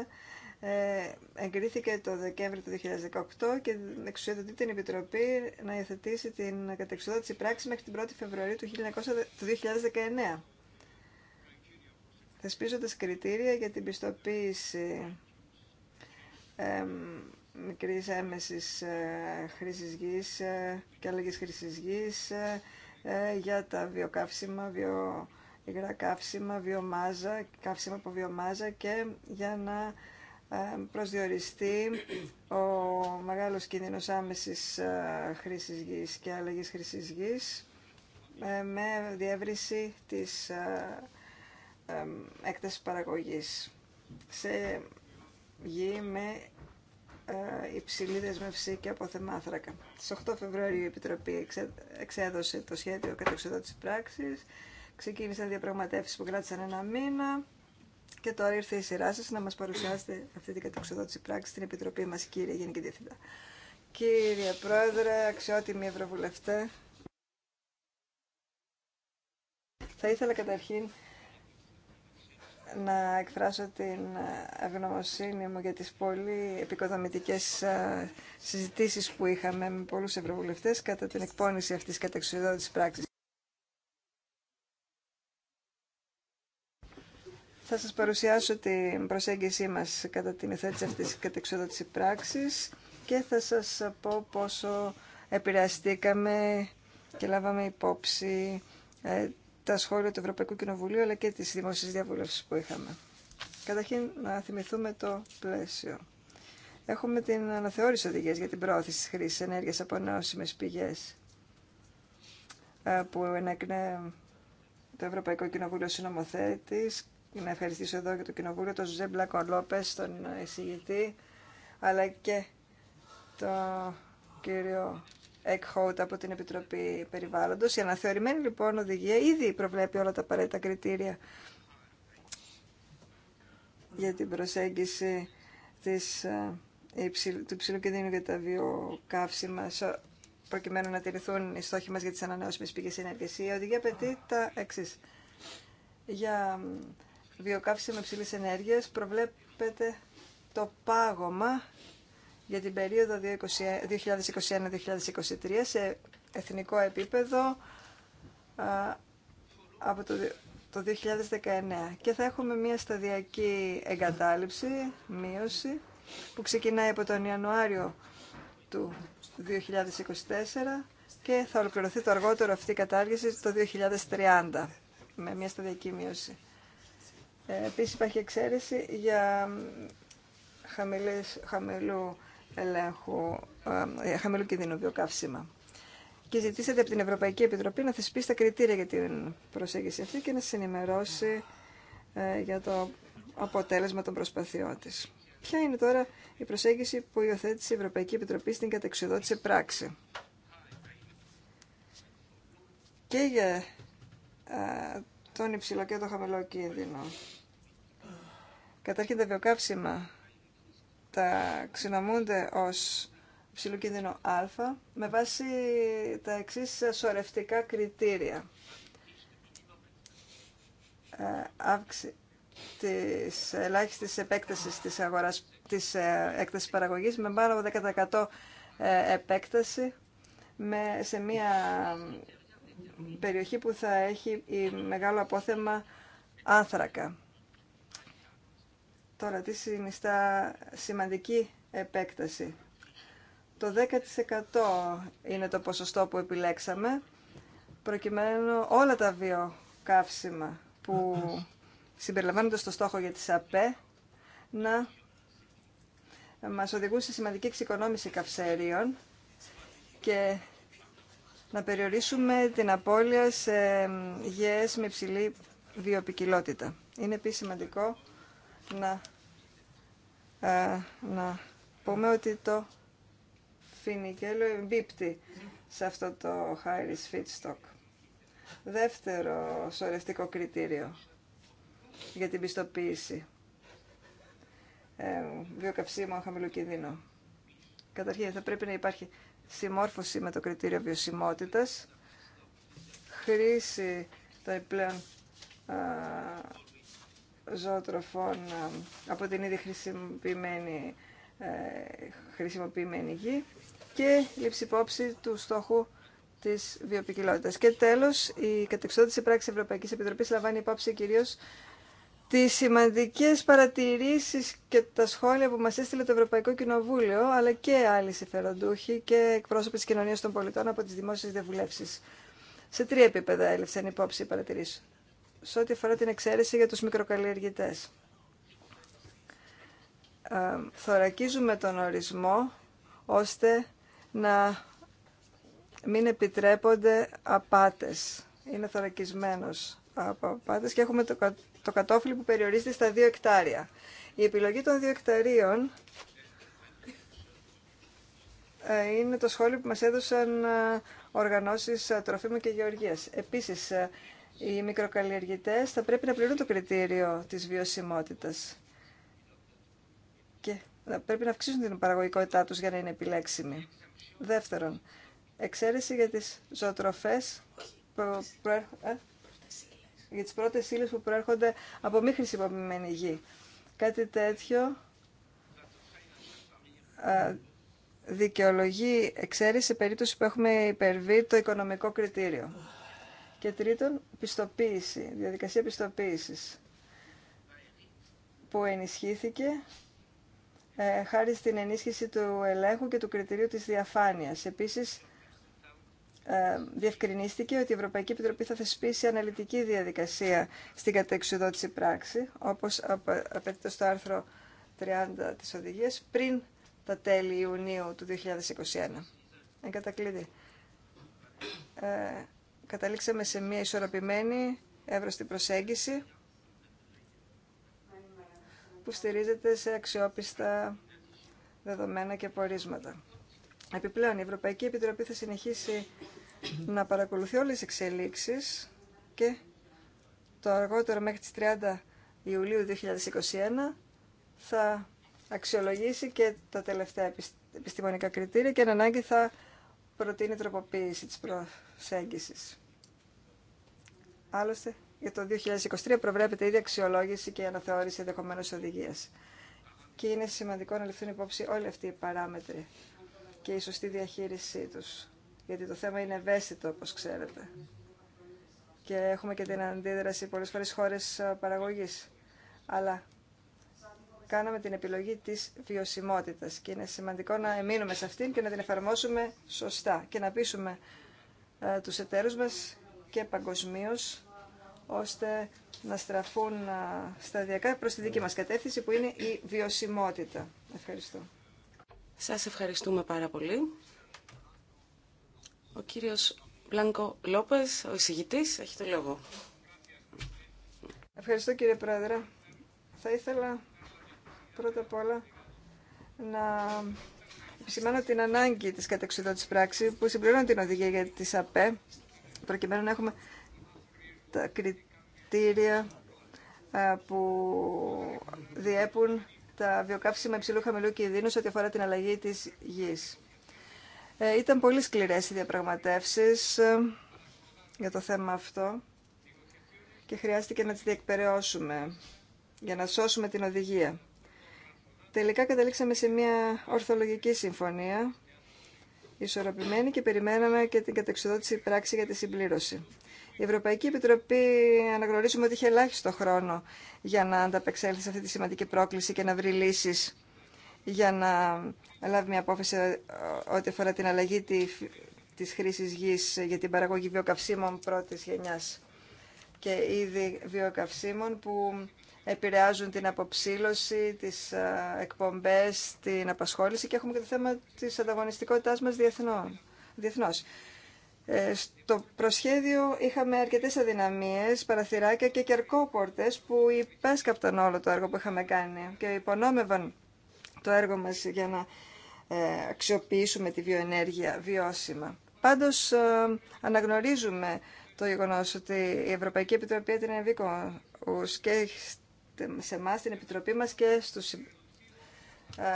ε, εγκρίθηκε το Δεκέμβριο του 2018 και εξουσιοδοτεί την Επιτροπή να υιοθετήσει την κατεξοδότηση πράξη μέχρι την 1η Φεβρουαρίου του 2019 θεσπίζοντας κριτήρια για την πιστοποίηση ε, μικρής έμεσης ε, χρήσης γης ε, και αλλαγής χρήσης γης, ε, ε για τα βιοκαύσιμα, βιο... καύσιμα, βιομάζα, καύσιμα από βιομάζα και για να ε, προσδιοριστεί ο μεγάλος κίνδυνος άμεσης ε, χρήσης γης και αλλαγής χρήσης γης ε, με διεύρυνση της έκτασης παραγωγής σε γη με υψηλή δεσμευσή και αποθεμάθρακα. Στις 8 Φεβρουαρίου η Επιτροπή εξέδωσε το σχέδιο κατεξοδότηση πράξης, ξεκίνησαν διαπραγματεύσεις που κράτησαν ένα μήνα και τώρα ήρθε η σειρά σα να μα παρουσιάσετε αυτή την κατεξοδότηση πράξη στην Επιτροπή μα, κύριε Γενική Διευθυντά. Κύριε Πρόεδρε, αξιότιμοι Ευρωβουλευτέ, θα ήθελα καταρχήν να εκφράσω την αγνωμοσύνη μου για τις πολύ επικοδομητικές ε, συζητήσεις που είχαμε με πολλούς ευρωβουλευτές κατά την εκπόνηση αυτής της κατεξοδότησης πράξης. Θα σας παρουσιάσω την προσέγγιση μας κατά την υθέτηση αυτής της κατεξοδότηση πράξης και θα σας πω πόσο επηρεαστήκαμε και λάβαμε υπόψη ε, τα σχόλια του Ευρωπαϊκού Κοινοβουλίου αλλά και τις δημόσιες Διαβουλεύσης που είχαμε. Καταρχήν να θυμηθούμε το πλαίσιο. Έχουμε την αναθεώρηση οδηγία για την προώθηση της χρήσης ενέργειας από νεώσιμε πηγέ ε, που ενέκνε το Ευρωπαϊκό Κοινοβούλιο Συνομοθέτης να ευχαριστήσω εδώ και το Κοινοβούλιο, τον Ζουζέ Μπλακον Λόπες, τον εισηγητή, αλλά και τον κύριο Εκχόουτ από την Επιτροπή Περιβάλλοντος. Η αναθεωρημένη λοιπόν οδηγία ήδη προβλέπει όλα τα απαραίτητα κριτήρια για την προσέγγιση της, ε, του υψηλού κινδύνου για τα βιοκαύσιμα προκειμένου να τηρηθούν οι στόχοι μας για τις ανανεώσιμες πηγές ενέργειας. Η οδηγία απαιτεί τα εξής. Για με ψηλής ενέργειας προβλέπεται το πάγωμα για την περίοδο 2021-2023 σε εθνικό επίπεδο από το, το 2019 και θα έχουμε μια σταδιακή εγκατάλειψη, μείωση που ξεκινάει από τον Ιανουάριο του 2024 και θα ολοκληρωθεί το αργότερο αυτή η κατάργηση το 2030 με μια σταδιακή μείωση. Επίσης υπάρχει εξαίρεση για χαμηλού ελέγχου, ε, ε, χαμηλού κινδύνου βιοκαύσιμα. Και ζητήσατε από την Ευρωπαϊκή Επιτροπή να θεσπίσει τα κριτήρια για την προσέγγιση αυτή και να σας ενημερώσει ε, για το αποτέλεσμα των προσπαθειών τη. Ποια είναι τώρα η προσέγγιση που υιοθέτησε η Ευρωπαϊκή Επιτροπή στην κατεξοδότηση πράξη. Και για τον υψηλό και τον χαμηλό κίνδυνο. Καταρχήν τα βιοκάψιμα τα ξυνομούνται ως ψηλού κίνδυνο α με βάση τα εξής σωρευτικά κριτήρια. Ε, αύξηση της ελάχιστης επέκτασης της, αγοράς, της ε, έκτασης παραγωγής με πάνω από 10% ε, επέκταση με, σε μια περιοχή που θα έχει μεγάλο απόθεμα άνθρακα. Τώρα, τι συνιστά σημαντική επέκταση. Το 10% είναι το ποσοστό που επιλέξαμε, προκειμένου όλα τα βιοκαύσιμα που συμπεριλαμβάνονται στο στόχο για τις ΑΠΕ να μας οδηγούν σε σημαντική εξοικονόμηση καυσέριων και να περιορίσουμε την απώλεια σε γεές με υψηλή βιοπικιλότητα. Είναι επίσης σημαντικό να, ε, να πούμε ότι το φινικέλο εμπίπτει σε αυτό το high risk feedstock. Δεύτερο σωρευτικό κριτήριο για την πιστοποίηση ε, βιοκαυσίμων χαμηλού κινδύνου. Καταρχήν θα πρέπει να υπάρχει συμμόρφωση με το κριτήριο βιωσιμότητας, χρήση των επιπλέον ε, ζωοτροφών ε, από την ήδη χρησιμοποιημένη, ε, χρησιμοποιημένη γη και λήψη υπόψη του στόχου της βιοποικιλότητας. Και τέλος, η κατεξόδηση πράξη Ευρωπαϊκής Επιτροπής λαμβάνει υπόψη κυρίως τις σημαντικές παρατηρήσεις και τα σχόλια που μα έστειλε το Ευρωπαϊκό Κοινοβούλιο, αλλά και άλλοι συμφεροντούχοι και εκπρόσωποι της κοινωνία των πολιτών από τι δημόσιε διαβουλεύσει. Σε τρία επίπεδα έλευσαν υπόψη οι παρατηρήσει σε ό,τι αφορά την εξαίρεση για τους μικροκαλλιεργητές. Ε, θωρακίζουμε τον ορισμό ώστε να μην επιτρέπονται απάτες. Είναι θωρακισμένος από απάτες και έχουμε το, κατόφλι που περιορίζεται στα 2 εκτάρια. Η επιλογή των 2 εκταρίων ε, είναι το σχόλιο που μας έδωσαν ε, οργανώσεις τροφίμων και γεωργίας. Επίσης, οι μικροκαλλιεργητές θα πρέπει να πληρούν το κριτήριο της βιωσιμότητας και θα πρέπει να αυξήσουν την παραγωγικότητά τους για να είναι επιλέξιμοι. Δεύτερον, εξαίρεση για τις ζωοτροφές που ε, για τις πρώτες ύλες που προέρχονται από μη χρησιμοποιημένη γη. Κάτι τέτοιο ε, δικαιολογεί εξαίρεση σε περίπτωση που έχουμε υπερβεί το οικονομικό κριτήριο. Και τρίτον, πιστοποίηση, διαδικασία πιστοποίησης που ενισχύθηκε ε, χάρη στην ενίσχυση του ελέγχου και του κριτηρίου της διαφάνειας. Επίσης, ε, διευκρινίστηκε ότι η Ευρωπαϊκή Επιτροπή θα θεσπίσει αναλυτική διαδικασία στην κατεξουδότηση πράξη, όπως απαιτείται στο άρθρο 30 της οδηγίας, πριν τα τέλη Ιουνίου του 2021. Εγκατακλείδη. Ε, καταλήξαμε σε μια ισορροπημένη εύρωστη προσέγγιση που στηρίζεται σε αξιόπιστα δεδομένα και πορίσματα. Επιπλέον, η Ευρωπαϊκή Επιτροπή θα συνεχίσει να παρακολουθεί όλες τις εξελίξεις και το αργότερο μέχρι τις 30 Ιουλίου 2021 θα αξιολογήσει και τα τελευταία επιστημονικά κριτήρια και εν ανάγκη θα προτείνει τροποποίηση της προσέγγισης. Άλλωστε, για το 2023 προβλέπεται ήδη αξιολόγηση και αναθεώρηση ενδεχομένω οδηγία. Και είναι σημαντικό να ληφθούν υπόψη όλοι αυτοί οι παράμετροι και η σωστή διαχείρισή του. Γιατί το θέμα είναι ευαίσθητο, όπω ξέρετε. Και έχουμε και την αντίδραση πολλέ φορέ χώρε παραγωγή. Αλλά κάναμε την επιλογή της βιωσιμότητας και είναι σημαντικό να εμείνουμε σε αυτήν και να την εφαρμόσουμε σωστά και να πείσουμε ε, τους εταίρους μας και παγκοσμίω ώστε να στραφούν ε, σταδιακά προς τη δική μας κατεύθυνση που είναι η βιωσιμότητα. Ευχαριστώ. Σας ευχαριστούμε πάρα πολύ. Ο κύριος Μπλάνκο Λόπες, ο εισηγητής, έχει το λόγο. Ευχαριστώ κύριε Πρόεδρε. Θα ήθελα Πρώτα απ' όλα να επισημάνω την ανάγκη της κατεξουδότης πράξη που συμπληρώνει την οδηγία για τις ΑΠΕ προκειμένου να έχουμε τα κριτήρια που διέπουν τα βιοκαύσιμα υψηλού χαμηλού κινδύνου σε ό,τι αφορά την αλλαγή της γης. Ε, ήταν πολύ σκληρές οι διαπραγματεύσεις ε, για το θέμα αυτό και χρειάστηκε να τις διεκπαιρεώσουμε για να σώσουμε την οδηγία. Τελικά καταλήξαμε σε μια ορθολογική συμφωνία, ισορροπημένη και περιμέναμε και την κατεξοδότηση πράξη για τη συμπλήρωση. Η Ευρωπαϊκή Επιτροπή αναγνωρίζουμε ότι είχε ελάχιστο χρόνο για να ανταπεξέλθει σε αυτή τη σημαντική πρόκληση και να βρει λύσει για να λάβει μια απόφαση ε, ό,τι αφορά την αλλαγή τη χρήση γη για την παραγωγή βιοκαυσίμων πρώτη γενιά και ήδη βιοκαυσίμων που επηρεάζουν την αποψήλωση, τις ε, εκπομπές, την απασχόληση και έχουμε και το θέμα της ανταγωνιστικότητάς μας διεθνώς. Ε, στο προσχέδιο είχαμε αρκετές αδυναμίες, παραθυράκια και κερκόπορτες που υπέσκαπταν όλο το έργο που είχαμε κάνει και υπονόμευαν το έργο μας για να ε, αξιοποιήσουμε τη βιοενέργεια βιώσιμα. Πάντως αναγνωρίζουμε το γεγονός ότι η Ευρωπαϊκή Επιτροπή την και σε εμά, στην Επιτροπή μας και στους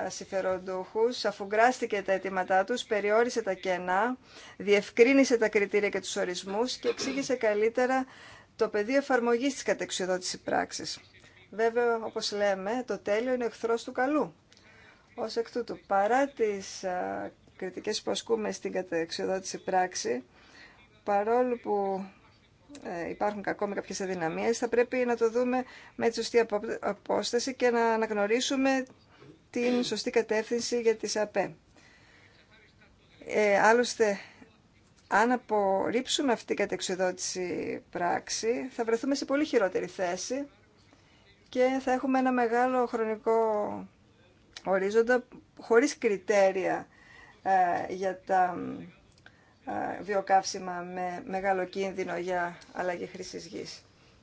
συμφεροντούχους, γράστηκε τα αιτήματά τους, περιόρισε τα κενά, διευκρίνησε τα κριτήρια και τους ορισμούς και εξήγησε καλύτερα το πεδίο εφαρμογή της κατεξοδότησης πράξης. Βέβαια, όπως λέμε, το τέλειο είναι εχθρός του καλού. Ως εκ τούτου, παρά τις κριτικές που ασκούμε στην κατεξοδότηση πράξη, παρόλο που ε, υπάρχουν ακόμα κάποιες αδυναμίες, θα πρέπει να το δούμε με τη σωστή απόσταση και να αναγνωρίσουμε την σωστή κατεύθυνση για τις ΑΠΕ. Ε, άλλωστε, αν απορρίψουμε αυτή την κατεξοδότηση πράξη, θα βρεθούμε σε πολύ χειρότερη θέση και θα έχουμε ένα μεγάλο χρονικό ορίζοντα χωρίς κριτέρια ε, για τα βιοκαύσιμα με μεγάλο κίνδυνο για αλλαγή χρήση γη.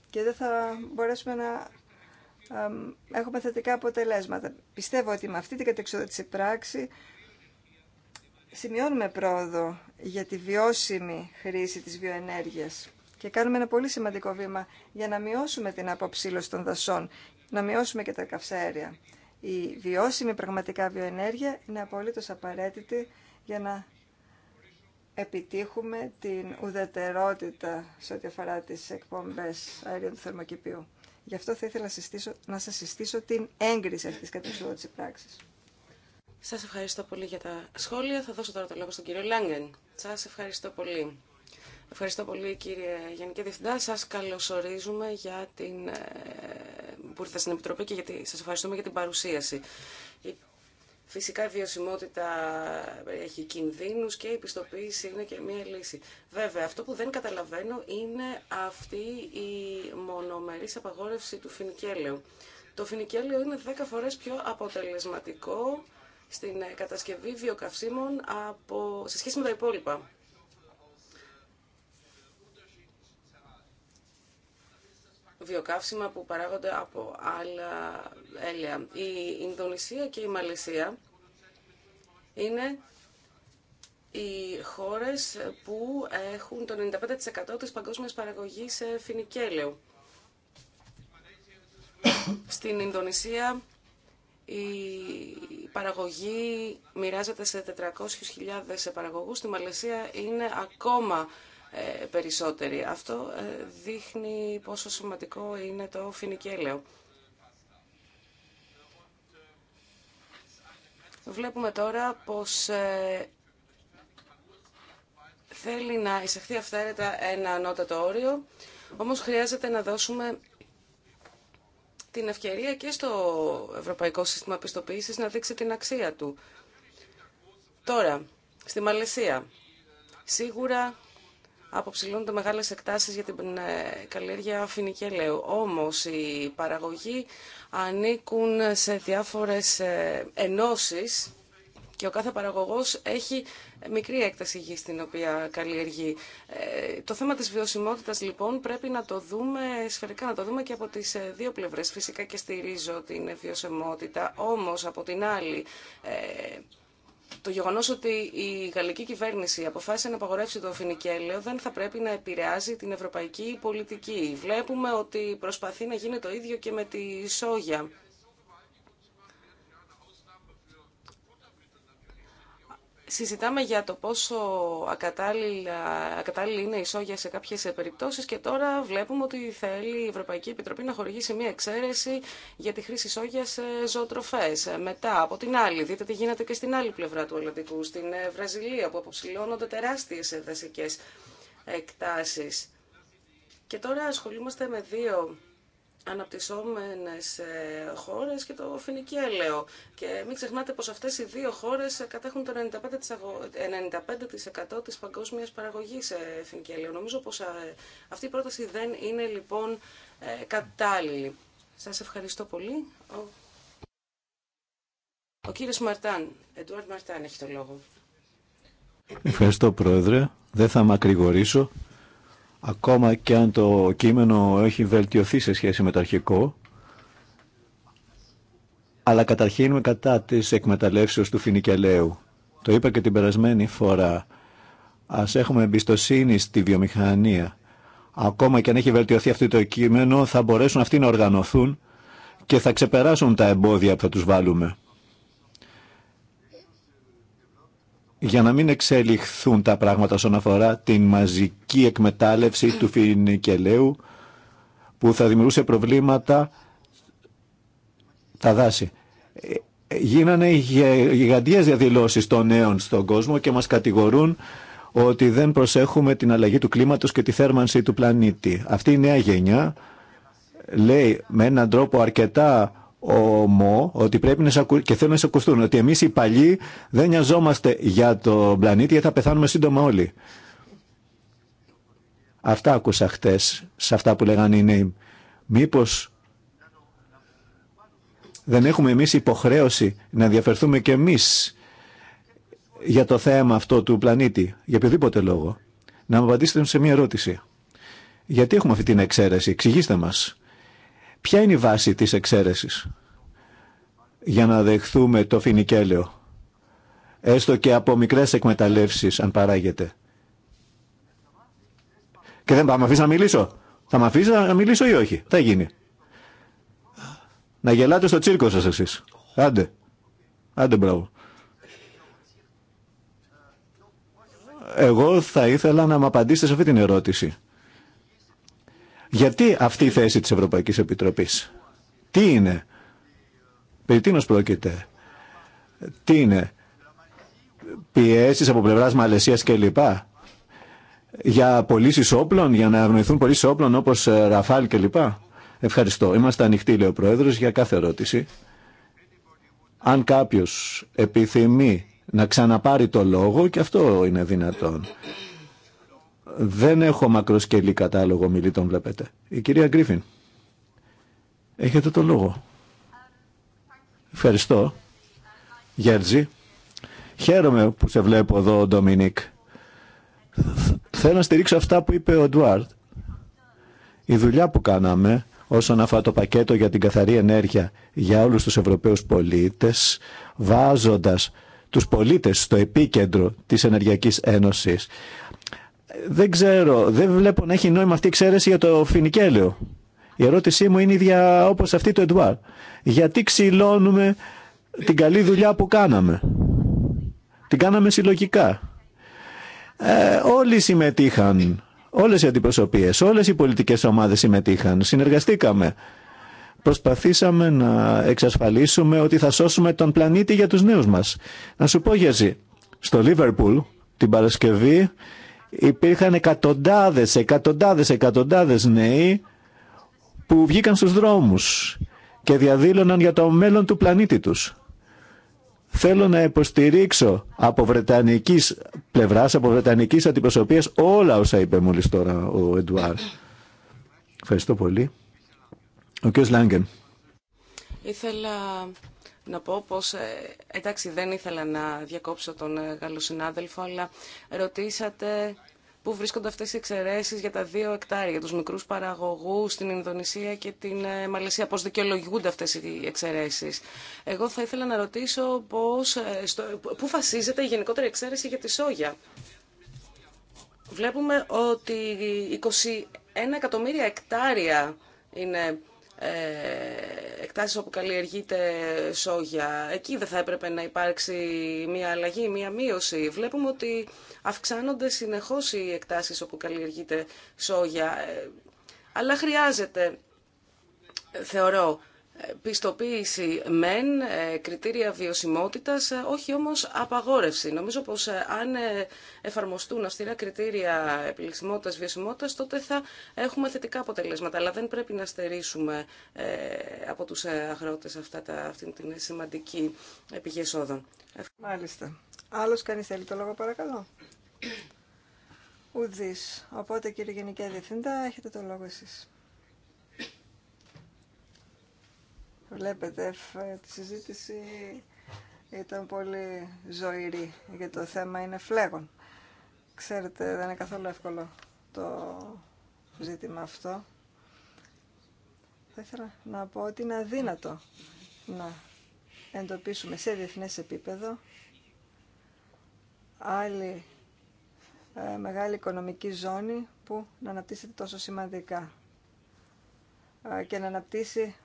Και δεν θα μπορέσουμε να έχουμε θετικά αποτελέσματα. Πιστεύω ότι με αυτή την κατεξοδότηση πράξη σημειώνουμε πρόοδο για τη βιώσιμη χρήση της βιοενέργειας και κάνουμε ένα πολύ σημαντικό βήμα για να μειώσουμε την αποψήλωση των δασών, να μειώσουμε και τα καυσαέρια. Η βιώσιμη πραγματικά βιοενέργεια είναι απολύτως απαραίτητη για να επιτύχουμε την ουδετερότητα σε ό,τι αφορά τις εκπομπές αερίων του θερμοκηπίου. Γι' αυτό θα ήθελα να, συστήσω, να σας συστήσω την έγκριση αυτής της κατεξοδότησης πράξης. Σας ευχαριστώ πολύ για τα σχόλια. Θα δώσω τώρα το λόγο στον κύριο Λάγκεν. Σας ευχαριστώ πολύ. Ευχαριστώ πολύ κύριε Γενική Διευθυντά. Σας καλωσορίζουμε για την... Ε, που στην Επιτροπή και σας ευχαριστούμε για την παρουσίαση. Φυσικά η βιωσιμότητα έχει κινδύνους και η πιστοποίηση είναι και μία λύση. Βέβαια, αυτό που δεν καταλαβαίνω είναι αυτή η μονομερής απαγόρευση του φινικέλαιου. Το φινικέλαιο είναι 10 φορές πιο αποτελεσματικό στην κατασκευή βιοκαυσίμων από... σε σχέση με τα υπόλοιπα. βιοκαύσιμα που παράγονται από άλλα έλαια. Η Ινδονησία και η Μαλαισία είναι οι χώρες που έχουν το 95% της παγκόσμιας παραγωγής φινικέλαιου. Στην Ινδονησία η παραγωγή μοιράζεται σε 400.000 παραγωγούς. Στη Μαλαισία είναι ακόμα ε, περισσότεροι. Αυτό ε, δείχνει πόσο σημαντικό είναι το φινικέλαιο. Βλέπουμε τώρα πως ε, θέλει να εισαχθεί αυθαίρετα ένα ανώτατο όριο, όμως χρειάζεται να δώσουμε την ευκαιρία και στο Ευρωπαϊκό Σύστημα Πιστοποίησης να δείξει την αξία του. Τώρα, στη Μαλαισία. Σίγουρα αποψηλώνονται μεγάλε εκτάσει για την ε, καλλιέργεια φινικελαίου. Όμως οι παραγωγοί ανήκουν σε διάφορες ε, ενώσει και ο κάθε παραγωγός έχει μικρή έκταση γη στην οποία καλλιεργεί. Ε, το θέμα της βιωσιμότητα λοιπόν πρέπει να το δούμε σφαιρικά, να το δούμε και από τις δύο πλευρές. Φυσικά και στηρίζω την βιωσιμότητα, Όμω από την άλλη το γεγονός ότι η γαλλική κυβέρνηση αποφάσισε να απαγορεύσει το φινικέλαιο δεν θα πρέπει να επηρεάζει την ευρωπαϊκή πολιτική. Βλέπουμε ότι προσπαθεί να γίνει το ίδιο και με τη σόγια. συζητάμε για το πόσο ακατάλληλη είναι η σόγια σε κάποιες περιπτώσει και τώρα βλέπουμε ότι θέλει η Ευρωπαϊκή Επιτροπή να χορηγήσει μια εξαίρεση για τη χρήση σόγια σε ζωοτροφές. Μετά, από την άλλη, δείτε τι γίνεται και στην άλλη πλευρά του Ολλανδικού, στην ε, Βραζιλία, που αποψηλώνονται τεράστιες ε, δασικέ ε, εκτάσει. Και τώρα ασχολούμαστε με δύο αναπτυσσόμενες ε, χώρες και το Φινικέλαιο. Και μην ξεχνάτε πως αυτές οι δύο χώρες ε, κατέχουν το 95% της παγκόσμιας παραγωγής ε, Φινικέλαιο. Νομίζω πως αυτή η πρόταση δεν είναι λοιπόν κατάλληλη. Σας ευχαριστώ πολύ. Ο, Ο κύριος Μαρτάν, Εντουάρτ Μαρτάν έχει το λόγο. Ευχαριστώ Πρόεδρε. Δεν θα μακρηγορήσω. Ακόμα και αν το κείμενο έχει βελτιωθεί σε σχέση με το αρχικό, αλλά καταρχήν κατά της εκμεταλλεύσεως του φινικελαίου. Το είπα και την περασμένη φορά. Ας έχουμε εμπιστοσύνη στη βιομηχανία. Ακόμα και αν έχει βελτιωθεί αυτό το κείμενο, θα μπορέσουν αυτοί να οργανωθούν και θα ξεπεράσουν τα εμπόδια που θα τους βάλουμε. για να μην εξελιχθούν τα πράγματα όσον αφορά την μαζική εκμετάλλευση του φινικελαίου που θα δημιουργούσε προβλήματα τα δάση. Ε, γίνανε γιγαντιές διαδηλώσεις των νέων στον κόσμο και μας κατηγορούν ότι δεν προσέχουμε την αλλαγή του κλίματος και τη θέρμανση του πλανήτη. Αυτή η νέα γενιά λέει με έναν τρόπο αρκετά ομό ότι πρέπει να σακου... και θέλουν να ακουστούν ότι εμείς οι παλιοί δεν νοιαζόμαστε για το πλανήτη γιατί θα πεθάνουμε σύντομα όλοι. Αυτά άκουσα χτέ σε αυτά που λέγανε οι νέοι. Μήπως δεν έχουμε εμείς υποχρέωση να διαφερθούμε και εμείς για το θέμα αυτό του πλανήτη, για οποιοδήποτε λόγο. Να μου απαντήσετε σε μια ερώτηση. Γιατί έχουμε αυτή την εξαίρεση, εξηγήστε μας. Ποια είναι η βάση της εξαίρεσης για να δεχθούμε το φινικέλαιο, έστω και από μικρές εκμεταλλεύσεις αν παράγεται. Και δεν θα να μιλήσω. Θα με αφήσει να μιλήσω ή όχι. Θα γίνει. Να γελάτε στο τσίρκο σας εσείς. Άντε. Άντε μπράβο. Εγώ θα ήθελα να μου απαντήσετε σε αυτή την ερώτηση. Γιατί αυτή η θέση της Ευρωπαϊκής Επιτροπής. Τι είναι. Περί πρόκειται. Τι είναι. Πιέσεις από πλευράς Μαλαισίας κλπ. Για πωλήσει όπλων, για να αγνοηθούν πωλήσει όπλων όπως ε, Ραφάλ κλπ. Ευχαριστώ. Είμαστε ανοιχτοί, λέει ο Πρόεδρος, για κάθε ερώτηση. Αν κάποιος επιθυμεί να ξαναπάρει το λόγο, και αυτό είναι δυνατόν. Δεν έχω μακροσκελή κατάλογο μιλήτων, βλέπετε. Η κυρία Γκρίφιν, έχετε το λόγο. Ευχαριστώ. Γέρτζη, χαίρομαι που σε βλέπω εδώ, Ντομινίκ. Θέλω να στηρίξω αυτά που είπε ο Ντουάρτ. Η δουλειά που κάναμε όσον αφορά το πακέτο για την καθαρή ενέργεια για όλους τους Ευρωπαίους πολίτες, βάζοντας τους πολίτες στο επίκεντρο της Ενεργειακής Ένωσης δεν ξέρω, δεν βλέπω να έχει νόημα αυτή η εξαίρεση για το φινικέλαιο. Η ερώτησή μου είναι ίδια όπω αυτή του Εντουάρ. Γιατί ξυλώνουμε την καλή δουλειά που κάναμε. Την κάναμε συλλογικά. Ε, όλοι συμμετείχαν, όλες οι αντιπροσωπείες, όλες οι πολιτικές ομάδες συμμετείχαν, συνεργαστήκαμε. Προσπαθήσαμε να εξασφαλίσουμε ότι θα σώσουμε τον πλανήτη για τους νέους μας. Να σου πω Γεζή, στο Λίβερπουλ την Παρασκευή υπήρχαν εκατοντάδες, εκατοντάδες, εκατοντάδες νέοι που βγήκαν στους δρόμους και διαδήλωναν για το μέλλον του πλανήτη τους. Θέλω να υποστηρίξω από βρετανικής πλευράς, από βρετανικής αντιπροσωπείας όλα όσα είπε μόλις τώρα ο Εντουάρ. Ευχαριστώ πολύ. Ο κ. Λάγκεν. Ήθελα να πω πως, ε, εντάξει δεν ήθελα να διακόψω τον ε, αλλά ρωτήσατε πού βρίσκονται αυτές οι εξαιρέσεις για τα δύο εκτάρια, για τους μικρούς παραγωγούς στην Ινδονησία και την ε, Μαλαισία, πώς δικαιολογούνται αυτές οι εξαιρέσεις. Εγώ θα ήθελα να ρωτήσω πώς, ε, στο, πού βασίζεται η γενικότερη εξαίρεση για τη σόγια. Βλέπουμε ότι 21 εκατομμύρια εκτάρια είναι εκτάσεις όπου καλλιεργείται σόγια. Εκεί δεν θα έπρεπε να υπάρξει μια αλλαγή, μια μείωση. Βλέπουμε ότι αυξάνονται συνεχώς οι εκτάσεις όπου καλλιεργείται σόγια. Ε, αλλά χρειάζεται, θεωρώ, πιστοποίηση μεν, ε, κριτήρια βιωσιμότητας, ε, όχι όμως απαγόρευση. Νομίζω πως ε, αν εφαρμοστούν αυστηρά κριτήρια επιλεξιμότητας, βιωσιμότητας, τότε θα έχουμε θετικά αποτελέσματα. Αλλά δεν πρέπει να στερήσουμε από τους αγρότες αυτά τα, αυτή την σημαντική πηγή εσόδων. Μάλιστα. Άλλος κανείς θέλει το λόγο παρακαλώ. Ουδής. Οπότε κύριε Γενική Διευθύντα έχετε το λόγο εσείς. Βλέπετε, τη συζήτηση ήταν πολύ ζωηρή, γιατί το θέμα είναι φλέγον. Ξέρετε, δεν είναι καθόλου εύκολο το ζήτημα αυτό. Θα ήθελα να πω ότι είναι αδύνατο να εντοπίσουμε σε διεθνές επίπεδο άλλη ε, μεγάλη οικονομική ζώνη που να αναπτύσσεται τόσο σημαντικά ε, και να αναπτύσσει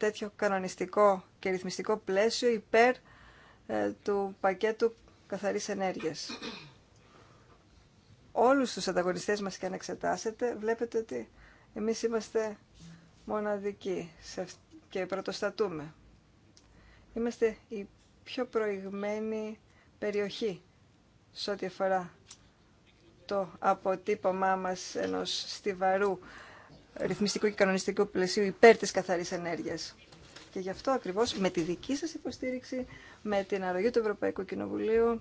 τέτοιο κανονιστικό και ρυθμιστικό πλαίσιο υπέρ ε, του πακέτου καθαρής ενέργειας. Όλους τους ανταγωνιστές μας και αν εξετάσετε, βλέπετε ότι εμείς είμαστε μοναδικοί και πρωτοστατούμε. Είμαστε η πιο προηγμένη περιοχή σε ό,τι αφορά το αποτύπωμά μας ενός στιβαρού ρυθμιστικού και κανονιστικού πλαισίου υπέρ τη καθαρή ενέργεια. Και γι' αυτό ακριβώ με τη δική σα υποστήριξη, με την αρρωγή του Ευρωπαϊκού Κοινοβουλίου,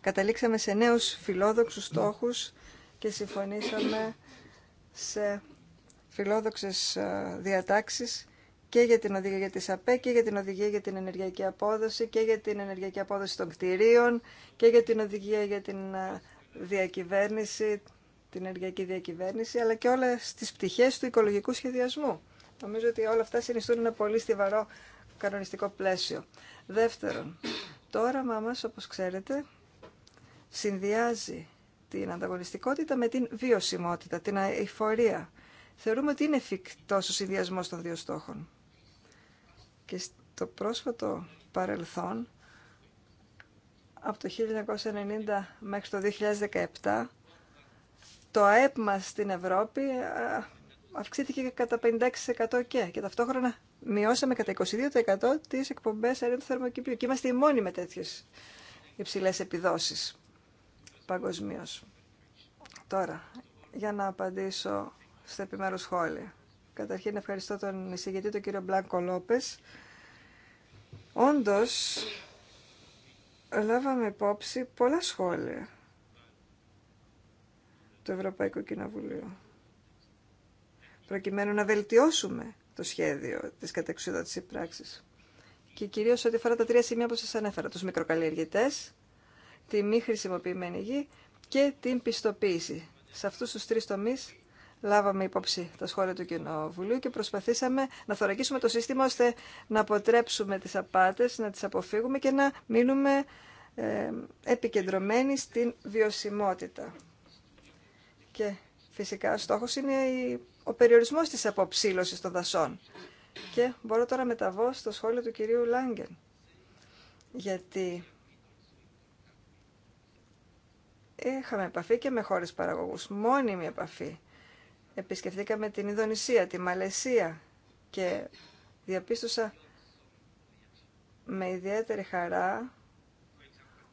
καταλήξαμε σε νέου φιλόδοξου στόχου και συμφωνήσαμε σε φιλόδοξε διατάξει και για την οδηγία για τη ΑΠΕ και για την οδηγία για την ενεργειακή απόδοση και για την ενεργειακή απόδοση των κτηρίων και για την οδηγία για την ε, διακυβέρνηση την ενεργειακή διακυβέρνηση, αλλά και όλε τι πτυχέ του οικολογικού σχεδιασμού. Νομίζω ότι όλα αυτά συνιστούν ένα πολύ στιβαρό κανονιστικό πλαίσιο. Δεύτερον, το όραμά μα, όπω ξέρετε, συνδυάζει την ανταγωνιστικότητα με την βιωσιμότητα, την αηφορία. Θεωρούμε ότι είναι εφικτό ο συνδυασμό των δύο στόχων. Και στο πρόσφατο παρελθόν, από το 1990 μέχρι το 2017, το ΑΕΠ μας στην Ευρώπη αυξήθηκε κατά 56% και, ταυτόχρονα μειώσαμε κατά 22% τις εκπομπές αερίων του θερμοκηπίου και είμαστε οι μόνοι με τέτοιες υψηλές επιδόσεις παγκοσμίω. Τώρα, για να απαντήσω στα επιμέρους σχόλια. Καταρχήν ευχαριστώ τον εισηγητή, τον κύριο Μπλάνκο Λόπες. Όντως, λάβαμε υπόψη πολλά σχόλια το Ευρωπαϊκό Κοινοβούλιο. Προκειμένου να βελτιώσουμε το σχέδιο της της πράξη. Και κυρίως ό,τι αφορά τα τρία σημεία που σα ανέφερα, Του μικροκαλλιεργητέ, τη μη χρησιμοποιημένη γη και την πιστοποίηση. Σε αυτού του τρει τομεί λάβαμε υπόψη τα σχόλια του Κοινοβουλίου και προσπαθήσαμε να θωρακίσουμε το σύστημα ώστε να αποτρέψουμε τις απάτες, να τις αποφύγουμε και να μείνουμε ε, επικεντρωμένοι στην βιωσιμότητα. Και φυσικά ο στόχος είναι ο περιορισμός της αποψήλωσης των δασών. Και μπορώ τώρα να μεταβώ στο σχόλιο του κυρίου Λάγκεν. Γιατί είχαμε επαφή και με χώρες παραγωγούς, μόνιμη επαφή. Επισκεφθήκαμε την Ιδονησία, τη Μαλαισία και διαπίστωσα με ιδιαίτερη χαρά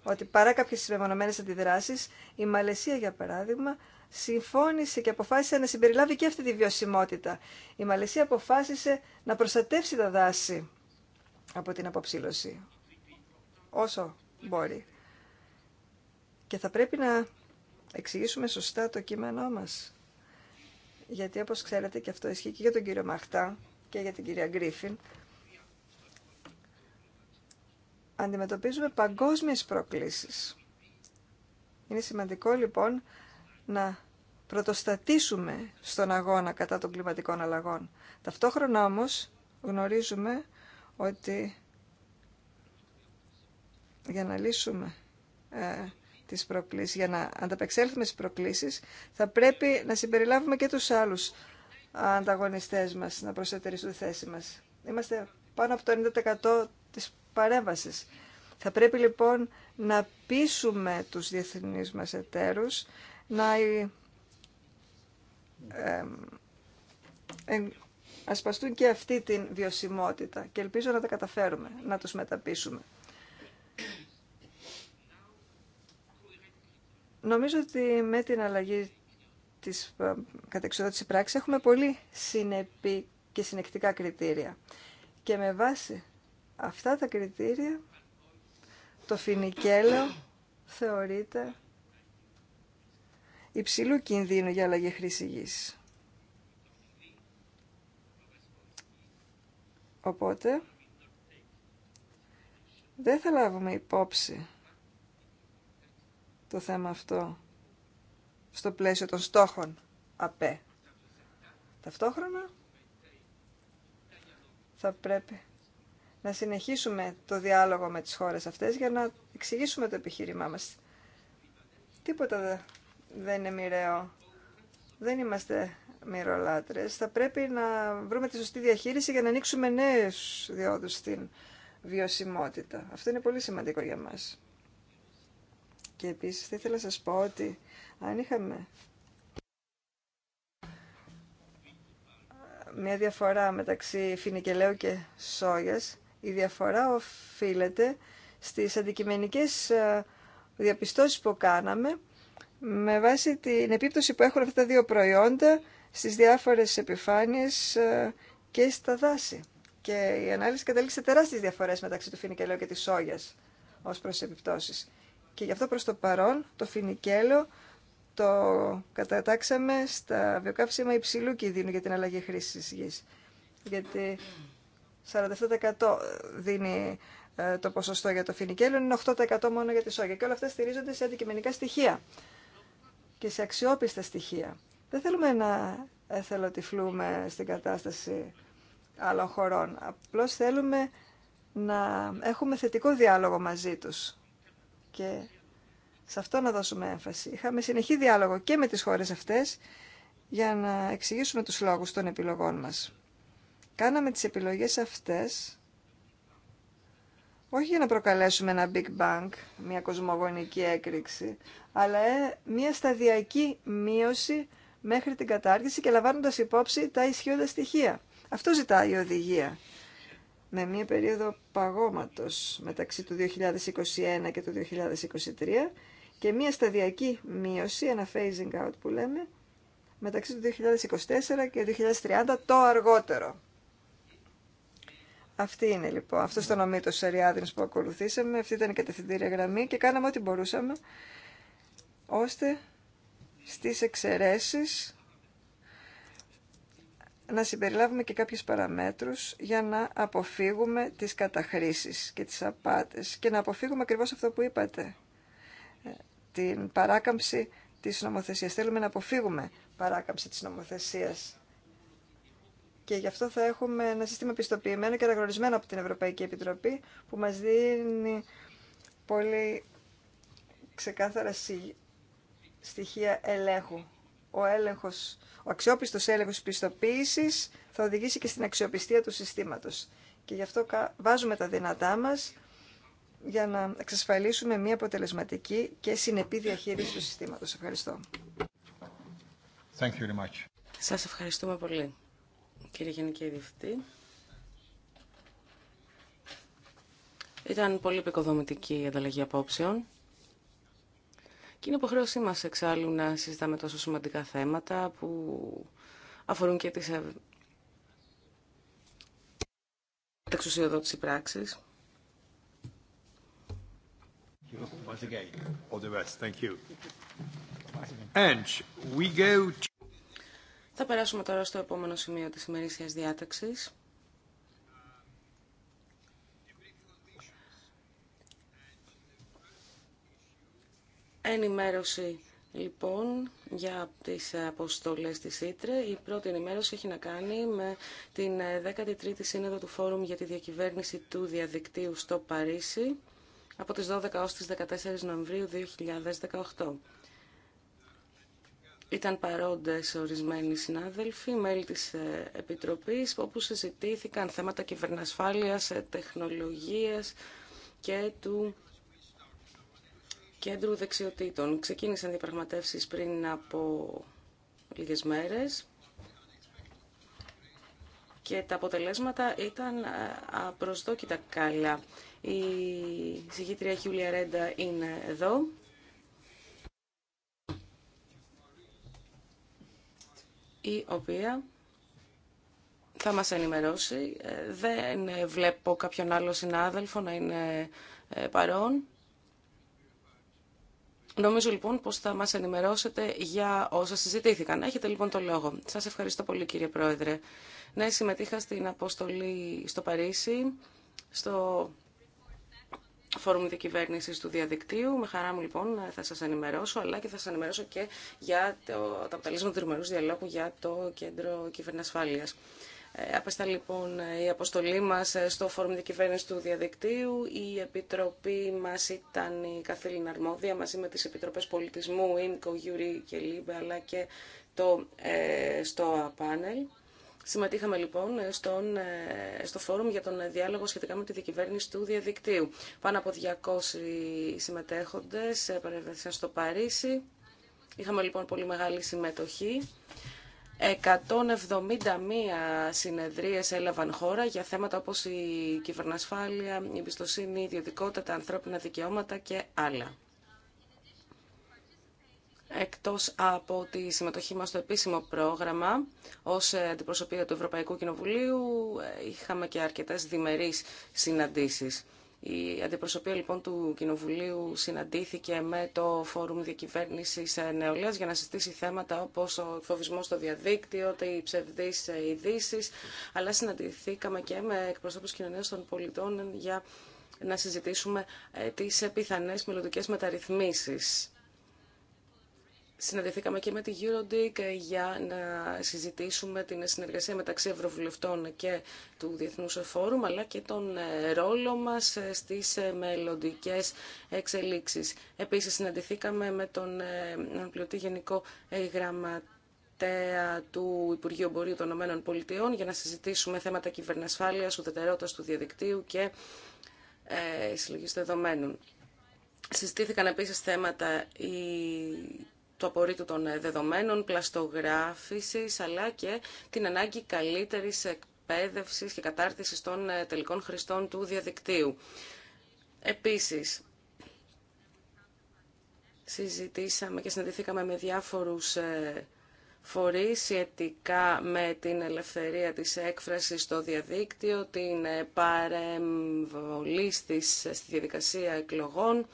ότι παρά κάποιες συμπεμονωμένες αντιδράσεις, η Μαλαισία για παράδειγμα συμφώνησε και αποφάσισε να συμπεριλάβει και αυτή τη βιωσιμότητα. Η Μαλαισία αποφάσισε να προστατεύσει τα δάση από την αποψήλωση όσο μπορεί. Και θα πρέπει να εξηγήσουμε σωστά το κείμενό μας. Γιατί όπως ξέρετε και αυτό ισχύει και για τον κύριο Μαχτά και για την κυρία Γκρίφιν, αντιμετωπίζουμε παγκόσμιες προκλήσεις. Είναι σημαντικό λοιπόν να πρωτοστατήσουμε στον αγώνα κατά των κλιματικών αλλαγών. Ταυτόχρονα όμως γνωρίζουμε ότι για να λύσουμε ε, τις προκλήσεις, για να ανταπεξέλθουμε στις προκλήσεις, θα πρέπει να συμπεριλάβουμε και τους άλλους ανταγωνιστές μας, να προσετερήσουν τη θέση μας. Είμαστε πάνω από το 90% της παρέμβασης. Θα πρέπει λοιπόν να πείσουμε τους διεθνείς μας εταίρους να ε, ασπαστούν και αυτή την βιωσιμότητα και ελπίζω να τα καταφέρουμε, να τους μεταπίσουμε. Νομίζω ότι με την αλλαγή της ε, κατεξοδότηση πράξη έχουμε πολύ συνεπή και συνεκτικά κριτήρια. Και με βάση αυτά τα κριτήρια το φινικέλαιο θεωρείται υψηλού κινδύνου για αλλαγή χρήση γης. Οπότε, δεν θα λάβουμε υπόψη το θέμα αυτό στο πλαίσιο των στόχων ΑΠΕ. Ταυτόχρονα θα πρέπει να συνεχίσουμε το διάλογο με τις χώρες αυτές για να εξηγήσουμε το επιχείρημά μας. Τίποτα δεν είναι μοιραίο. Δεν είμαστε μοιρολάτρες. Θα πρέπει να βρούμε τη σωστή διαχείριση για να ανοίξουμε νέους διόδους στην βιωσιμότητα. Αυτό είναι πολύ σημαντικό για μας. Και επίσης θα ήθελα να σας πω ότι αν είχαμε μια διαφορά μεταξύ φινικελαίου και σόγιας, η διαφορά οφείλεται στις αντικειμενικές ε, διαπιστώσεις που κάναμε με βάση την επίπτωση που έχουν αυτά τα δύο προϊόντα στις διάφορες επιφάνειες ε, και στα δάση. Και η ανάλυση κατέληξε τεράστιες διαφορές μεταξύ του φινικελαίου και της σόγιας ως προς επιπτώσεις. Και γι' αυτό προς το παρόν το φινικέλο το κατατάξαμε στα βιοκαύσιμα υψηλού κινδύνου για την αλλαγή χρήσης γης. Γιατί 47% δίνει ε, το ποσοστό για το φινικέλο, είναι 8% μόνο για τη σόγια. Και όλα αυτά στηρίζονται σε αντικειμενικά στοιχεία και σε αξιόπιστα στοιχεία. Δεν θέλουμε να εθελοτυφλούμε στην κατάσταση άλλων χωρών. Απλώς θέλουμε να έχουμε θετικό διάλογο μαζί τους και σε αυτό να δώσουμε έμφαση. Είχαμε συνεχή διάλογο και με τις χώρες αυτές για να εξηγήσουμε τους λόγους των επιλογών μας. Κάναμε τις επιλογές αυτές όχι για να προκαλέσουμε ένα Big Bang, μια κοσμογονική έκρηξη, αλλά ε, μια σταδιακή μείωση μέχρι την κατάργηση και λαμβάνοντας υπόψη τα ισχύοντα στοιχεία. Αυτό ζητάει η οδηγία. Με μια περίοδο παγώματος μεταξύ του 2021 και του 2023 και μια σταδιακή μείωση, ένα phasing out που λέμε, μεταξύ του 2024 και 2030 το αργότερο. Αυτή είναι λοιπόν, αυτό ήταν ο μύθο τη Αριάδνη που ακολουθήσαμε, αυτή ήταν η κατευθυντήρια γραμμή και κάναμε ό,τι μπορούσαμε ώστε στις εξαιρέσει να συμπεριλάβουμε και κάποιες παραμέτρους για να αποφύγουμε τις καταχρήσεις και τις απάτες και να αποφύγουμε ακριβώς αυτό που είπατε, ε, την παράκαμψη της νομοθεσίας. Θέλουμε να αποφύγουμε παράκαμψη της νομοθεσίας και γι' αυτό θα έχουμε ένα σύστημα πιστοποιημένο και αναγνωρισμένο από την Ευρωπαϊκή Επιτροπή που μας δίνει πολύ ξεκάθαρα στοιχεία ελέγχου. Ο, έλεγχος, ο αξιόπιστος έλεγχος πιστοποίησης θα οδηγήσει και στην αξιοπιστία του συστήματος. Και γι' αυτό βάζουμε τα δυνατά μας για να εξασφαλίσουμε μια αποτελεσματική και συνεπή διαχείριση του συστήματος. Ευχαριστώ. Thank Σας ευχαριστούμε πολύ κύριε Γενική Διευθυντή. Ήταν πολύ επικοδομητική η ανταλλαγή απόψεων. Και είναι υποχρέωσή μας εξάλλου να συζητάμε τόσο σημαντικά θέματα που αφορούν και τις ε, εξουσιοδότηση πράξης. Θα περάσουμε τώρα στο επόμενο σημείο της ημερήσιας διάταξης. Ενημέρωση Λοιπόν, για τις αποστολές της Ήτρε. η πρώτη ενημέρωση έχει να κάνει με την 13η Σύνοδο του Φόρουμ για τη Διακυβέρνηση του Διαδικτύου στο Παρίσι από τις 12 ως τις 14 Νοεμβρίου 2018. Ήταν παρόντες ορισμένοι συνάδελφοι, μέλη της ε, Επιτροπής, όπου συζητήθηκαν θέματα κυβερνασφάλειας, ε, τεχνολογίας και του Κέντρου Δεξιοτήτων. Ξεκίνησαν διαπραγματεύσεις πριν από λίγες μέρες και τα αποτελέσματα ήταν ε, απροσδόκητα καλά. Η συγγήτρια Χιούλια Ρέντα είναι εδώ η οποία θα μας ενημερώσει. Ε, δεν βλέπω κάποιον άλλο συνάδελφο να είναι ε, παρόν. Νομίζω λοιπόν πως θα μας ενημερώσετε για όσα συζητήθηκαν. Έχετε λοιπόν το λόγο. Σας ευχαριστώ πολύ κύριε Πρόεδρε. Ναι, συμμετείχα στην αποστολή στο Παρίσι, στο Φόρουμ Διακυβέρνηση του Διαδικτύου. Με χαρά μου λοιπόν θα σα ενημερώσω, αλλά και θα σα ενημερώσω και για το, τα αποτελέσματα του τριμερού διαλόγου για το Κέντρο Κυβερνασφάλεια. Ε, Απέστα λοιπόν η αποστολή μα ε, στο Φόρουμ Δικυβέρνηση του Διαδικτύου. Η επιτροπή μα ήταν η καθήλυνα αρμόδια μαζί με τι επιτροπέ πολιτισμού, ΙΝΚΟ, Γιουρί και ΛΥΜΠΕ, αλλά και το, ε, πάνελ. Συμμετείχαμε λοιπόν στον, ε, στο φόρουμ για τον διάλογο σχετικά με τη διακυβέρνηση του διαδικτύου. Πάνω από 200 συμμετέχοντες παρευρέθησαν στο Παρίσι. Είχαμε λοιπόν πολύ μεγάλη συμμετοχή. 171 συνεδρίες έλαβαν χώρα για θέματα όπως η κυβερνασφάλεια, η εμπιστοσύνη, η ιδιωτικότητα, τα ανθρώπινα δικαιώματα και άλλα εκτός από τη συμμετοχή μας στο επίσημο πρόγραμμα ως αντιπροσωπεία του Ευρωπαϊκού Κοινοβουλίου είχαμε και αρκετές διμερείς συναντήσεις. Η αντιπροσωπεία λοιπόν του Κοινοβουλίου συναντήθηκε με το Φόρουμ Διακυβέρνηση Νεολαία για να συζητήσει θέματα όπω ο φοβισμό στο διαδίκτυο, οι ψευδεί ειδήσει, αλλά συναντηθήκαμε και με εκπροσώπους κοινωνία των πολιτών για να συζητήσουμε ε, τις ε, πιθανέ μελλοντικέ μεταρρυθμίσεις Συναντηθήκαμε και με τη Eurodic για να συζητήσουμε την συνεργασία μεταξύ Ευρωβουλευτών και του Διεθνούς Φόρουμ, αλλά και τον ε, ρόλο μας ε, στις ε, μελλοντικές εξελίξεις. Επίσης, συναντηθήκαμε με τον αναπληρωτή Γενικό Γραμματέα του Υπουργείου Εμπορίου των Ηνωμένων Πολιτειών για να συζητήσουμε θέματα κυβερνασφάλειας, ουδετερότητας του διαδικτύου και συλλογής δεδομένων. Συζητήθηκαν επίσης θέματα του απορρίτου των ε, δεδομένων, πλαστογράφησης, αλλά και την ανάγκη καλύτερης εκπαίδευσης και κατάρτισης των ε, τελικών χρηστών του διαδικτύου. Επίσης, συζητήσαμε και συναντηθήκαμε με διάφορους ε, φορείς σχετικά με την ελευθερία της έκφρασης στο διαδίκτυο, την παρεμβολή στη διαδικασία εκλογών,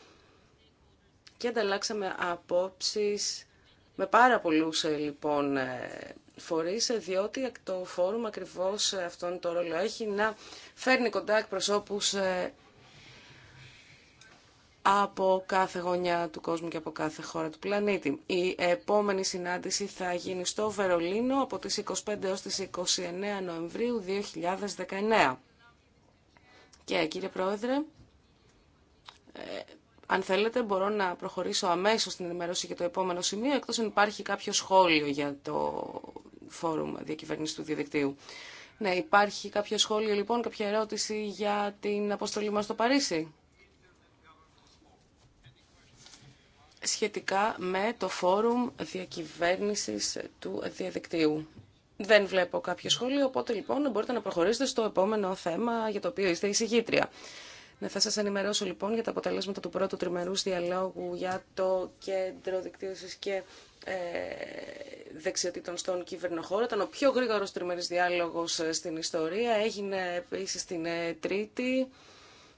και ανταλλάξαμε απόψεις με πάρα πολλούς ε, λοιπόν ε, φορείς, ε, διότι το φόρουμ ακριβώς αυτόν τον ρόλο έχει να φέρνει κοντά εκπροσώπους από κάθε γωνιά του κόσμου και από κάθε χώρα του πλανήτη. Η επόμενη συνάντηση θα γίνει στο Βερολίνο από τις 25 έως τις 29 Νοεμβρίου 2019. Και κύριε Πρόεδρε, αν θέλετε μπορώ να προχωρήσω αμέσως στην ενημέρωση για το επόμενο σημείο, εκτός αν υπάρχει κάποιο σχόλιο για το Φόρουμ Διακυβέρνηση του Διαδικτύου. Ναι, υπάρχει κάποιο σχόλιο λοιπόν, κάποια ερώτηση για την αποστολή μας στο Παρίσι. Σχετικά με το Φόρουμ Διακυβέρνησης του Διαδικτύου. Δεν βλέπω κάποιο σχόλιο, οπότε λοιπόν μπορείτε να προχωρήσετε στο επόμενο θέμα για το οποίο είστε εισηγήτρια. Ναι, θα σας ενημερώσω λοιπόν για τα αποτελέσματα του πρώτου τριμερούς διαλόγου για το κέντρο δικτύωσης και ε, δεξιοτήτων στον κυβερνοχώρο. Ήταν ο πιο γρήγορο τριμερής διάλογος ε, στην ιστορία. Έγινε επίσης την ε, Τρίτη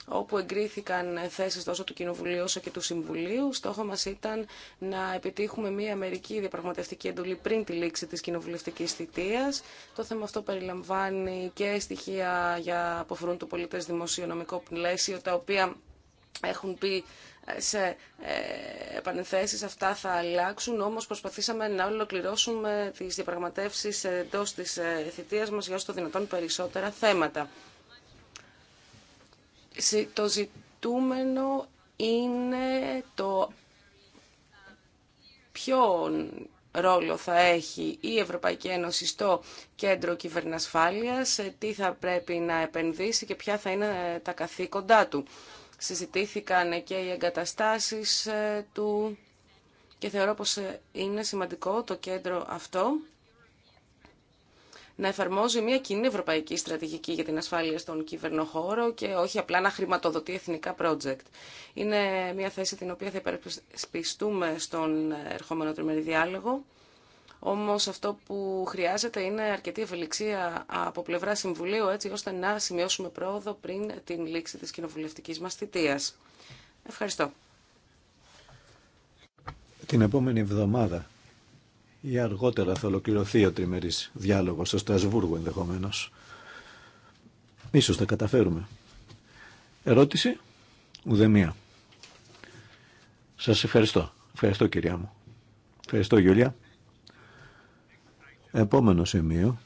όπου εγκρίθηκαν θέσει τόσο του Κοινοβουλίου όσο και του Συμβουλίου. Στόχο μα ήταν να επιτύχουμε μια μερική διαπραγματευτική εντολή πριν τη λήξη τη κοινοβουλευτική θητεία. Το θέμα αυτό περιλαμβάνει και στοιχεία για αφορούν το πολιτέ δημοσιονομικό πλαίσιο, τα οποία έχουν πει σε ε, επανενθέσεις αυτά θα αλλάξουν, όμως προσπαθήσαμε να ολοκληρώσουμε τις διαπραγματεύσεις εντός της ε, θητείας μας για όσο το δυνατόν περισσότερα θέματα. Το ζητούμενο είναι το ποιον ρόλο θα έχει η Ευρωπαϊκή Ένωση στο κέντρο κυβερνασφάλειας, ε, τι θα πρέπει να επενδύσει και ποια θα είναι ε, τα καθήκοντά του. Συζητήθηκαν και οι εγκαταστάσεις ε, του και θεωρώ πως είναι σημαντικό το κέντρο αυτό να εφαρμόζει μια κοινή ευρωπαϊκή στρατηγική για την ασφάλεια στον χώρο και όχι απλά να χρηματοδοτεί εθνικά project. Είναι μια θέση την οποία θα υπερασπιστούμε στον ερχόμενο τριμερή διάλογο. Όμως αυτό που χρειάζεται είναι αρκετή ευελιξία από πλευρά Συμβουλίου έτσι ώστε να σημειώσουμε πρόοδο πριν την λήξη τη κοινοβουλευτική μα θητεία. Ευχαριστώ. Την επόμενη εβδομάδα ή αργότερα θα ολοκληρωθεί ο τριμερής διάλογος στο Στρασβούργο ενδεχομένως. Ίσως θα καταφέρουμε. Ερώτηση ουδεμία. Σας ευχαριστώ. Ευχαριστώ κυρία μου. Ευχαριστώ Γιούλια. Επόμενο σημείο.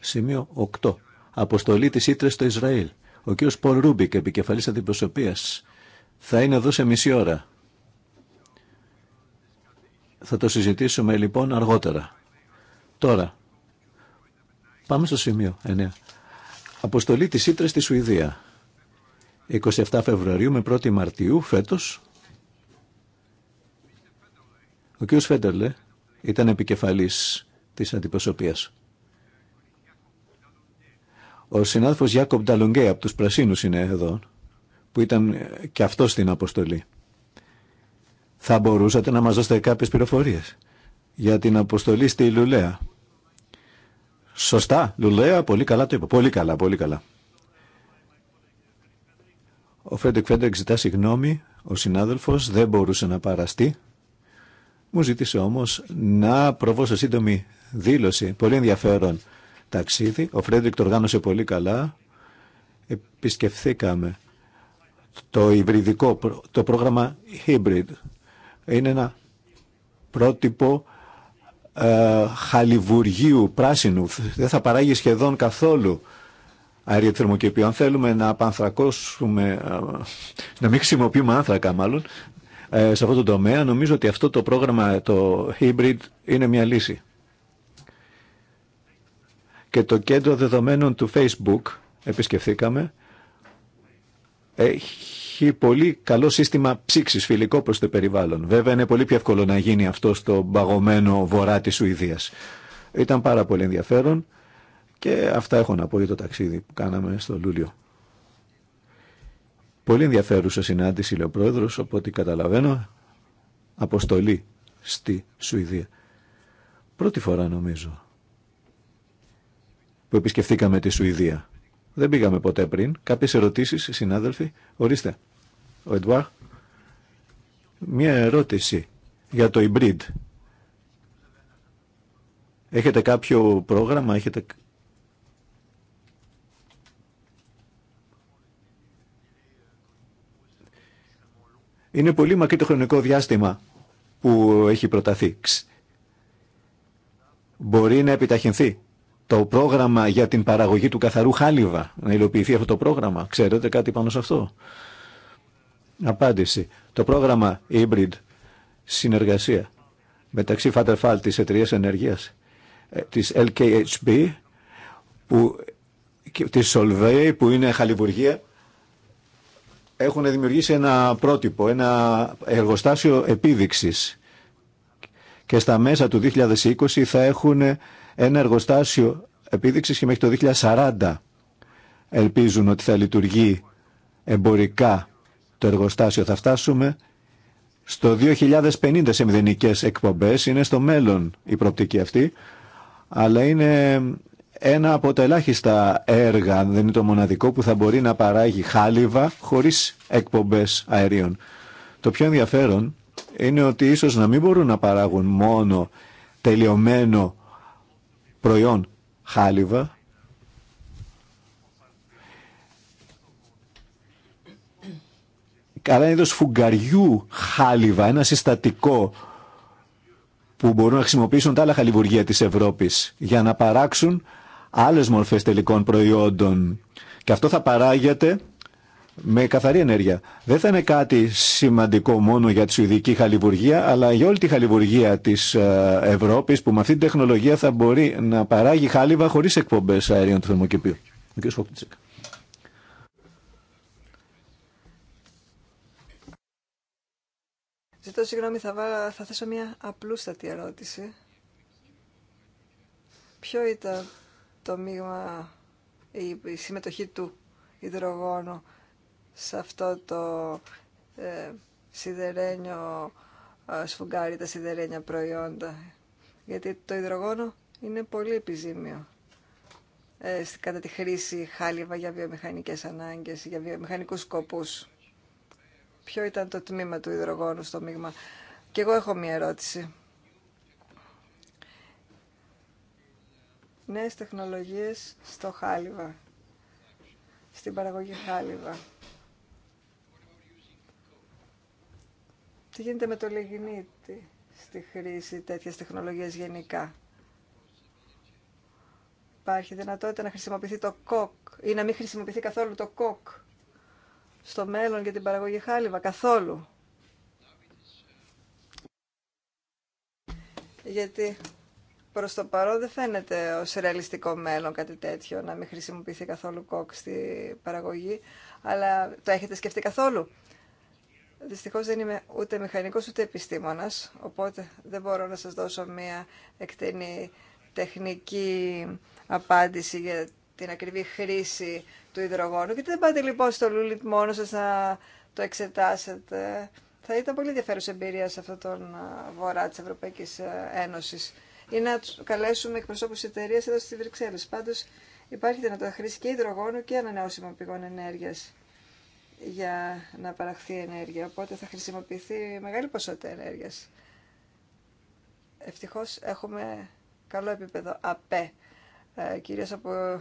Σημείο 8. Αποστολή της Ήτρες στο Ισραήλ. Ο κύριος Πολ Ρούμπικ, επικεφαλής αντιπροσωπείας, θα είναι εδώ σε μισή ώρα. Θα το συζητήσουμε λοιπόν αργότερα. Τώρα, πάμε στο σημείο 9. Αποστολή της Ήτρες στη Σουηδία. 27 Φεβρουαρίου με 1η Μαρτίου φέτος. Ο κ. Φέντερλε ήταν επικεφαλής της αντιπροσωπείας. Ο συνάδελφος Γιάκοπ Νταλουγκέ από τους Πρασίνους είναι εδώ, που ήταν και αυτός στην αποστολή. Θα μπορούσατε να μας δώσετε κάποιες πληροφορίες για την αποστολή στη Λουλέα. Σωστά, Λουλέα, πολύ καλά το είπα. Πολύ καλά, πολύ καλά. Ο Φρέντεκ Φέντεκ ζητά συγγνώμη, ο συνάδελφος δεν μπορούσε να παραστεί. Μου ζήτησε όμως να προβώ σε σύντομη δήλωση, πολύ ενδιαφέρον ταξίδι. Ο Φρέντρικ το οργάνωσε πολύ καλά. Επισκεφθήκαμε το, υβριδικό, το πρόγραμμα Hybrid, είναι ένα πρότυπο ε, χαλιβουργίου πράσινου. Δεν θα παράγει σχεδόν καθόλου αέριο θερμοκηπίου. Αν θέλουμε να απανθρακώσουμε, ε, να μην χρησιμοποιούμε άνθρακα μάλλον, ε, σε αυτό το τομέα, νομίζω ότι αυτό το πρόγραμμα, το hybrid, είναι μια λύση. Και το κέντρο δεδομένων του Facebook, επισκεφθήκαμε, έχει πολύ καλό σύστημα ψήξη φιλικό προ το περιβάλλον. Βέβαια, είναι πολύ πιο εύκολο να γίνει αυτό στο παγωμένο βορρά τη Σουηδία. Ήταν πάρα πολύ ενδιαφέρον και αυτά έχω να πω για το ταξίδι που κάναμε στο Λούλιο. Πολύ ενδιαφέρουσα συνάντηση, λέει ο πρόεδρο, από καταλαβαίνω. Αποστολή στη Σουηδία. Πρώτη φορά νομίζω που επισκεφθήκαμε τη Σουηδία. Δεν πήγαμε ποτέ πριν. Κάποιες ερωτήσεις, συνάδελφοι. Ορίστε, ο Εντουάρ. Μία ερώτηση για το ιμπριτ. Έχετε κάποιο πρόγραμμα, έχετε... Είναι πολύ μακρύ το χρονικό διάστημα που έχει προταθεί. Μπορεί να επιταχυνθεί το πρόγραμμα για την παραγωγή του καθαρού χάλιβα, να υλοποιηθεί αυτό το πρόγραμμα. Ξέρετε κάτι πάνω σε αυτό. Απάντηση. Το πρόγραμμα Hybrid συνεργασία μεταξύ Φατερφάλ ε, της εταιρείας ενέργειας της LKHB που, της Solvay που είναι χαλιβουργία έχουν δημιουργήσει ένα πρότυπο, ένα εργοστάσιο επίδειξης και στα μέσα του 2020 θα έχουν ένα εργοστάσιο επίδειξης και μέχρι το 2040 ελπίζουν ότι θα λειτουργεί εμπορικά το εργοστάσιο. Θα φτάσουμε στο 2050 σε μηδενικές εκπομπές. Είναι στο μέλλον η προοπτική αυτή, αλλά είναι ένα από τα ελάχιστα έργα, δεν είναι το μοναδικό, που θα μπορεί να παράγει χάλιβα χωρίς εκπομπές αερίων. Το πιο ενδιαφέρον είναι ότι ίσως να μην μπορούν να παράγουν μόνο τελειωμένο προϊόν χάλιβα, αλλά είδος φουγγαριού χάλιβα, ένα συστατικό που μπορούν να χρησιμοποιήσουν τα άλλα χαλιβουργία της Ευρώπης για να παράξουν άλλες μορφές τελικών προϊόντων. Και αυτό θα παράγεται με καθαρή ενέργεια. Δεν θα είναι κάτι σημαντικό μόνο για τη Σουηδική Χαλιβουργία, αλλά για όλη τη χαλιβουργία της ε, Ευρώπης που με αυτή την τεχνολογία θα μπορεί να παράγει χάλιβα χωρίς εκπομπές αερίων του θερμοκηπίου. Ο κ. Ζητώ συγγνώμη, θα, θα θέσω μια απλούστατη ερώτηση. Ποιο ήταν το μείγμα, η συμμετοχή του υδρογόνου σε αυτό το ε, σιδερένιο ε, σφουγγάρι, τα σιδερένια προϊόντα. Γιατί το υδρογόνο είναι πολύ επιζήμιο ε, κατά τη χρήση χάλιβα για βιομηχανικές ανάγκες, για βιομηχανικούς σκοπούς. Ποιο ήταν το τμήμα του υδρογόνου στο μείγμα. Και εγώ έχω μία ερώτηση. Νέες τεχνολογίες στο χάλιβα, στην παραγωγή χάλιβα. Τι γίνεται με το λιγνίτη στη χρήση τέτοια τεχνολογία γενικά. Υπάρχει δυνατότητα να χρησιμοποιηθεί το κοκ ή να μην χρησιμοποιηθεί καθόλου το κοκ στο μέλλον για την παραγωγή χάλιβα, καθόλου. Γιατί προς το παρόν δεν φαίνεται ως ρεαλιστικό μέλλον κάτι τέτοιο, να μην χρησιμοποιηθεί καθόλου κόκ στη παραγωγή, αλλά το έχετε σκεφτεί καθόλου. Δυστυχώς δεν είμαι ούτε μηχανικός ούτε επιστήμονας, οπότε δεν μπορώ να σας δώσω μία εκτενή τεχνική απάντηση για την ακριβή χρήση του υδρογόνου. Και δεν πάτε λοιπόν στο Λούλιτ μόνο σας να το εξετάσετε. Θα ήταν πολύ ενδιαφέρουσα εμπειρία σε αυτόν τον βορρά της Ευρωπαϊκής ε, Ένωσης. Ή να καλέσουμε εκπροσώπους της εταιρεία εδώ στη Βρυξέλλες. Πάντως υπάρχει δυνατότητα χρήση και υδρογόνου και ανανεώσιμων πηγών ενέργειας για να παραχθεί ενέργεια, οπότε θα χρησιμοποιηθεί μεγάλη ποσότητα ενέργειας. Ευτυχώς έχουμε καλό επίπεδο ΑΠΕ, ε, κυρίως από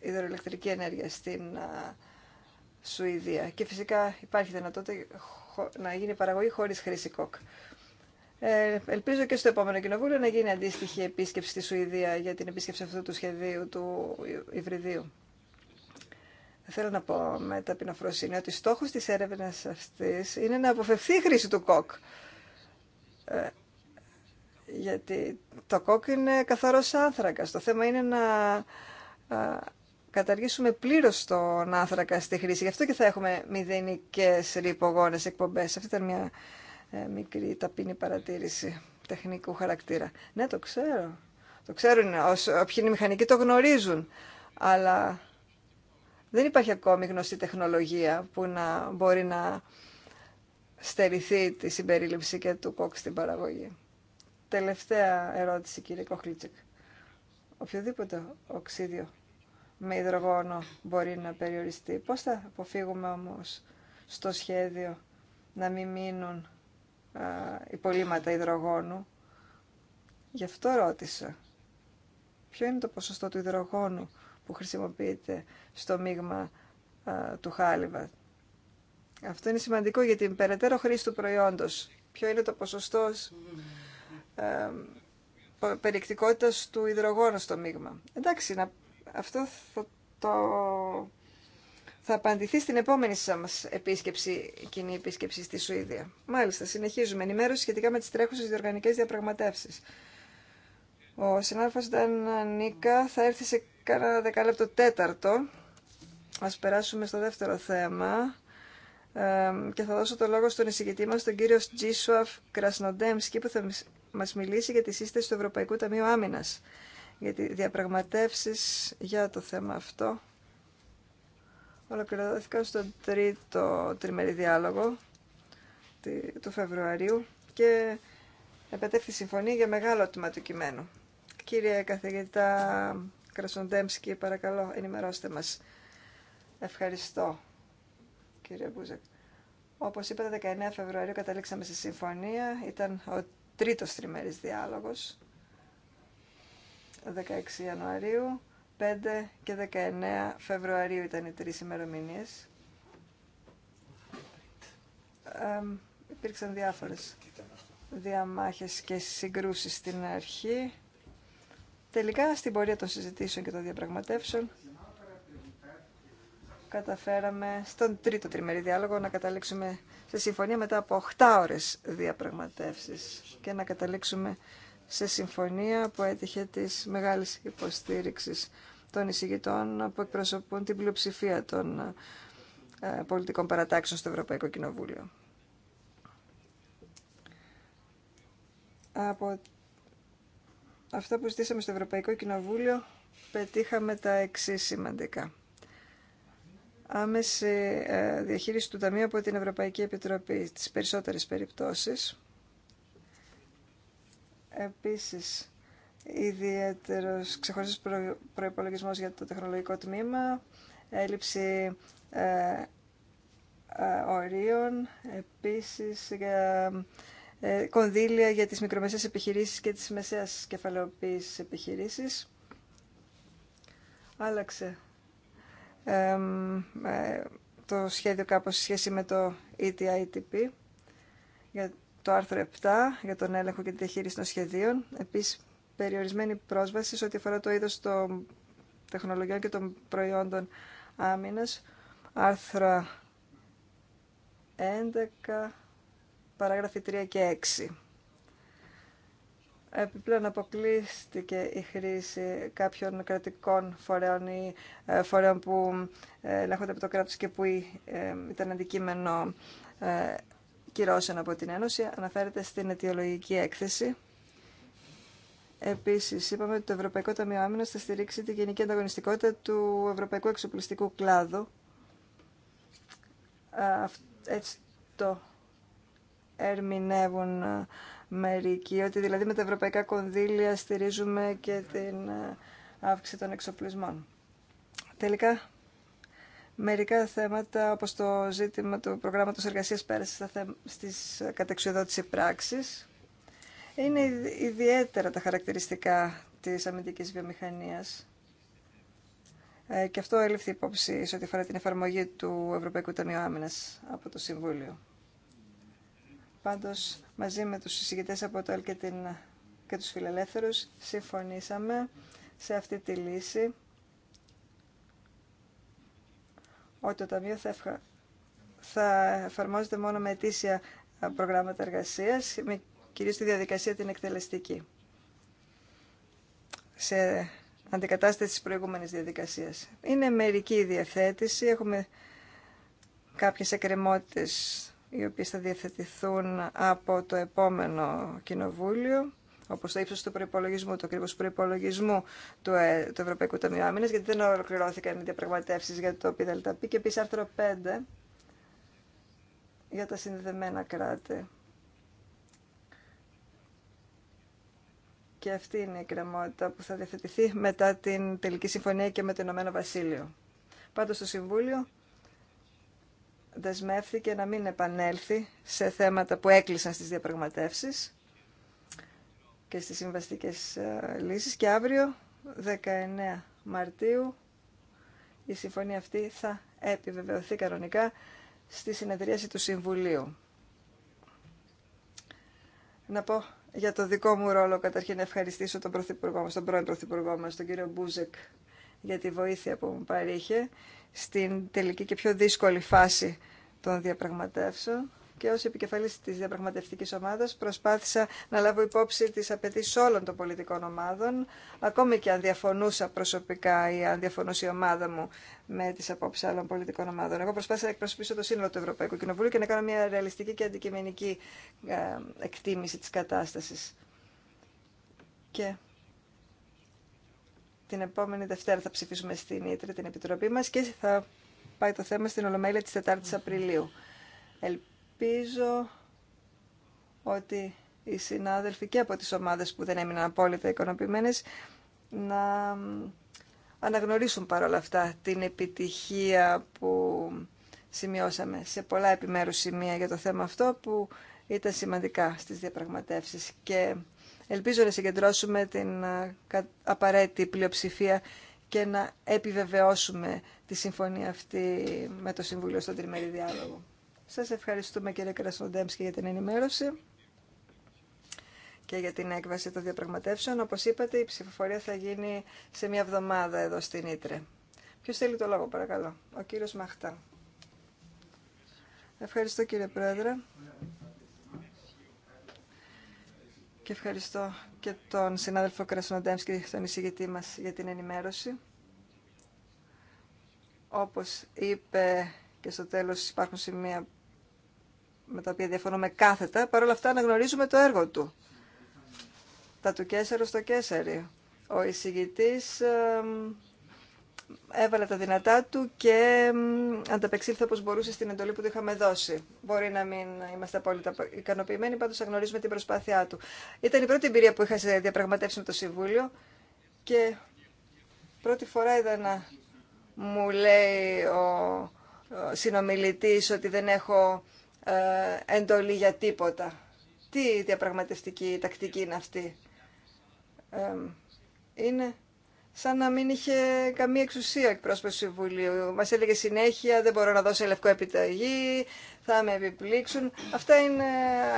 υδροελεκτρική ενέργεια στην ε, Σουηδία. Και φυσικά υπάρχει δυνατότητα να γίνει παραγωγή χωρίς χρήση κόκ. Ε, ελπίζω και στο επόμενο κοινοβούλιο να γίνει αντίστοιχη επίσκεψη στη Σουηδία για την επίσκεψη αυτού του σχεδίου του Ιβριδίου. Θέλω να πω με ταπεινοφροσύνη ότι στόχος της έρευνας αυτής είναι να αποφευθεί η χρήση του κοκ. Ε, γιατί το κόκ είναι καθαρός άνθρακας. Το θέμα είναι να καταργήσουμε πλήρως τον άνθρακα στη χρήση. Γι' αυτό και θα έχουμε μηδενικές ρηπογόνες εκπομπές. Αυτή ήταν μια ε, μικρή ταπεινή παρατήρηση τεχνικού χαρακτήρα. Ναι, το ξέρω. Το ξέρουν. Όποιοι είναι μηχανικοί το γνωρίζουν. Αλλά δεν υπάρχει ακόμη γνωστή τεχνολογία που να μπορεί να στερηθεί τη συμπερίληψη και του κόκ στην παραγωγή. Τελευταία ερώτηση, κύριε Κοχλίτσεκ. Οποιοδήποτε οξύδιο με υδρογόνο μπορεί να περιοριστεί. Πώς θα αποφύγουμε όμως στο σχέδιο να μην μείνουν α, υπολείμματα υδρογόνου. Γι' αυτό ρώτησα. Ποιο είναι το ποσοστό του υδρογόνου που χρησιμοποιείται στο μείγμα του χάλιβα. Αυτό είναι σημαντικό για την περαιτέρω χρήση του προϊόντος. Ποιο είναι το ποσοστό περιεκτικότητα περιεκτικότητας του υδρογόνου στο μείγμα. Εντάξει, αυτό θα το... Θα απαντηθεί στην επόμενη μα επίσκεψη, κοινή επίσκεψη στη Σουηδία. Μάλιστα, συνεχίζουμε. Ενημέρωση σχετικά με τι τρέχουσε διοργανικέ διαπραγματεύσει. Ο συνάδελφο Νίκα θα έρθει σε Κάνα δεκάλεπτο τέταρτο. Ας περάσουμε στο δεύτερο θέμα και θα δώσω το λόγο στον εισηγητή μας, τον κύριο Τζίσουαφ Κρασνοντέμσκι, που θα μας μιλήσει για τη σύσταση του Ευρωπαϊκού Ταμείου Άμυνας, για τη διαπραγματεύσεις για το θέμα αυτό. Ολοκληρωθήκα στον τρίτο τριμερή διάλογο του Φεβρουαρίου και επετέφθη συμφωνία για μεγάλο τμήμα του κειμένου. Κύριε καθηγητά Κρασοντέμσκι, παρακαλώ, ενημερώστε μας. Ευχαριστώ, κύριε Μπούζεκ. Όπως είπατε, 19 Φεβρουαρίου καταλήξαμε στη συμφωνία. Ήταν ο τρίτος τριμερής διάλογος. 16 Ιανουαρίου, 5 και 19 Φεβρουαρίου ήταν οι τρεις ημερομηνίες. Ε, υπήρξαν διάφορες διαμάχες και συγκρούσεις στην αρχή. Τελικά, στην πορεία των συζητήσεων και των διαπραγματεύσεων, καταφέραμε στον τρίτο τριμερή διάλογο να καταλήξουμε σε συμφωνία μετά από 8 ώρες διαπραγματεύσεις και να καταλήξουμε σε συμφωνία που έτυχε της μεγάλης υποστήριξης των εισηγητών που εκπροσωπούν την πλειοψηφία των ε, πολιτικών παρατάξεων στο Ευρωπαϊκό Κοινοβούλιο. Από αυτά που ζητήσαμε στο Ευρωπαϊκό Κοινοβούλιο πετύχαμε τα εξή σημαντικά. Άμεση ε, διαχείριση του Ταμείου από την Ευρωπαϊκή Επιτροπή στις περισσότερες περιπτώσεις. Επίσης, ιδιαίτερος ξεχωριστός προπολογισμό προϋπολογισμός για το τεχνολογικό τμήμα, έλλειψη ε, ε ορίων, επίσης για ε, κονδύλια για τις μικρομεσαίες επιχειρήσεις και τις μεσαίες κεφαλαιοποίησης επιχειρήσεις. Άλλαξε ε, το σχέδιο κάπως σε σχέση με το ETITP για το άρθρο 7 για τον έλεγχο και τη διαχείριση των σχεδίων. Επίσης, περιορισμένη πρόσβαση σε ό,τι αφορά το είδος των τεχνολογιών και των προϊόντων άμυνας. Άρθρα 11 παράγραφοι 3 και 6. Επιπλέον αποκλείστηκε η χρήση κάποιων κρατικών φορέων ή ε, φορέων που ε, ελέγχονται από το κράτος και που ε, ήταν αντικείμενο κυρώσεων από την Ένωση. Αναφέρεται στην αιτιολογική έκθεση. Επίση, είπαμε ότι το Ευρωπαϊκό Ταμείο Άμυνα θα στηρίξει τη γενική ανταγωνιστικότητα του ευρωπαϊκού εξοπλιστικού κλάδου. Έτσι το ερμηνεύουν ε, μερικοί, ότι δηλαδή με τα ευρωπαϊκά κονδύλια στηρίζουμε και την ε, αύξηση των εξοπλισμών. Τελικά, μερικά θέματα, όπως το ζήτημα του προγράμματος εργασίας πέρασε στις κατεξιοδότηση πράξης, είναι ιδιαίτερα τα χαρακτηριστικά της αμυντικής βιομηχανίας. Ε, και αυτό έλειφθη υπόψη σε ό,τι αφορά την εφαρμογή του Ευρωπαϊκού Ταμείου Άμυνας από το Συμβούλιο. Πάντως, μαζί με τους συζητητές από το ΕΛ και, την, και τους φιλελεύθερους, συμφωνήσαμε σε αυτή τη λύση ότι το Ταμείο θα, ευχα... εφαρμόζεται μόνο με αιτήσια προγράμματα εργασίας, με κυρίως τη διαδικασία την εκτελεστική, σε αντικατάσταση της προηγούμενης διαδικασίας. Είναι μερική η έχουμε κάποιες εκκρεμότητες οι οποίες θα διαθετηθούν από το επόμενο κοινοβούλιο, όπως το ύψος του προϋπολογισμού, το κρύβος του προϋπολογισμού του, ε, του Ευρωπαϊκού Ταμείου Άμυνας, γιατί δεν ολοκληρώθηκαν οι διαπραγματεύσεις για το ΠΔΛΤΑΠ και επίσης άρθρο 5 για τα συνδεδεμένα κράτη. Και αυτή είναι η κρεμότητα που θα διαθετηθεί μετά την τελική συμφωνία και με το Ηνωμένο Βασίλειο. Πάντως στο Συμβούλιο δεσμεύθηκε να μην επανέλθει σε θέματα που έκλεισαν στις διαπραγματεύσεις και στις συμβαστικές ε, λύσεις και αύριο 19 Μαρτίου η συμφωνία αυτή θα επιβεβαιωθεί κανονικά στη συνεδρίαση του Συμβουλίου. Να πω για το δικό μου ρόλο καταρχήν να ευχαριστήσω τον, πρωθυπουργό μας, τον πρώην Πρωθυπουργό μας, τον κύριο Μπούζεκ, για τη βοήθεια που μου παρήχε στην τελική και πιο δύσκολη φάση των διαπραγματεύσεων και ως επικεφαλής της διαπραγματευτικής ομάδας προσπάθησα να λάβω υπόψη τις απαιτήσει όλων των πολιτικών ομάδων, ακόμη και αν διαφωνούσα προσωπικά ή αν διαφωνούσε η ομάδα μου με τις απόψεις άλλων πολιτικών ομάδων. Εγώ προσπάθησα να εκπροσωπήσω το σύνολο του Ευρωπαϊκού Κοινοβουλίου και να κάνω μια ρεαλιστική και αντικειμενική ε, εκτίμηση της κατάστασης. Και την επόμενη Δευτέρα θα ψηφίσουμε στην Ήτρε την Επιτροπή μας και θα πάει το θέμα στην Ολομέλεια της 4 η Απριλίου. Ελπίζω ότι οι συνάδελφοι και από τις ομάδες που δεν έμειναν απόλυτα οικονοποιημένες να αναγνωρίσουν παρόλα αυτά την επιτυχία που σημειώσαμε σε πολλά επιμέρους σημεία για το θέμα αυτό που ήταν σημαντικά στις διαπραγματεύσεις και Ελπίζω να συγκεντρώσουμε την ε, απαραίτητη πλειοψηφία και να επιβεβαιώσουμε τη συμφωνία αυτή με το Συμβούλιο στον Τριμερή Διάλογο. Σας ευχαριστούμε κύριε Κρασνοντέμψη για την ενημέρωση και για την έκβαση των διαπραγματεύσεων. Όπως είπατε, η ψηφοφορία θα γίνει σε μια εβδομάδα εδώ στην Ήτρε. Ποιο θέλει το λόγο, παρακαλώ. Ο κύριος Μαχτά. Ευχαριστώ κύριε Πρόεδρε. Και ευχαριστώ και τον συνάδελφο Κρασνοντέμσκι τον εισηγητή μας για την ενημέρωση. Όπως είπε και στο τέλος υπάρχουν σημεία με τα οποία διαφωνούμε κάθετα, παρόλα αυτά αναγνωρίζουμε το έργο του. Τα του Κέσσερο στο Κέσσερι. Ο εισηγητής έβαλα τα δυνατά του και ανταπεξήλθα όπως μπορούσε στην εντολή που του είχαμε δώσει. Μπορεί να μην είμαστε απόλυτα ικανοποιημένοι, πάντως αγνωρίζουμε την προσπάθειά του. Ήταν η πρώτη εμπειρία που είχα σε διαπραγματεύσει με το Συμβούλιο και πρώτη φορά είδα να μου λέει ο συνομιλητής ότι δεν έχω ε, εντολή για τίποτα. Τι διαπραγματευτική τακτική είναι αυτή. Ε, είναι σαν να μην είχε καμία εξουσία εκπρόσωπος του Συμβουλίου. Μας έλεγε συνέχεια: Δεν μπορώ να δώσω λευκό επιταγή, θα με επιπλήξουν. Αυτά είναι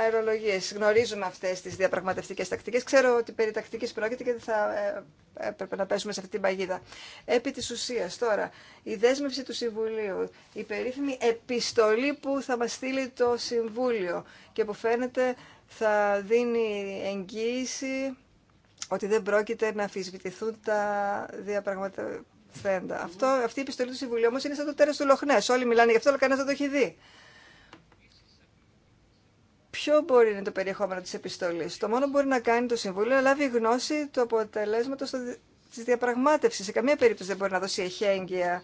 αερολογίες. Γνωρίζουμε αυτές τις διαπραγματευτικές τακτικές. Ξέρω ότι περί τακτικής πρόκειται και δεν θα ε, έπρεπε να πέσουμε σε αυτή την παγίδα. Επί της ουσίας τώρα, η δέσμευση του Συμβουλίου, η περίφημη επιστολή που θα μα στείλει το Συμβούλιο και που φαίνεται θα δίνει εγγύηση ότι δεν πρόκειται να αφισβητηθούν τα διαπραγματεύοντα. Αυτό, αυτή η επιστολή του Συμβουλίου όμω είναι σαν το τέρα του Λοχνέ. Όλοι μιλάνε γι' αυτό, αλλά κανένα δεν το έχει δει. Ποιο μπορεί να είναι το περιεχόμενο τη επιστολή. Το μόνο που μπορεί να κάνει το Συμβούλιο είναι να λάβει γνώση του αποτελέσματο τη διαπραγμάτευση. Σε καμία περίπτωση δεν μπορεί να δώσει εχέγγυα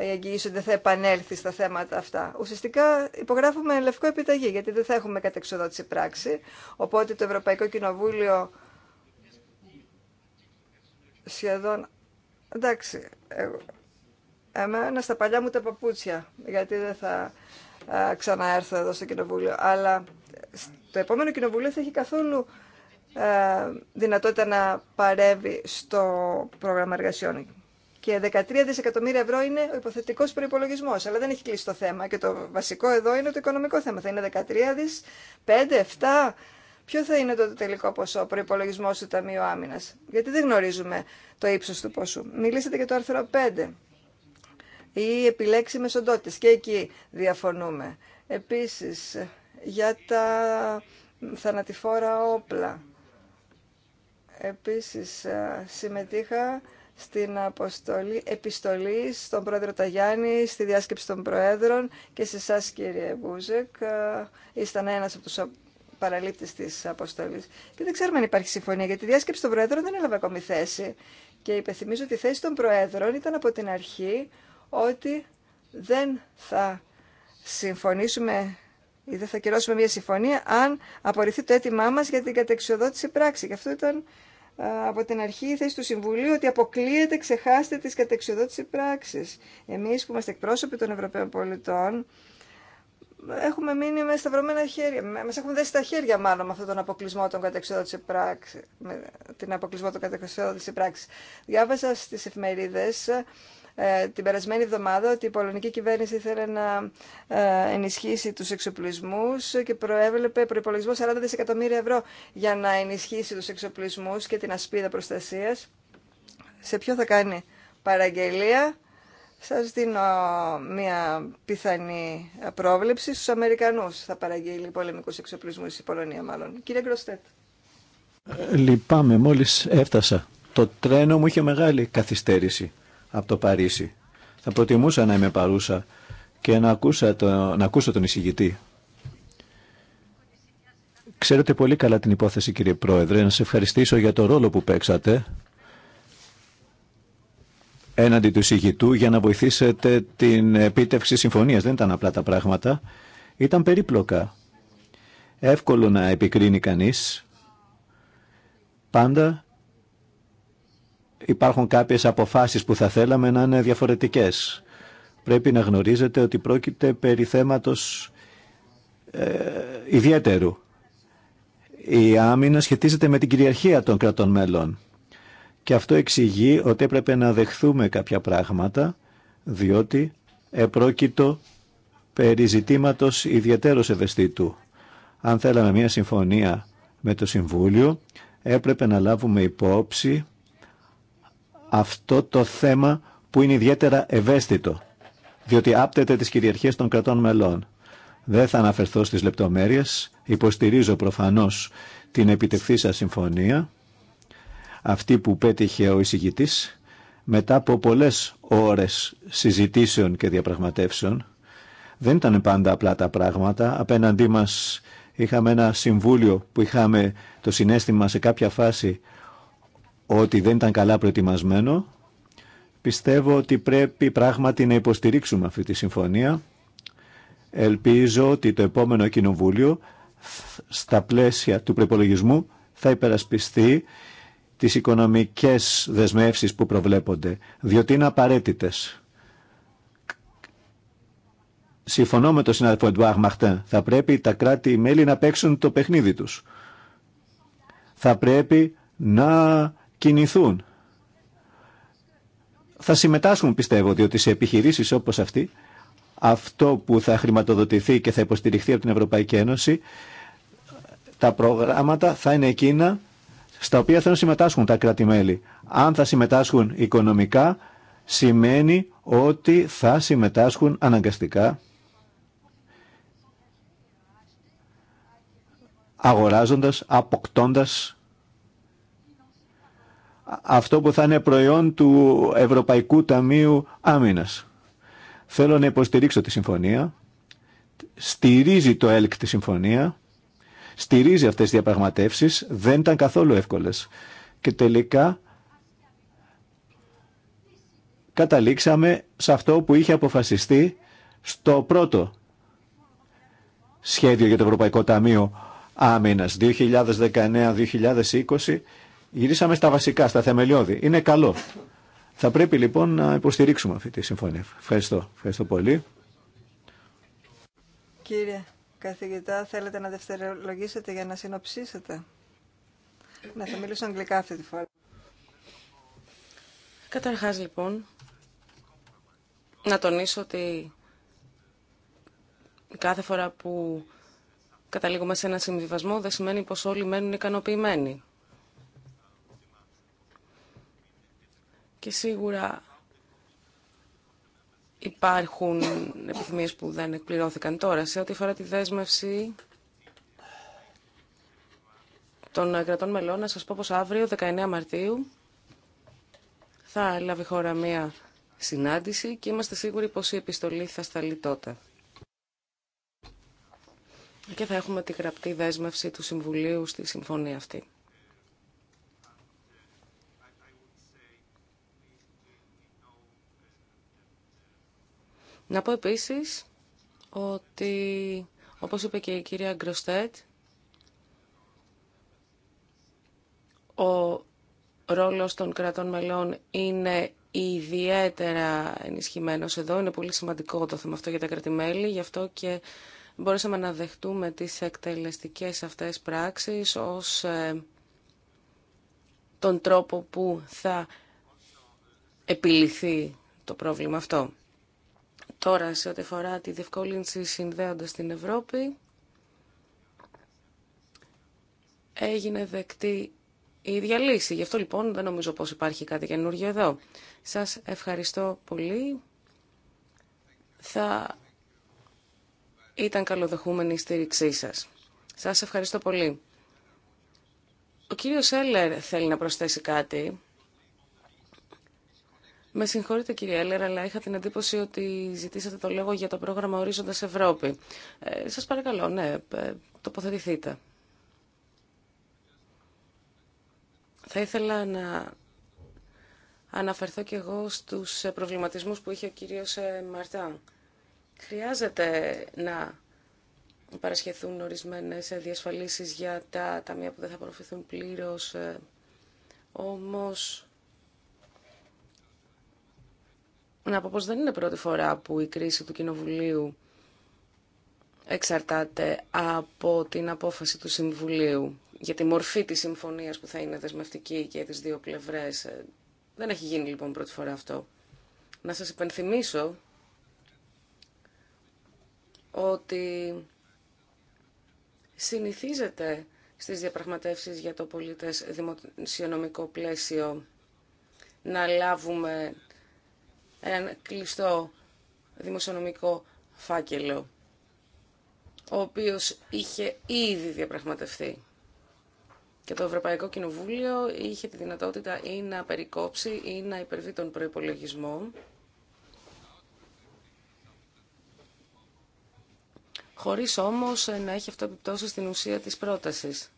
η εγγυήση ότι δεν θα επανέλθει στα θέματα αυτά. Ουσιαστικά υπογράφουμε λευκό επιταγή, γιατί δεν θα έχουμε κατεξοδότηση πράξη. Οπότε το Ευρωπαϊκό Κοινοβούλιο σχεδόν... Εντάξει, εγώ, εμένα στα παλιά μου τα παπούτσια, γιατί δεν θα ξαναέρθω εδώ στο κοινοβούλιο. Αλλά το επόμενο κοινοβούλιο θα έχει καθόλου δυνατότητα να παρεύει στο πρόγραμμα εργασιών. Και 13 δισεκατομμύρια ευρώ είναι ο υποθετικό προπολογισμό. Αλλά δεν έχει κλείσει το θέμα. Και το βασικό εδώ είναι το οικονομικό θέμα. Θα είναι 13 5, 7 ποιο θα είναι το τελικό ποσό προπολογισμό του Ταμείου Άμυνα. Γιατί δεν γνωρίζουμε το ύψο του ποσού. Μιλήσατε για το άρθρο 5 ή επιλέξιμες μεσοντότητες. Και εκεί διαφωνούμε. Επίσης, για τα θανατηφόρα όπλα. Επίσης, συμμετείχα στην αποστολή επιστολή στον πρόεδρο Ταγιάννη, στη διάσκεψη των προέδρων και σε εσά κύριε Μπούζεκ. Ήσταν ένας από τους παραλήπτη τη αποστολή. Και δεν ξέρουμε αν υπάρχει συμφωνία, γιατί η διάσκεψη των Προέδρων δεν έλαβε ακόμη θέση. Και υπενθυμίζω ότι η θέση των Προέδρων ήταν από την αρχή ότι δεν θα συμφωνήσουμε ή δεν θα κυρώσουμε μια συμφωνία αν απορριφθεί το αίτημά μα για την κατεξοδότηση πράξη. Και αυτό ήταν από την αρχή η θέση του Συμβουλίου ότι αποκλείεται, ξεχάστε τις κατεξοδότηση πράξη. Εμείς που είμαστε εκπρόσωποι των Ευρωπαίων πολιτών έχουμε μείνει με σταυρωμένα χέρια. Μα έχουν δέσει τα χέρια μάλλον με αυτόν τον αποκλεισμό των κατεξοδότησε πράξη, με την αποκλεισμό των πράξη. Διάβασα στι εφημερίδες ε, την περασμένη εβδομάδα ότι η πολωνική κυβέρνηση ήθελε να ε, ενισχύσει τους εξοπλισμούς και προέβλεπε προϋπολογισμό 40 δισεκατομμύρια ευρώ για να ενισχύσει τους εξοπλισμούς και την ασπίδα προστασίας. Σε ποιο θα κάνει παραγγελία σας δίνω μια πιθανή πρόβλεψη. Στους Αμερικανούς θα παραγγείλει πολεμικούς εξοπλισμούς η Πολωνία μάλλον. Κύριε Γκροστέτ. Ε, λυπάμαι, μόλις έφτασα. Το τρένο μου είχε μεγάλη καθυστέρηση από το Παρίσι. Θα προτιμούσα να είμαι παρούσα και να, ακούσα το, να ακούσω τον εισηγητή. Ξέρετε πολύ καλά την υπόθεση κύριε Πρόεδρε. Να σε ευχαριστήσω για το ρόλο που παίξατε έναντι του Σιγητού για να βοηθήσετε την επίτευξη συμφωνίας. Δεν ήταν απλά τα πράγματα. Ήταν περίπλοκα. Εύκολο να επικρίνει κανείς. Πάντα υπάρχουν κάποιες αποφάσεις που θα θέλαμε να είναι διαφορετικές. Πρέπει να γνωρίζετε ότι πρόκειται περί θέματος ε, ιδιαίτερου. Η άμυνα σχετίζεται με την κυριαρχία των κρατών μέλων και αυτό εξηγεί ότι έπρεπε να δεχθούμε κάποια πράγματα, διότι επρόκειτο περί ζητήματος ιδιαίτερος ευαισθητού. Αν θέλαμε μια συμφωνία με το Συμβούλιο, έπρεπε να λάβουμε υπόψη αυτό το θέμα που είναι ιδιαίτερα ευαίσθητο, διότι άπτεται τις κυριαρχίες των κρατών μελών. Δεν θα αναφερθώ στις λεπτομέρειες, υποστηρίζω προφανώς την επιτευχθήσα συμφωνία αυτή που πέτυχε ο εισηγητής μετά από πολλές ώρες συζητήσεων και διαπραγματεύσεων. Δεν ήταν πάντα απλά τα πράγματα. Απέναντί μας είχαμε ένα συμβούλιο που είχαμε το συνέστημα σε κάποια φάση ότι δεν ήταν καλά προετοιμασμένο. Πιστεύω ότι πρέπει πράγματι να υποστηρίξουμε αυτή τη συμφωνία. Ελπίζω ότι το επόμενο κοινοβούλιο στα πλαίσια του προπολογισμού θα υπερασπιστεί τις οικονομικές δεσμεύσεις που προβλέπονται, διότι είναι απαραίτητες. Συμφωνώ με τον συνάδελφο Εντουάρ Θα πρέπει τα κράτη-μέλη να παίξουν το παιχνίδι τους. Θα πρέπει να κινηθούν. Θα συμμετάσχουν, πιστεύω, διότι σε επιχειρήσεις όπως αυτή, αυτό που θα χρηματοδοτηθεί και θα υποστηριχθεί από την Ευρωπαϊκή Ένωση, τα προγράμματα θα είναι εκείνα στα οποία θέλουν να συμμετάσχουν τα κράτη-μέλη. Αν θα συμμετάσχουν οικονομικά, σημαίνει ότι θα συμμετάσχουν αναγκαστικά αγοράζοντας, αποκτώντας αυτό που θα είναι προϊόν του Ευρωπαϊκού Ταμείου Άμυνας. Θέλω να υποστηρίξω τη συμφωνία. Στηρίζει το ΕΛΚ τη συμφωνία στηρίζει αυτές τις διαπραγματεύσεις δεν ήταν καθόλου εύκολες. Και τελικά καταλήξαμε σε αυτό που είχε αποφασιστεί στο πρώτο σχέδιο για το Ευρωπαϊκό Ταμείο Άμυνας 2019-2020 γυρίσαμε στα βασικά, στα θεμελιώδη. Είναι καλό. Θα πρέπει λοιπόν να υποστηρίξουμε αυτή τη συμφωνία. Ευχαριστώ. Ευχαριστώ πολύ. Κύριε Καθηγητά, θέλετε να δευτερολογήσετε για να συνοψίσετε. Να θα μιλήσω αγγλικά αυτή τη φορά. Καταρχάς λοιπόν, να τονίσω ότι κάθε φορά που καταλήγουμε σε ένα συμβιβασμό δεν σημαίνει πως όλοι μένουν ικανοποιημένοι. Και σίγουρα υπάρχουν επιθυμίες που δεν εκπληρώθηκαν τώρα. Σε ό,τι αφορά τη δέσμευση των κρατών μελών, να σας πω πως αύριο, 19 Μαρτίου, θα λάβει χώρα μία συνάντηση και είμαστε σίγουροι πως η επιστολή θα σταλεί τότε. Και θα έχουμε τη γραπτή δέσμευση του Συμβουλίου στη συμφωνία αυτή. Να πω επίσης ότι, όπως είπε και η κυρία Γκροστέτ, ο ρόλος των κρατών μελών είναι ιδιαίτερα ενισχυμένος εδώ. Είναι πολύ σημαντικό το θέμα αυτό για τα κρατημέλη, γι' αυτό και μπορέσαμε να δεχτούμε τις εκτελεστικές αυτές πράξεις ως ε, τον τρόπο που θα επιληθεί το πρόβλημα αυτό. Τώρα, σε ό,τι αφορά τη διευκόλυνση συνδέοντας την Ευρώπη, έγινε δεκτή η ίδια λύση. Γι' αυτό λοιπόν δεν νομίζω πως υπάρχει κάτι καινούργιο εδώ. Σας ευχαριστώ πολύ. Θα ήταν καλοδεχούμενη η στήριξή σας. Σας ευχαριστώ πολύ. Ο κύριος Έλλερ θέλει να προσθέσει κάτι. Με συγχωρείτε κύριε Έλερα, αλλά είχα την εντύπωση ότι ζητήσατε το λόγο για το πρόγραμμα Ορίζοντας Ευρώπη. Ε, σας παρακαλώ, ναι, ε, τοποθετηθείτε. Θα ήθελα να αναφερθώ και εγώ στους ε, προβληματισμούς που είχε ο κύριος ε, Μαρτάν. Χρειάζεται να παρασχεθούν ορισμένες διασφαλίσεις για τα ταμεία που δεν θα απορροφηθούν πλήρως, όμως να πω πως δεν είναι πρώτη φορά που η κρίση του Κοινοβουλίου εξαρτάται από την απόφαση του Συμβουλίου για τη μορφή της συμφωνίας που θα είναι δεσμευτική και τις δύο πλευρές. Ε, δεν έχει γίνει λοιπόν πρώτη φορά αυτό. Να σας υπενθυμίσω ότι συνηθίζεται στις διαπραγματεύσεις για το πολίτες δημοσιονομικό πλαίσιο να λάβουμε έναν κλειστό δημοσιονομικό φάκελο, ο οποίος είχε ήδη διαπραγματευτεί. Και το Ευρωπαϊκό Κοινοβούλιο είχε τη δυνατότητα ή να περικόψει ή να υπερβεί τον προϋπολογισμό χωρίς όμως να έχει αυτό επιπτώσει στην ουσία της πρότασης.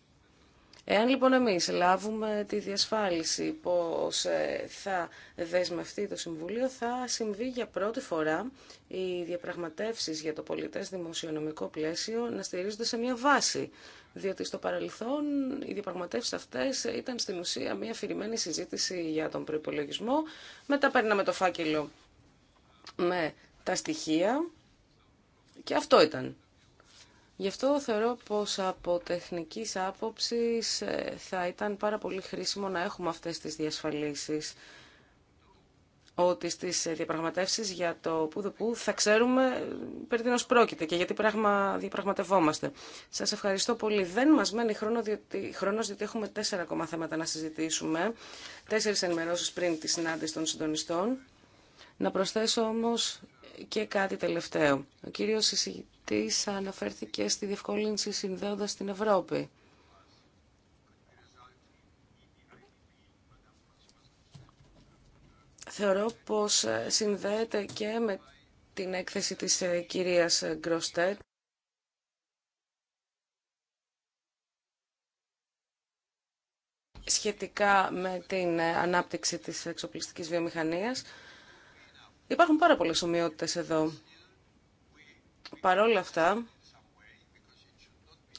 Εάν λοιπόν εμείς λάβουμε τη διασφάλιση πως ε, θα δεσμευτεί το Συμβούλιο, θα συμβεί για πρώτη φορά οι διαπραγματεύσεις για το πολιτές δημοσιονομικό πλαίσιο να στηρίζονται σε μια βάση. Διότι στο παρελθόν οι διαπραγματεύσεις αυτές ήταν στην ουσία μια αφηρημένη συζήτηση για τον προπολογισμό. Μετά παίρναμε το φάκελο με τα στοιχεία και αυτό ήταν. Γι' αυτό θεωρώ πως από τεχνικής άποψης ε, θα ήταν πάρα πολύ χρήσιμο να έχουμε αυτές τις διασφαλίσεις ότι στις ε, διαπραγματεύσεις για το που δε που θα ξέρουμε ε, περί τίνος πρόκειται και γιατί πράγμα διαπραγματευόμαστε. Σας ευχαριστώ πολύ. Δεν μας μένει χρόνο διότι, χρόνος διότι έχουμε τέσσερα ακόμα θέματα να συζητήσουμε. Τέσσερις ενημερώσεις πριν τη συνάντηση των συντονιστών. Να προσθέσω όμως και κάτι τελευταίο. Ο κύριος συζητητής αναφέρθηκε στη διευκόλυνση συνδέοντας την Ευρώπη. Θεωρώ πως συνδέεται και με την έκθεση της ε, κυρίας Γκροστέτ. σχετικά με την ε, ανάπτυξη της εξοπλιστικής βιομηχανίας. Υπάρχουν πάρα πολλέ ομοιότητε εδώ. Παρ' όλα αυτά,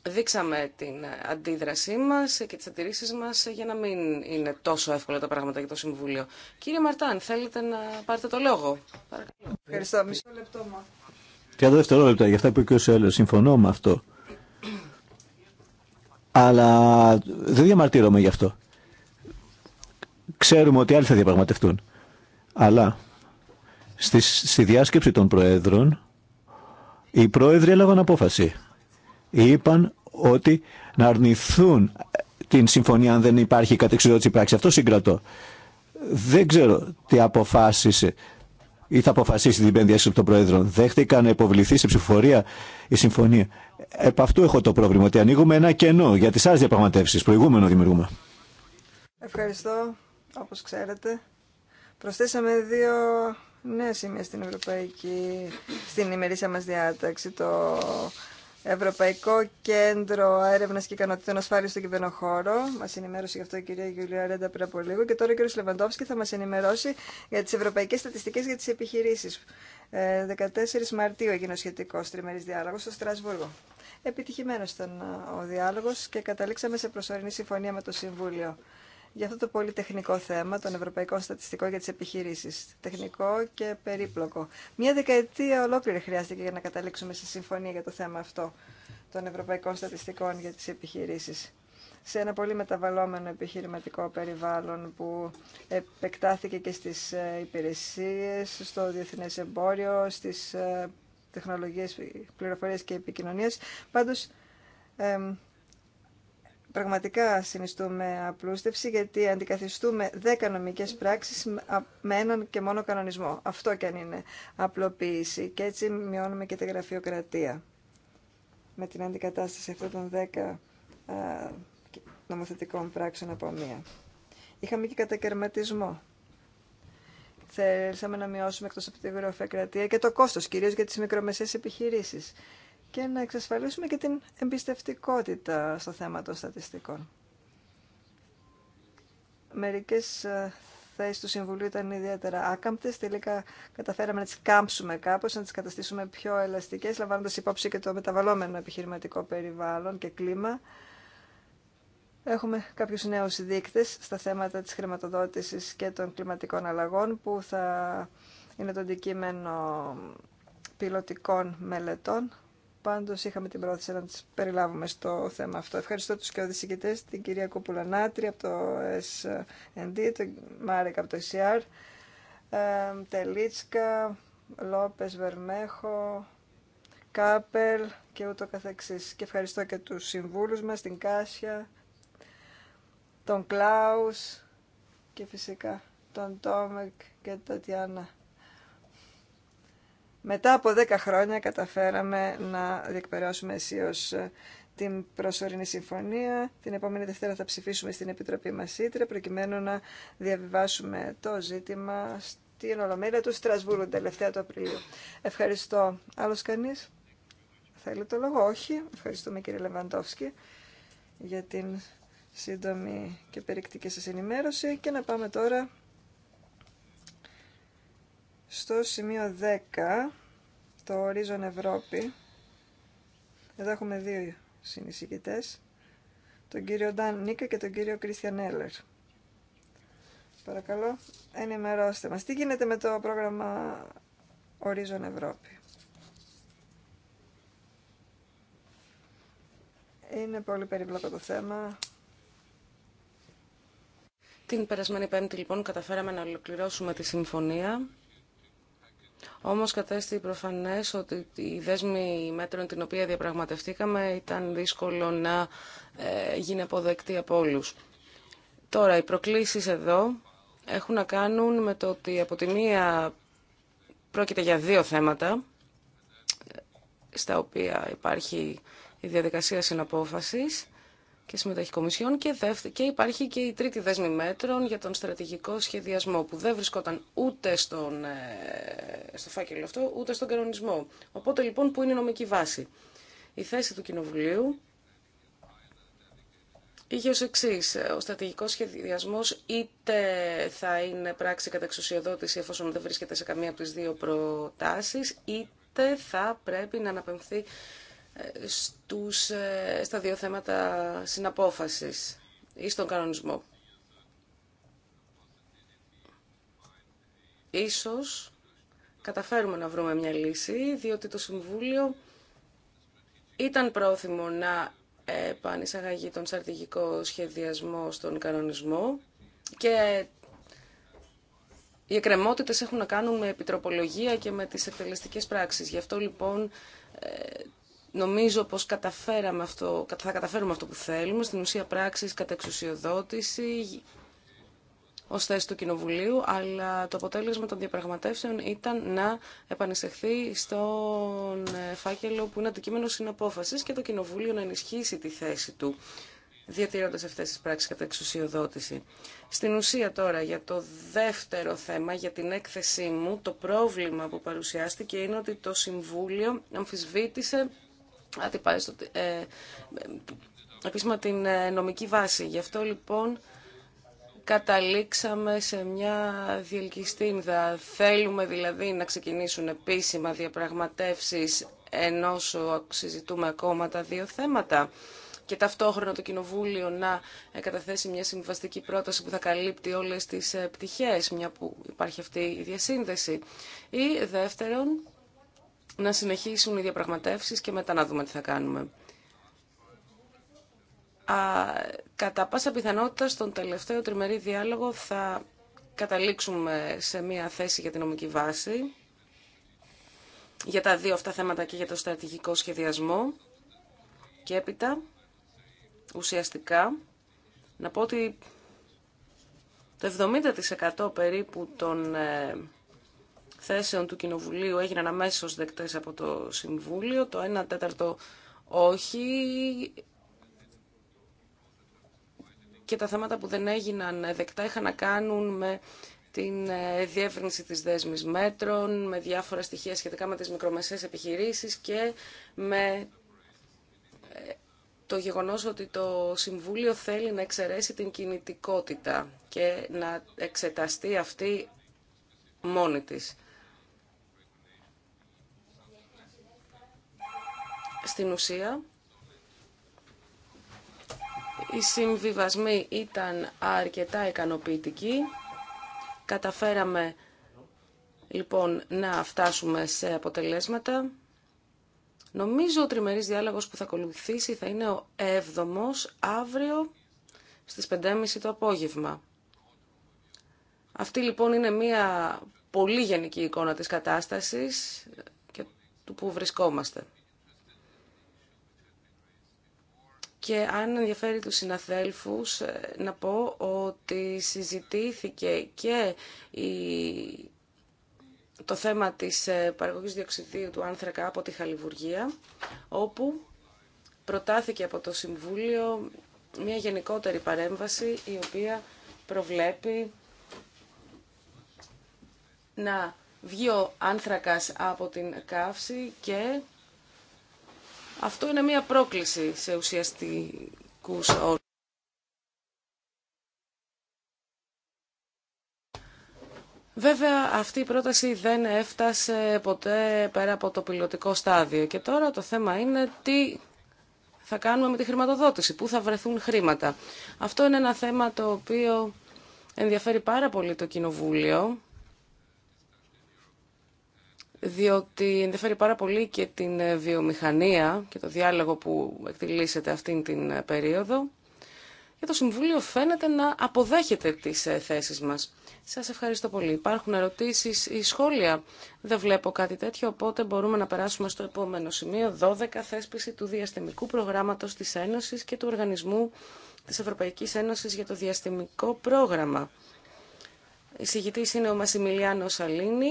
δείξαμε την αντίδρασή μας και τι αντιρρήσει μας για να μην είναι τόσο εύκολα τα πράγματα για το Συμβούλιο. Κύριε Μαρτάν, θέλετε να πάρετε το λόγο. Παρακαλώ. Ευχαριστώ. Μισό λεπτό μα. 30 δευτερόλεπτα για αυτά που είπε ο Σέλλο. Συμφωνώ με αυτό. Αλλά δεν διαμαρτύρομαι γι' αυτό. Ξέρουμε ότι άλλοι θα διαπραγματευτούν. Αλλά Στη, στη διάσκεψη των Προέδρων, οι Πρόεδροι έλαβαν απόφαση. Είπαν ότι να αρνηθούν την συμφωνία αν δεν υπάρχει κατεξουδότηση πράξη. Αυτό συγκρατώ. Δεν ξέρω τι αποφάσισε ή θα αποφασίσει την πέντε έξω των Προέδρων. Δέχτηκα να υποβληθεί σε ψηφοφορία η θα αποφασισει την πεντε του των προεδρων δεχτηκαν να υποβληθει σε ψηφοφορια η συμφωνια Επ' αυτού έχω το πρόβλημα, ότι ανοίγουμε ένα κενό για τις άλλες διαπραγματεύσει, Προηγούμενο δημιουργούμε. Ευχαριστώ, όπως ξέρετε. Προσθέσαμε δύο νέα σημεία στην Ευρωπαϊκή, στην ημερήσια μας διάταξη, το Ευρωπαϊκό Κέντρο Έρευνα και Ικανοτήτων Ασφάλεια στον Κυβερνοχώρο. Μα ενημέρωσε γι' αυτό η κυρία Γιουλία Ρέντα πριν από λίγο. Και τώρα ο κύριο Λεβαντόφσκι θα μα ενημερώσει για τι ευρωπαϊκέ στατιστικέ για τι επιχειρήσει. 14 ε, Μαρτίου έγινε ο σχετικό τριμερή διάλογο στο Στρασβούργο. Επιτυχημένο ήταν ο διάλογο και καταλήξαμε σε προσωρινή συμφωνία με το Συμβούλιο για αυτό το πολύ τεχνικό θέμα, τον Ευρωπαϊκό Στατιστικό για τις Επιχειρήσεις. Τεχνικό και περίπλοκο. Μία δεκαετία ολόκληρη χρειάστηκε για να καταλήξουμε σε συμφωνία για το θέμα αυτό των Ευρωπαϊκών Στατιστικών για τις Επιχειρήσεις. Σε ένα πολύ μεταβαλλόμενο επιχειρηματικό περιβάλλον που επεκτάθηκε και στις ε, υπηρεσίες, στο διεθνές εμπόριο, στις ε, τεχνολογίες πληροφορίες και επικοινωνίες. Πάντως, Πραγματικά συνιστούμε απλούστευση γιατί αντικαθιστούμε δέκα νομικές πράξεις με έναν και μόνο κανονισμό. Αυτό και αν είναι απλοποίηση και έτσι μειώνουμε και τη γραφειοκρατία με την αντικατάσταση αυτών των 10 νομοθετικών πράξεων από μία. Είχαμε και κατακαιρματισμό. Θέλησαμε να μειώσουμε εκτός από τη γραφειοκρατία και το κόστος, κυρίως για τις μικρομεσαίες επιχειρήσεις και να εξασφαλίσουμε και την εμπιστευτικότητα στο θέμα των στατιστικών. Μερικές ε, θέσεις του Συμβουλίου ήταν ιδιαίτερα άκαμπτες. Τελικά καταφέραμε να τις κάμψουμε κάπως, να τις καταστήσουμε πιο ελαστικές, λαμβάνοντας υπόψη και το μεταβαλλόμενο επιχειρηματικό περιβάλλον και κλίμα. Έχουμε κάποιους νέου δείκτες στα θέματα της χρηματοδότησης και των κλιματικών αλλαγών, που θα είναι το αντικείμενο πιλωτικών μελετών. Πάντω είχαμε την πρόθεση να τι περιλάβουμε στο θέμα αυτό. Ευχαριστώ τους και οδησηγητές, την κυρία Κούπουλα Νάτρη από το S&D, τον Μάρικ από το ECR, Τελίτσκα, Λόπες Βερμέχο, Κάπελ και ούτω καθεξής. Και ευχαριστώ και τους συμβούλους μας, την Κάσια, τον Κλάους και φυσικά τον Τόμεκ και την Τατιάνα μετά από 10 χρόνια καταφέραμε να διεκπαιρεώσουμε αισίως ε, την προσωρινή συμφωνία. Την επόμενη Δευτέρα θα ψηφίσουμε στην Επιτροπή μας Ήτρε, προκειμένου να διαβιβάσουμε το ζήτημα στην Ολομέλεια του Στρασβούργου την τελευταία του Απριλίου. Ευχαριστώ. Άλλος κανείς? Θέλει το λόγο. Όχι. Ευχαριστούμε κύριε Λεβαντόφσκι για την σύντομη και περικτική σας ενημέρωση και να πάμε τώρα στο σημείο 10, το ορίζον Ευρώπη, εδώ έχουμε δύο συνεισηγητές, τον κύριο Νταν Νίκα και τον κύριο Κρίστιαν Έλερ. Παρακαλώ, ενημερώστε μας. Τι γίνεται με το πρόγραμμα Ορίζον Ευρώπη. Είναι πολύ περίπλοκο το θέμα. Την περασμένη πέμπτη λοιπόν καταφέραμε να ολοκληρώσουμε τη συμφωνία όμως κατέστη προφανές ότι η δέσμη μέτρων την οποία διαπραγματευτήκαμε ήταν δύσκολο να ε, γίνει αποδεκτή από όλους. Τώρα, οι προκλήσεις εδώ έχουν να κάνουν με το ότι από τη μία πρόκειται για δύο θέματα, ε, στα οποία υπάρχει η διαδικασία συναπόφασης και συμμετέχει κομισιόν και, και υπάρχει και η τρίτη δέσμη μέτρων για τον στρατηγικό σχεδιασμό που δεν βρισκόταν ούτε στον, ε, στο φάκελο αυτό ούτε στον κανονισμό. Οπότε λοιπόν που είναι η νομική βάση. Η θέση του Κοινοβουλίου είχε ως εξή. Ο στρατηγικός σχεδιασμός είτε θα είναι πράξη κατά εξουσιοδότηση εφόσον δεν βρίσκεται σε καμία από τις δύο προτάσεις είτε θα πρέπει να αναπαιμφθεί στους, ε, στα δύο θέματα συναπόφασης ή στον κανονισμό. Ίσως καταφέρουμε να βρούμε μια λύση, διότι το Συμβούλιο ήταν πρόθυμο να επανεισαγαγεί τον στρατηγικό σχεδιασμό στον κανονισμό και οι εκκρεμότητες έχουν να κάνουν με επιτροπολογία και με τις εκτελεστικές πράξεις. Γι' αυτό λοιπόν ε, Νομίζω πως θα καταφέρουμε αυτό που θέλουμε, στην ουσία πράξεις κατά εξουσιοδότηση ω θέση του Κοινοβουλίου, αλλά το αποτέλεσμα των διαπραγματεύσεων ήταν να επανεισεχθεί στον ε, φάκελο που είναι αντικείμενο συναπόφασης και το Κοινοβούλιο να ενισχύσει τη θέση του, διατηρώντα αυτέ τι πράξει κατά εξουσιοδότηση. Στην ουσία τώρα, για το δεύτερο θέμα, για την έκθεσή μου, το πρόβλημα που παρουσιάστηκε είναι ότι το Συμβούλιο αμφισβήτησε ε, επίσημα την ε, νομική βάση. Γι' αυτό λοιπόν καταλήξαμε σε μια διελκυστίνδα. Θέλουμε δηλαδή να ξεκινήσουν επίσημα διαπραγματεύσεις ενώ συζητούμε ακόμα τα δύο θέματα και ταυτόχρονα το Κοινοβούλιο να ε, καταθέσει μια συμβαστική πρόταση που θα καλύπτει όλες τις ε, πτυχές, μια που υπάρχει αυτή η διασύνδεση. Ή δεύτερον, να συνεχίσουν οι διαπραγματεύσεις και μετά να δούμε τι θα κάνουμε. Α, κατά πάσα πιθανότητα στον τελευταίο τριμερή διάλογο θα καταλήξουμε σε μια θέση για την νομική βάση για τα δύο αυτά θέματα και για το στρατηγικό σχεδιασμό και έπειτα ουσιαστικά να πω ότι το 70% περίπου των ε, θέσεων του Κοινοβουλίου έγιναν αμέσω δεκτέ από το Συμβούλιο, το 1 τέταρτο όχι. Και τα θέματα που δεν έγιναν δεκτά είχαν να κάνουν με την ε, διεύρυνση της δέσμης μέτρων, με διάφορα στοιχεία σχετικά με τις μικρομεσαίες επιχειρήσεις και με ε, το γεγονός ότι το Συμβούλιο θέλει να εξαιρέσει την κινητικότητα και να εξεταστεί αυτή μόνη της. Στην ουσία, οι συμβιβασμοί ήταν αρκετά ικανοποιητικοί. Καταφέραμε λοιπόν να φτάσουμε σε αποτελέσματα. Νομίζω ο τριμερής διάλογος που θα ακολουθήσει θα είναι ο 7 αύριο στις 5.30 το απόγευμα. Αυτή λοιπόν είναι μια πολύ γενική εικόνα της κατάστασης και του που βρισκόμαστε. Και αν ενδιαφέρει τους συναθέλφους ε, να πω ότι συζητήθηκε και το θέμα της ε, παραγωγής διοξιδίου του άνθρακα από τη Χαλιβουργία, όπου προτάθηκε από το Συμβούλιο μια γενικότερη παρέμβαση η οποία προβλέπει να βγει ο άνθρακας από την καύση και αυτό είναι μια πρόκληση σε ουσιαστικούς όρους. Βέβαια αυτή η πρόταση δεν έφτασε ποτέ πέρα από το πιλωτικό στάδιο και τώρα το θέμα είναι τι θα κάνουμε με τη χρηματοδότηση, πού θα βρεθούν χρήματα. Αυτό είναι ένα θέμα το οποίο ενδιαφέρει πάρα πολύ το Κοινοβούλιο διότι ενδιαφέρει πάρα πολύ και την ε, βιομηχανία και το διάλογο που εκτελήσεται αυτήν την ε, περίοδο και το Συμβούλιο φαίνεται να αποδέχεται τις ε, θέσεις μας. Σας ευχαριστώ πολύ. Υπάρχουν ερωτήσεις ή σχόλια. Δεν βλέπω κάτι τέτοιο, οπότε μπορούμε να περάσουμε στο επόμενο σημείο. 12. Θέσπιση του Διαστημικού Προγράμματος της Ένωσης και του Οργανισμού της Ευρωπαϊκής Ένωσης για το Διαστημικό Πρόγραμμα. Η είναι ο Μασιμιλιάνο Σαλίνη.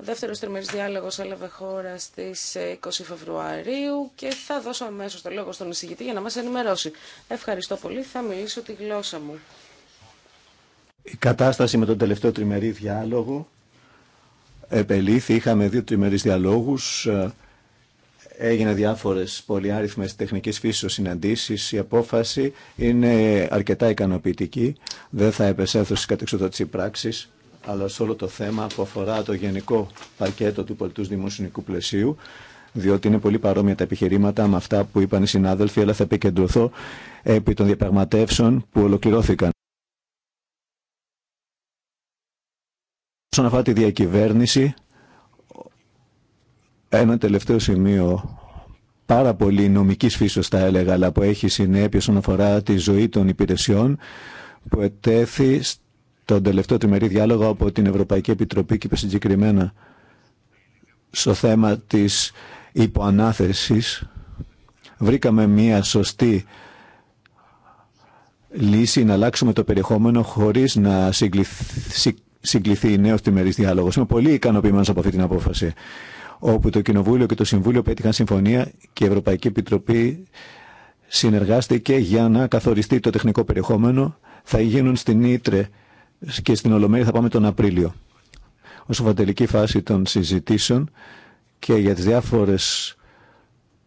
Ο δεύτερος τριμερής διάλογος έλαβε χώρα στις 20 ε, Φεβρουαρίου και θα δώσω αμέσω το λόγο στον εισηγητή για να μας ενημερώσει. Ευχαριστώ πολύ, θα μιλήσω τη γλώσσα μου. Η κατάσταση με τον τελευταίο τριμερή διάλογο επελήθη, είχαμε δύο τριμερείς διαλόγους, ε, έγινε διάφορες πολυάριθμες τεχνικής φύσης συναντήσεις, η απόφαση είναι αρκετά ικανοποιητική, δεν θα επεσέλθω στις κατεξοδότηση αλλά σε όλο το θέμα που αφορά το γενικό πακέτο του πολιτού δημοσιονομικού πλαισίου, διότι είναι πολύ παρόμοια τα επιχειρήματα με αυτά που είπαν οι συνάδελφοι, αλλά θα επικεντρωθώ επί των διαπραγματεύσεων που ολοκληρώθηκαν. Όσον αφορά τη διακυβέρνηση, ένα τελευταίο σημείο πάρα πολύ νομική φύσεως θα έλεγα, αλλά που έχει συνέπειες όσον αφορά τη ζωή των υπηρεσιών που ετέθη τον τελευταίο τριμερή διάλογο από την Ευρωπαϊκή Επιτροπή και είπε συγκεκριμένα στο θέμα της υποανάθεσης βρήκαμε μία σωστή λύση να αλλάξουμε το περιεχόμενο χωρίς να συγκληθεί, η νέο τριμερής διάλογος. Είμαι πολύ ικανοποιημένος από αυτή την απόφαση όπου το Κοινοβούλιο και το Συμβούλιο πέτυχαν συμφωνία και η Ευρωπαϊκή Επιτροπή συνεργάστηκε για να καθοριστεί το τεχνικό περιεχόμενο θα γίνουν στην Ήτρε και στην Ολομέλεια θα πάμε τον Απρίλιο. Ως αφορά φάση των συζητήσεων και για τις διάφορες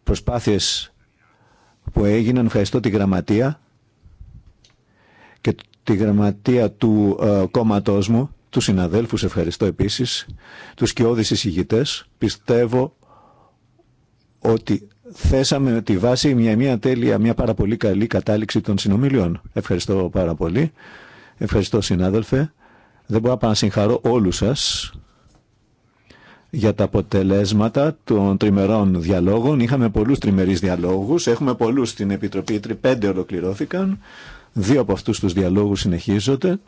προσπάθειες που έγιναν, ευχαριστώ τη γραμματεία και τη γραμματεία του ε, κόμματός μου, του συναδέλφου ευχαριστώ επίσης, τους κοιόδης εισηγητές. Πιστεύω ότι θέσαμε τη βάση μια, μια τέλεια, μια πάρα πολύ καλή κατάληξη των συνομιλίων. Ευχαριστώ πάρα πολύ. Ευχαριστώ συνάδελφε. Δεν μπορώ να συγχαρώ όλους σας για τα αποτελέσματα των τριμερών διαλόγων. Είχαμε πολλούς τριμερείς διαλόγους, έχουμε πολλούς στην Επιτροπή, πέντε ολοκληρώθηκαν, δύο από αυτούς τους διαλόγους συνεχίζονται,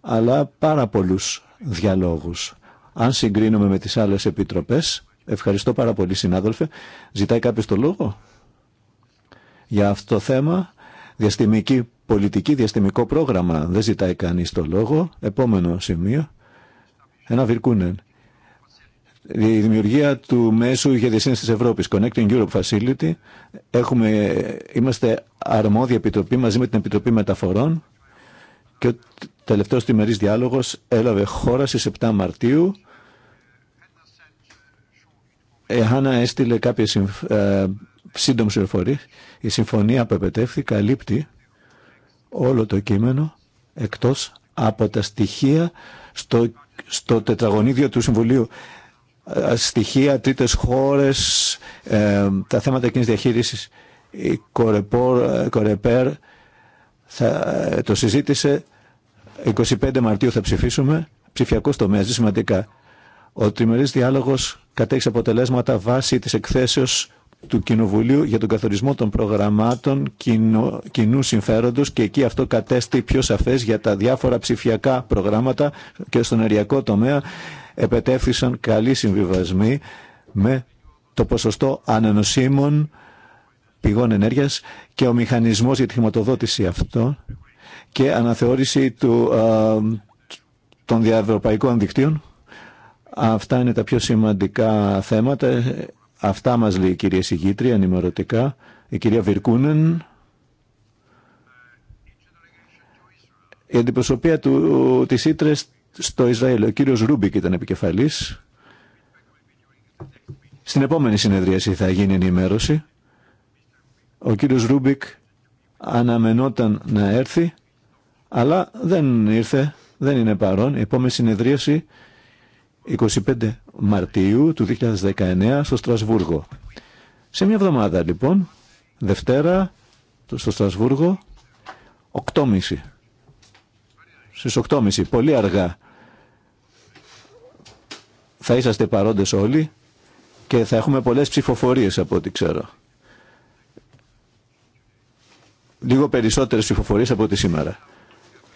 αλλά πάρα πολλούς διαλόγους. Αν συγκρίνουμε με τις άλλες επιτροπές, ευχαριστώ πάρα πολύ συνάδελφε, ζητάει κάποιος το λόγο για αυτό το θέμα, διαστημική πολιτική διαστημικό πρόγραμμα. Δεν ζητάει κανεί το λόγο. Επόμενο σημείο. Ένα βιρκούνεν. Η δημιουργία του μέσου για διασύνδεση της Ευρώπης, Connecting Europe Facility. Έχουμε, είμαστε αρμόδια επιτροπή μαζί με την Επιτροπή Μεταφορών και ο τελευταίος τιμερής διάλογος έλαβε χώρα στις 7 Μαρτίου. Η ε, Χάνα έστειλε κάποιες συμφ... ε, Η συμφωνία που επετεύθη καλύπτει όλο το κείμενο εκτός από τα στοιχεία στο, τετραγωνίδιο του Συμβουλίου ε, στοιχεία, τρίτες χώρες, ε, τα θέματα εκείνης διαχείρισης. Η ε, Κορεπέρ θα, το συζήτησε 25 Μαρτίου θα ψηφίσουμε ψηφιακό τομέα, σημαντικά. Ο τριμερής διάλογος κατέχει αποτελέσματα βάσει της εκθέσεως του Κοινοβουλίου για τον καθορισμό των προγραμμάτων κοινο, κοινού συμφέροντος και εκεί αυτό κατέστη πιο σαφές για τα διάφορα ψηφιακά προγράμματα και στον ενεργειακό τομέα επετέφθησαν καλοί συμβιβασμοί με το ποσοστό ανανοσίμων πηγών ενέργειας και ο μηχανισμός για τη χρηματοδότηση αυτό και αναθεώρηση του, των διαευρωπαϊκών δικτύων. Αυτά είναι τα πιο σημαντικά θέματα. Αυτά μας λέει η κυρία Σιγήτρια ενημερωτικά. Η κυρία Βιρκούνεν. Η αντιπροσωπεία του, της Ήτρες στο Ισραήλ. Ο κύριος Ρούμπικ ήταν επικεφαλής. Στην επόμενη συνεδρίαση θα γίνει ενημέρωση. Ο κύριος Ρούμπικ αναμενόταν να έρθει, αλλά δεν ήρθε, δεν είναι παρόν. Η επόμενη συνεδρίαση 25 Μαρτίου του 2019 στο Στρασβούργο. Σε μια εβδομάδα λοιπόν, Δευτέρα στο Στρασβούργο, 8.30. Στις 8.30, πολύ αργά. Θα είσαστε παρόντες όλοι και θα έχουμε πολλές ψηφοφορίες από ό,τι ξέρω. Λίγο περισσότερες ψηφοφορίες από ό,τι σήμερα.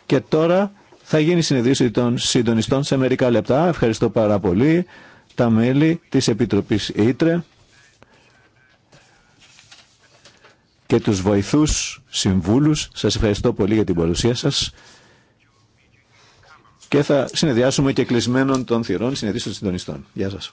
Και τώρα θα γίνει συνεδρία των συντονιστών σε μερικά λεπτά. Ευχαριστώ πάρα πολύ τα μέλη της Επιτροπής Ήτρε και τους βοηθούς συμβούλους. Σας ευχαριστώ πολύ για την παρουσία σας και θα συνεδριάσουμε και κλεισμένων των θυρών συνεδρίσεις των συντονιστών. Γεια σας.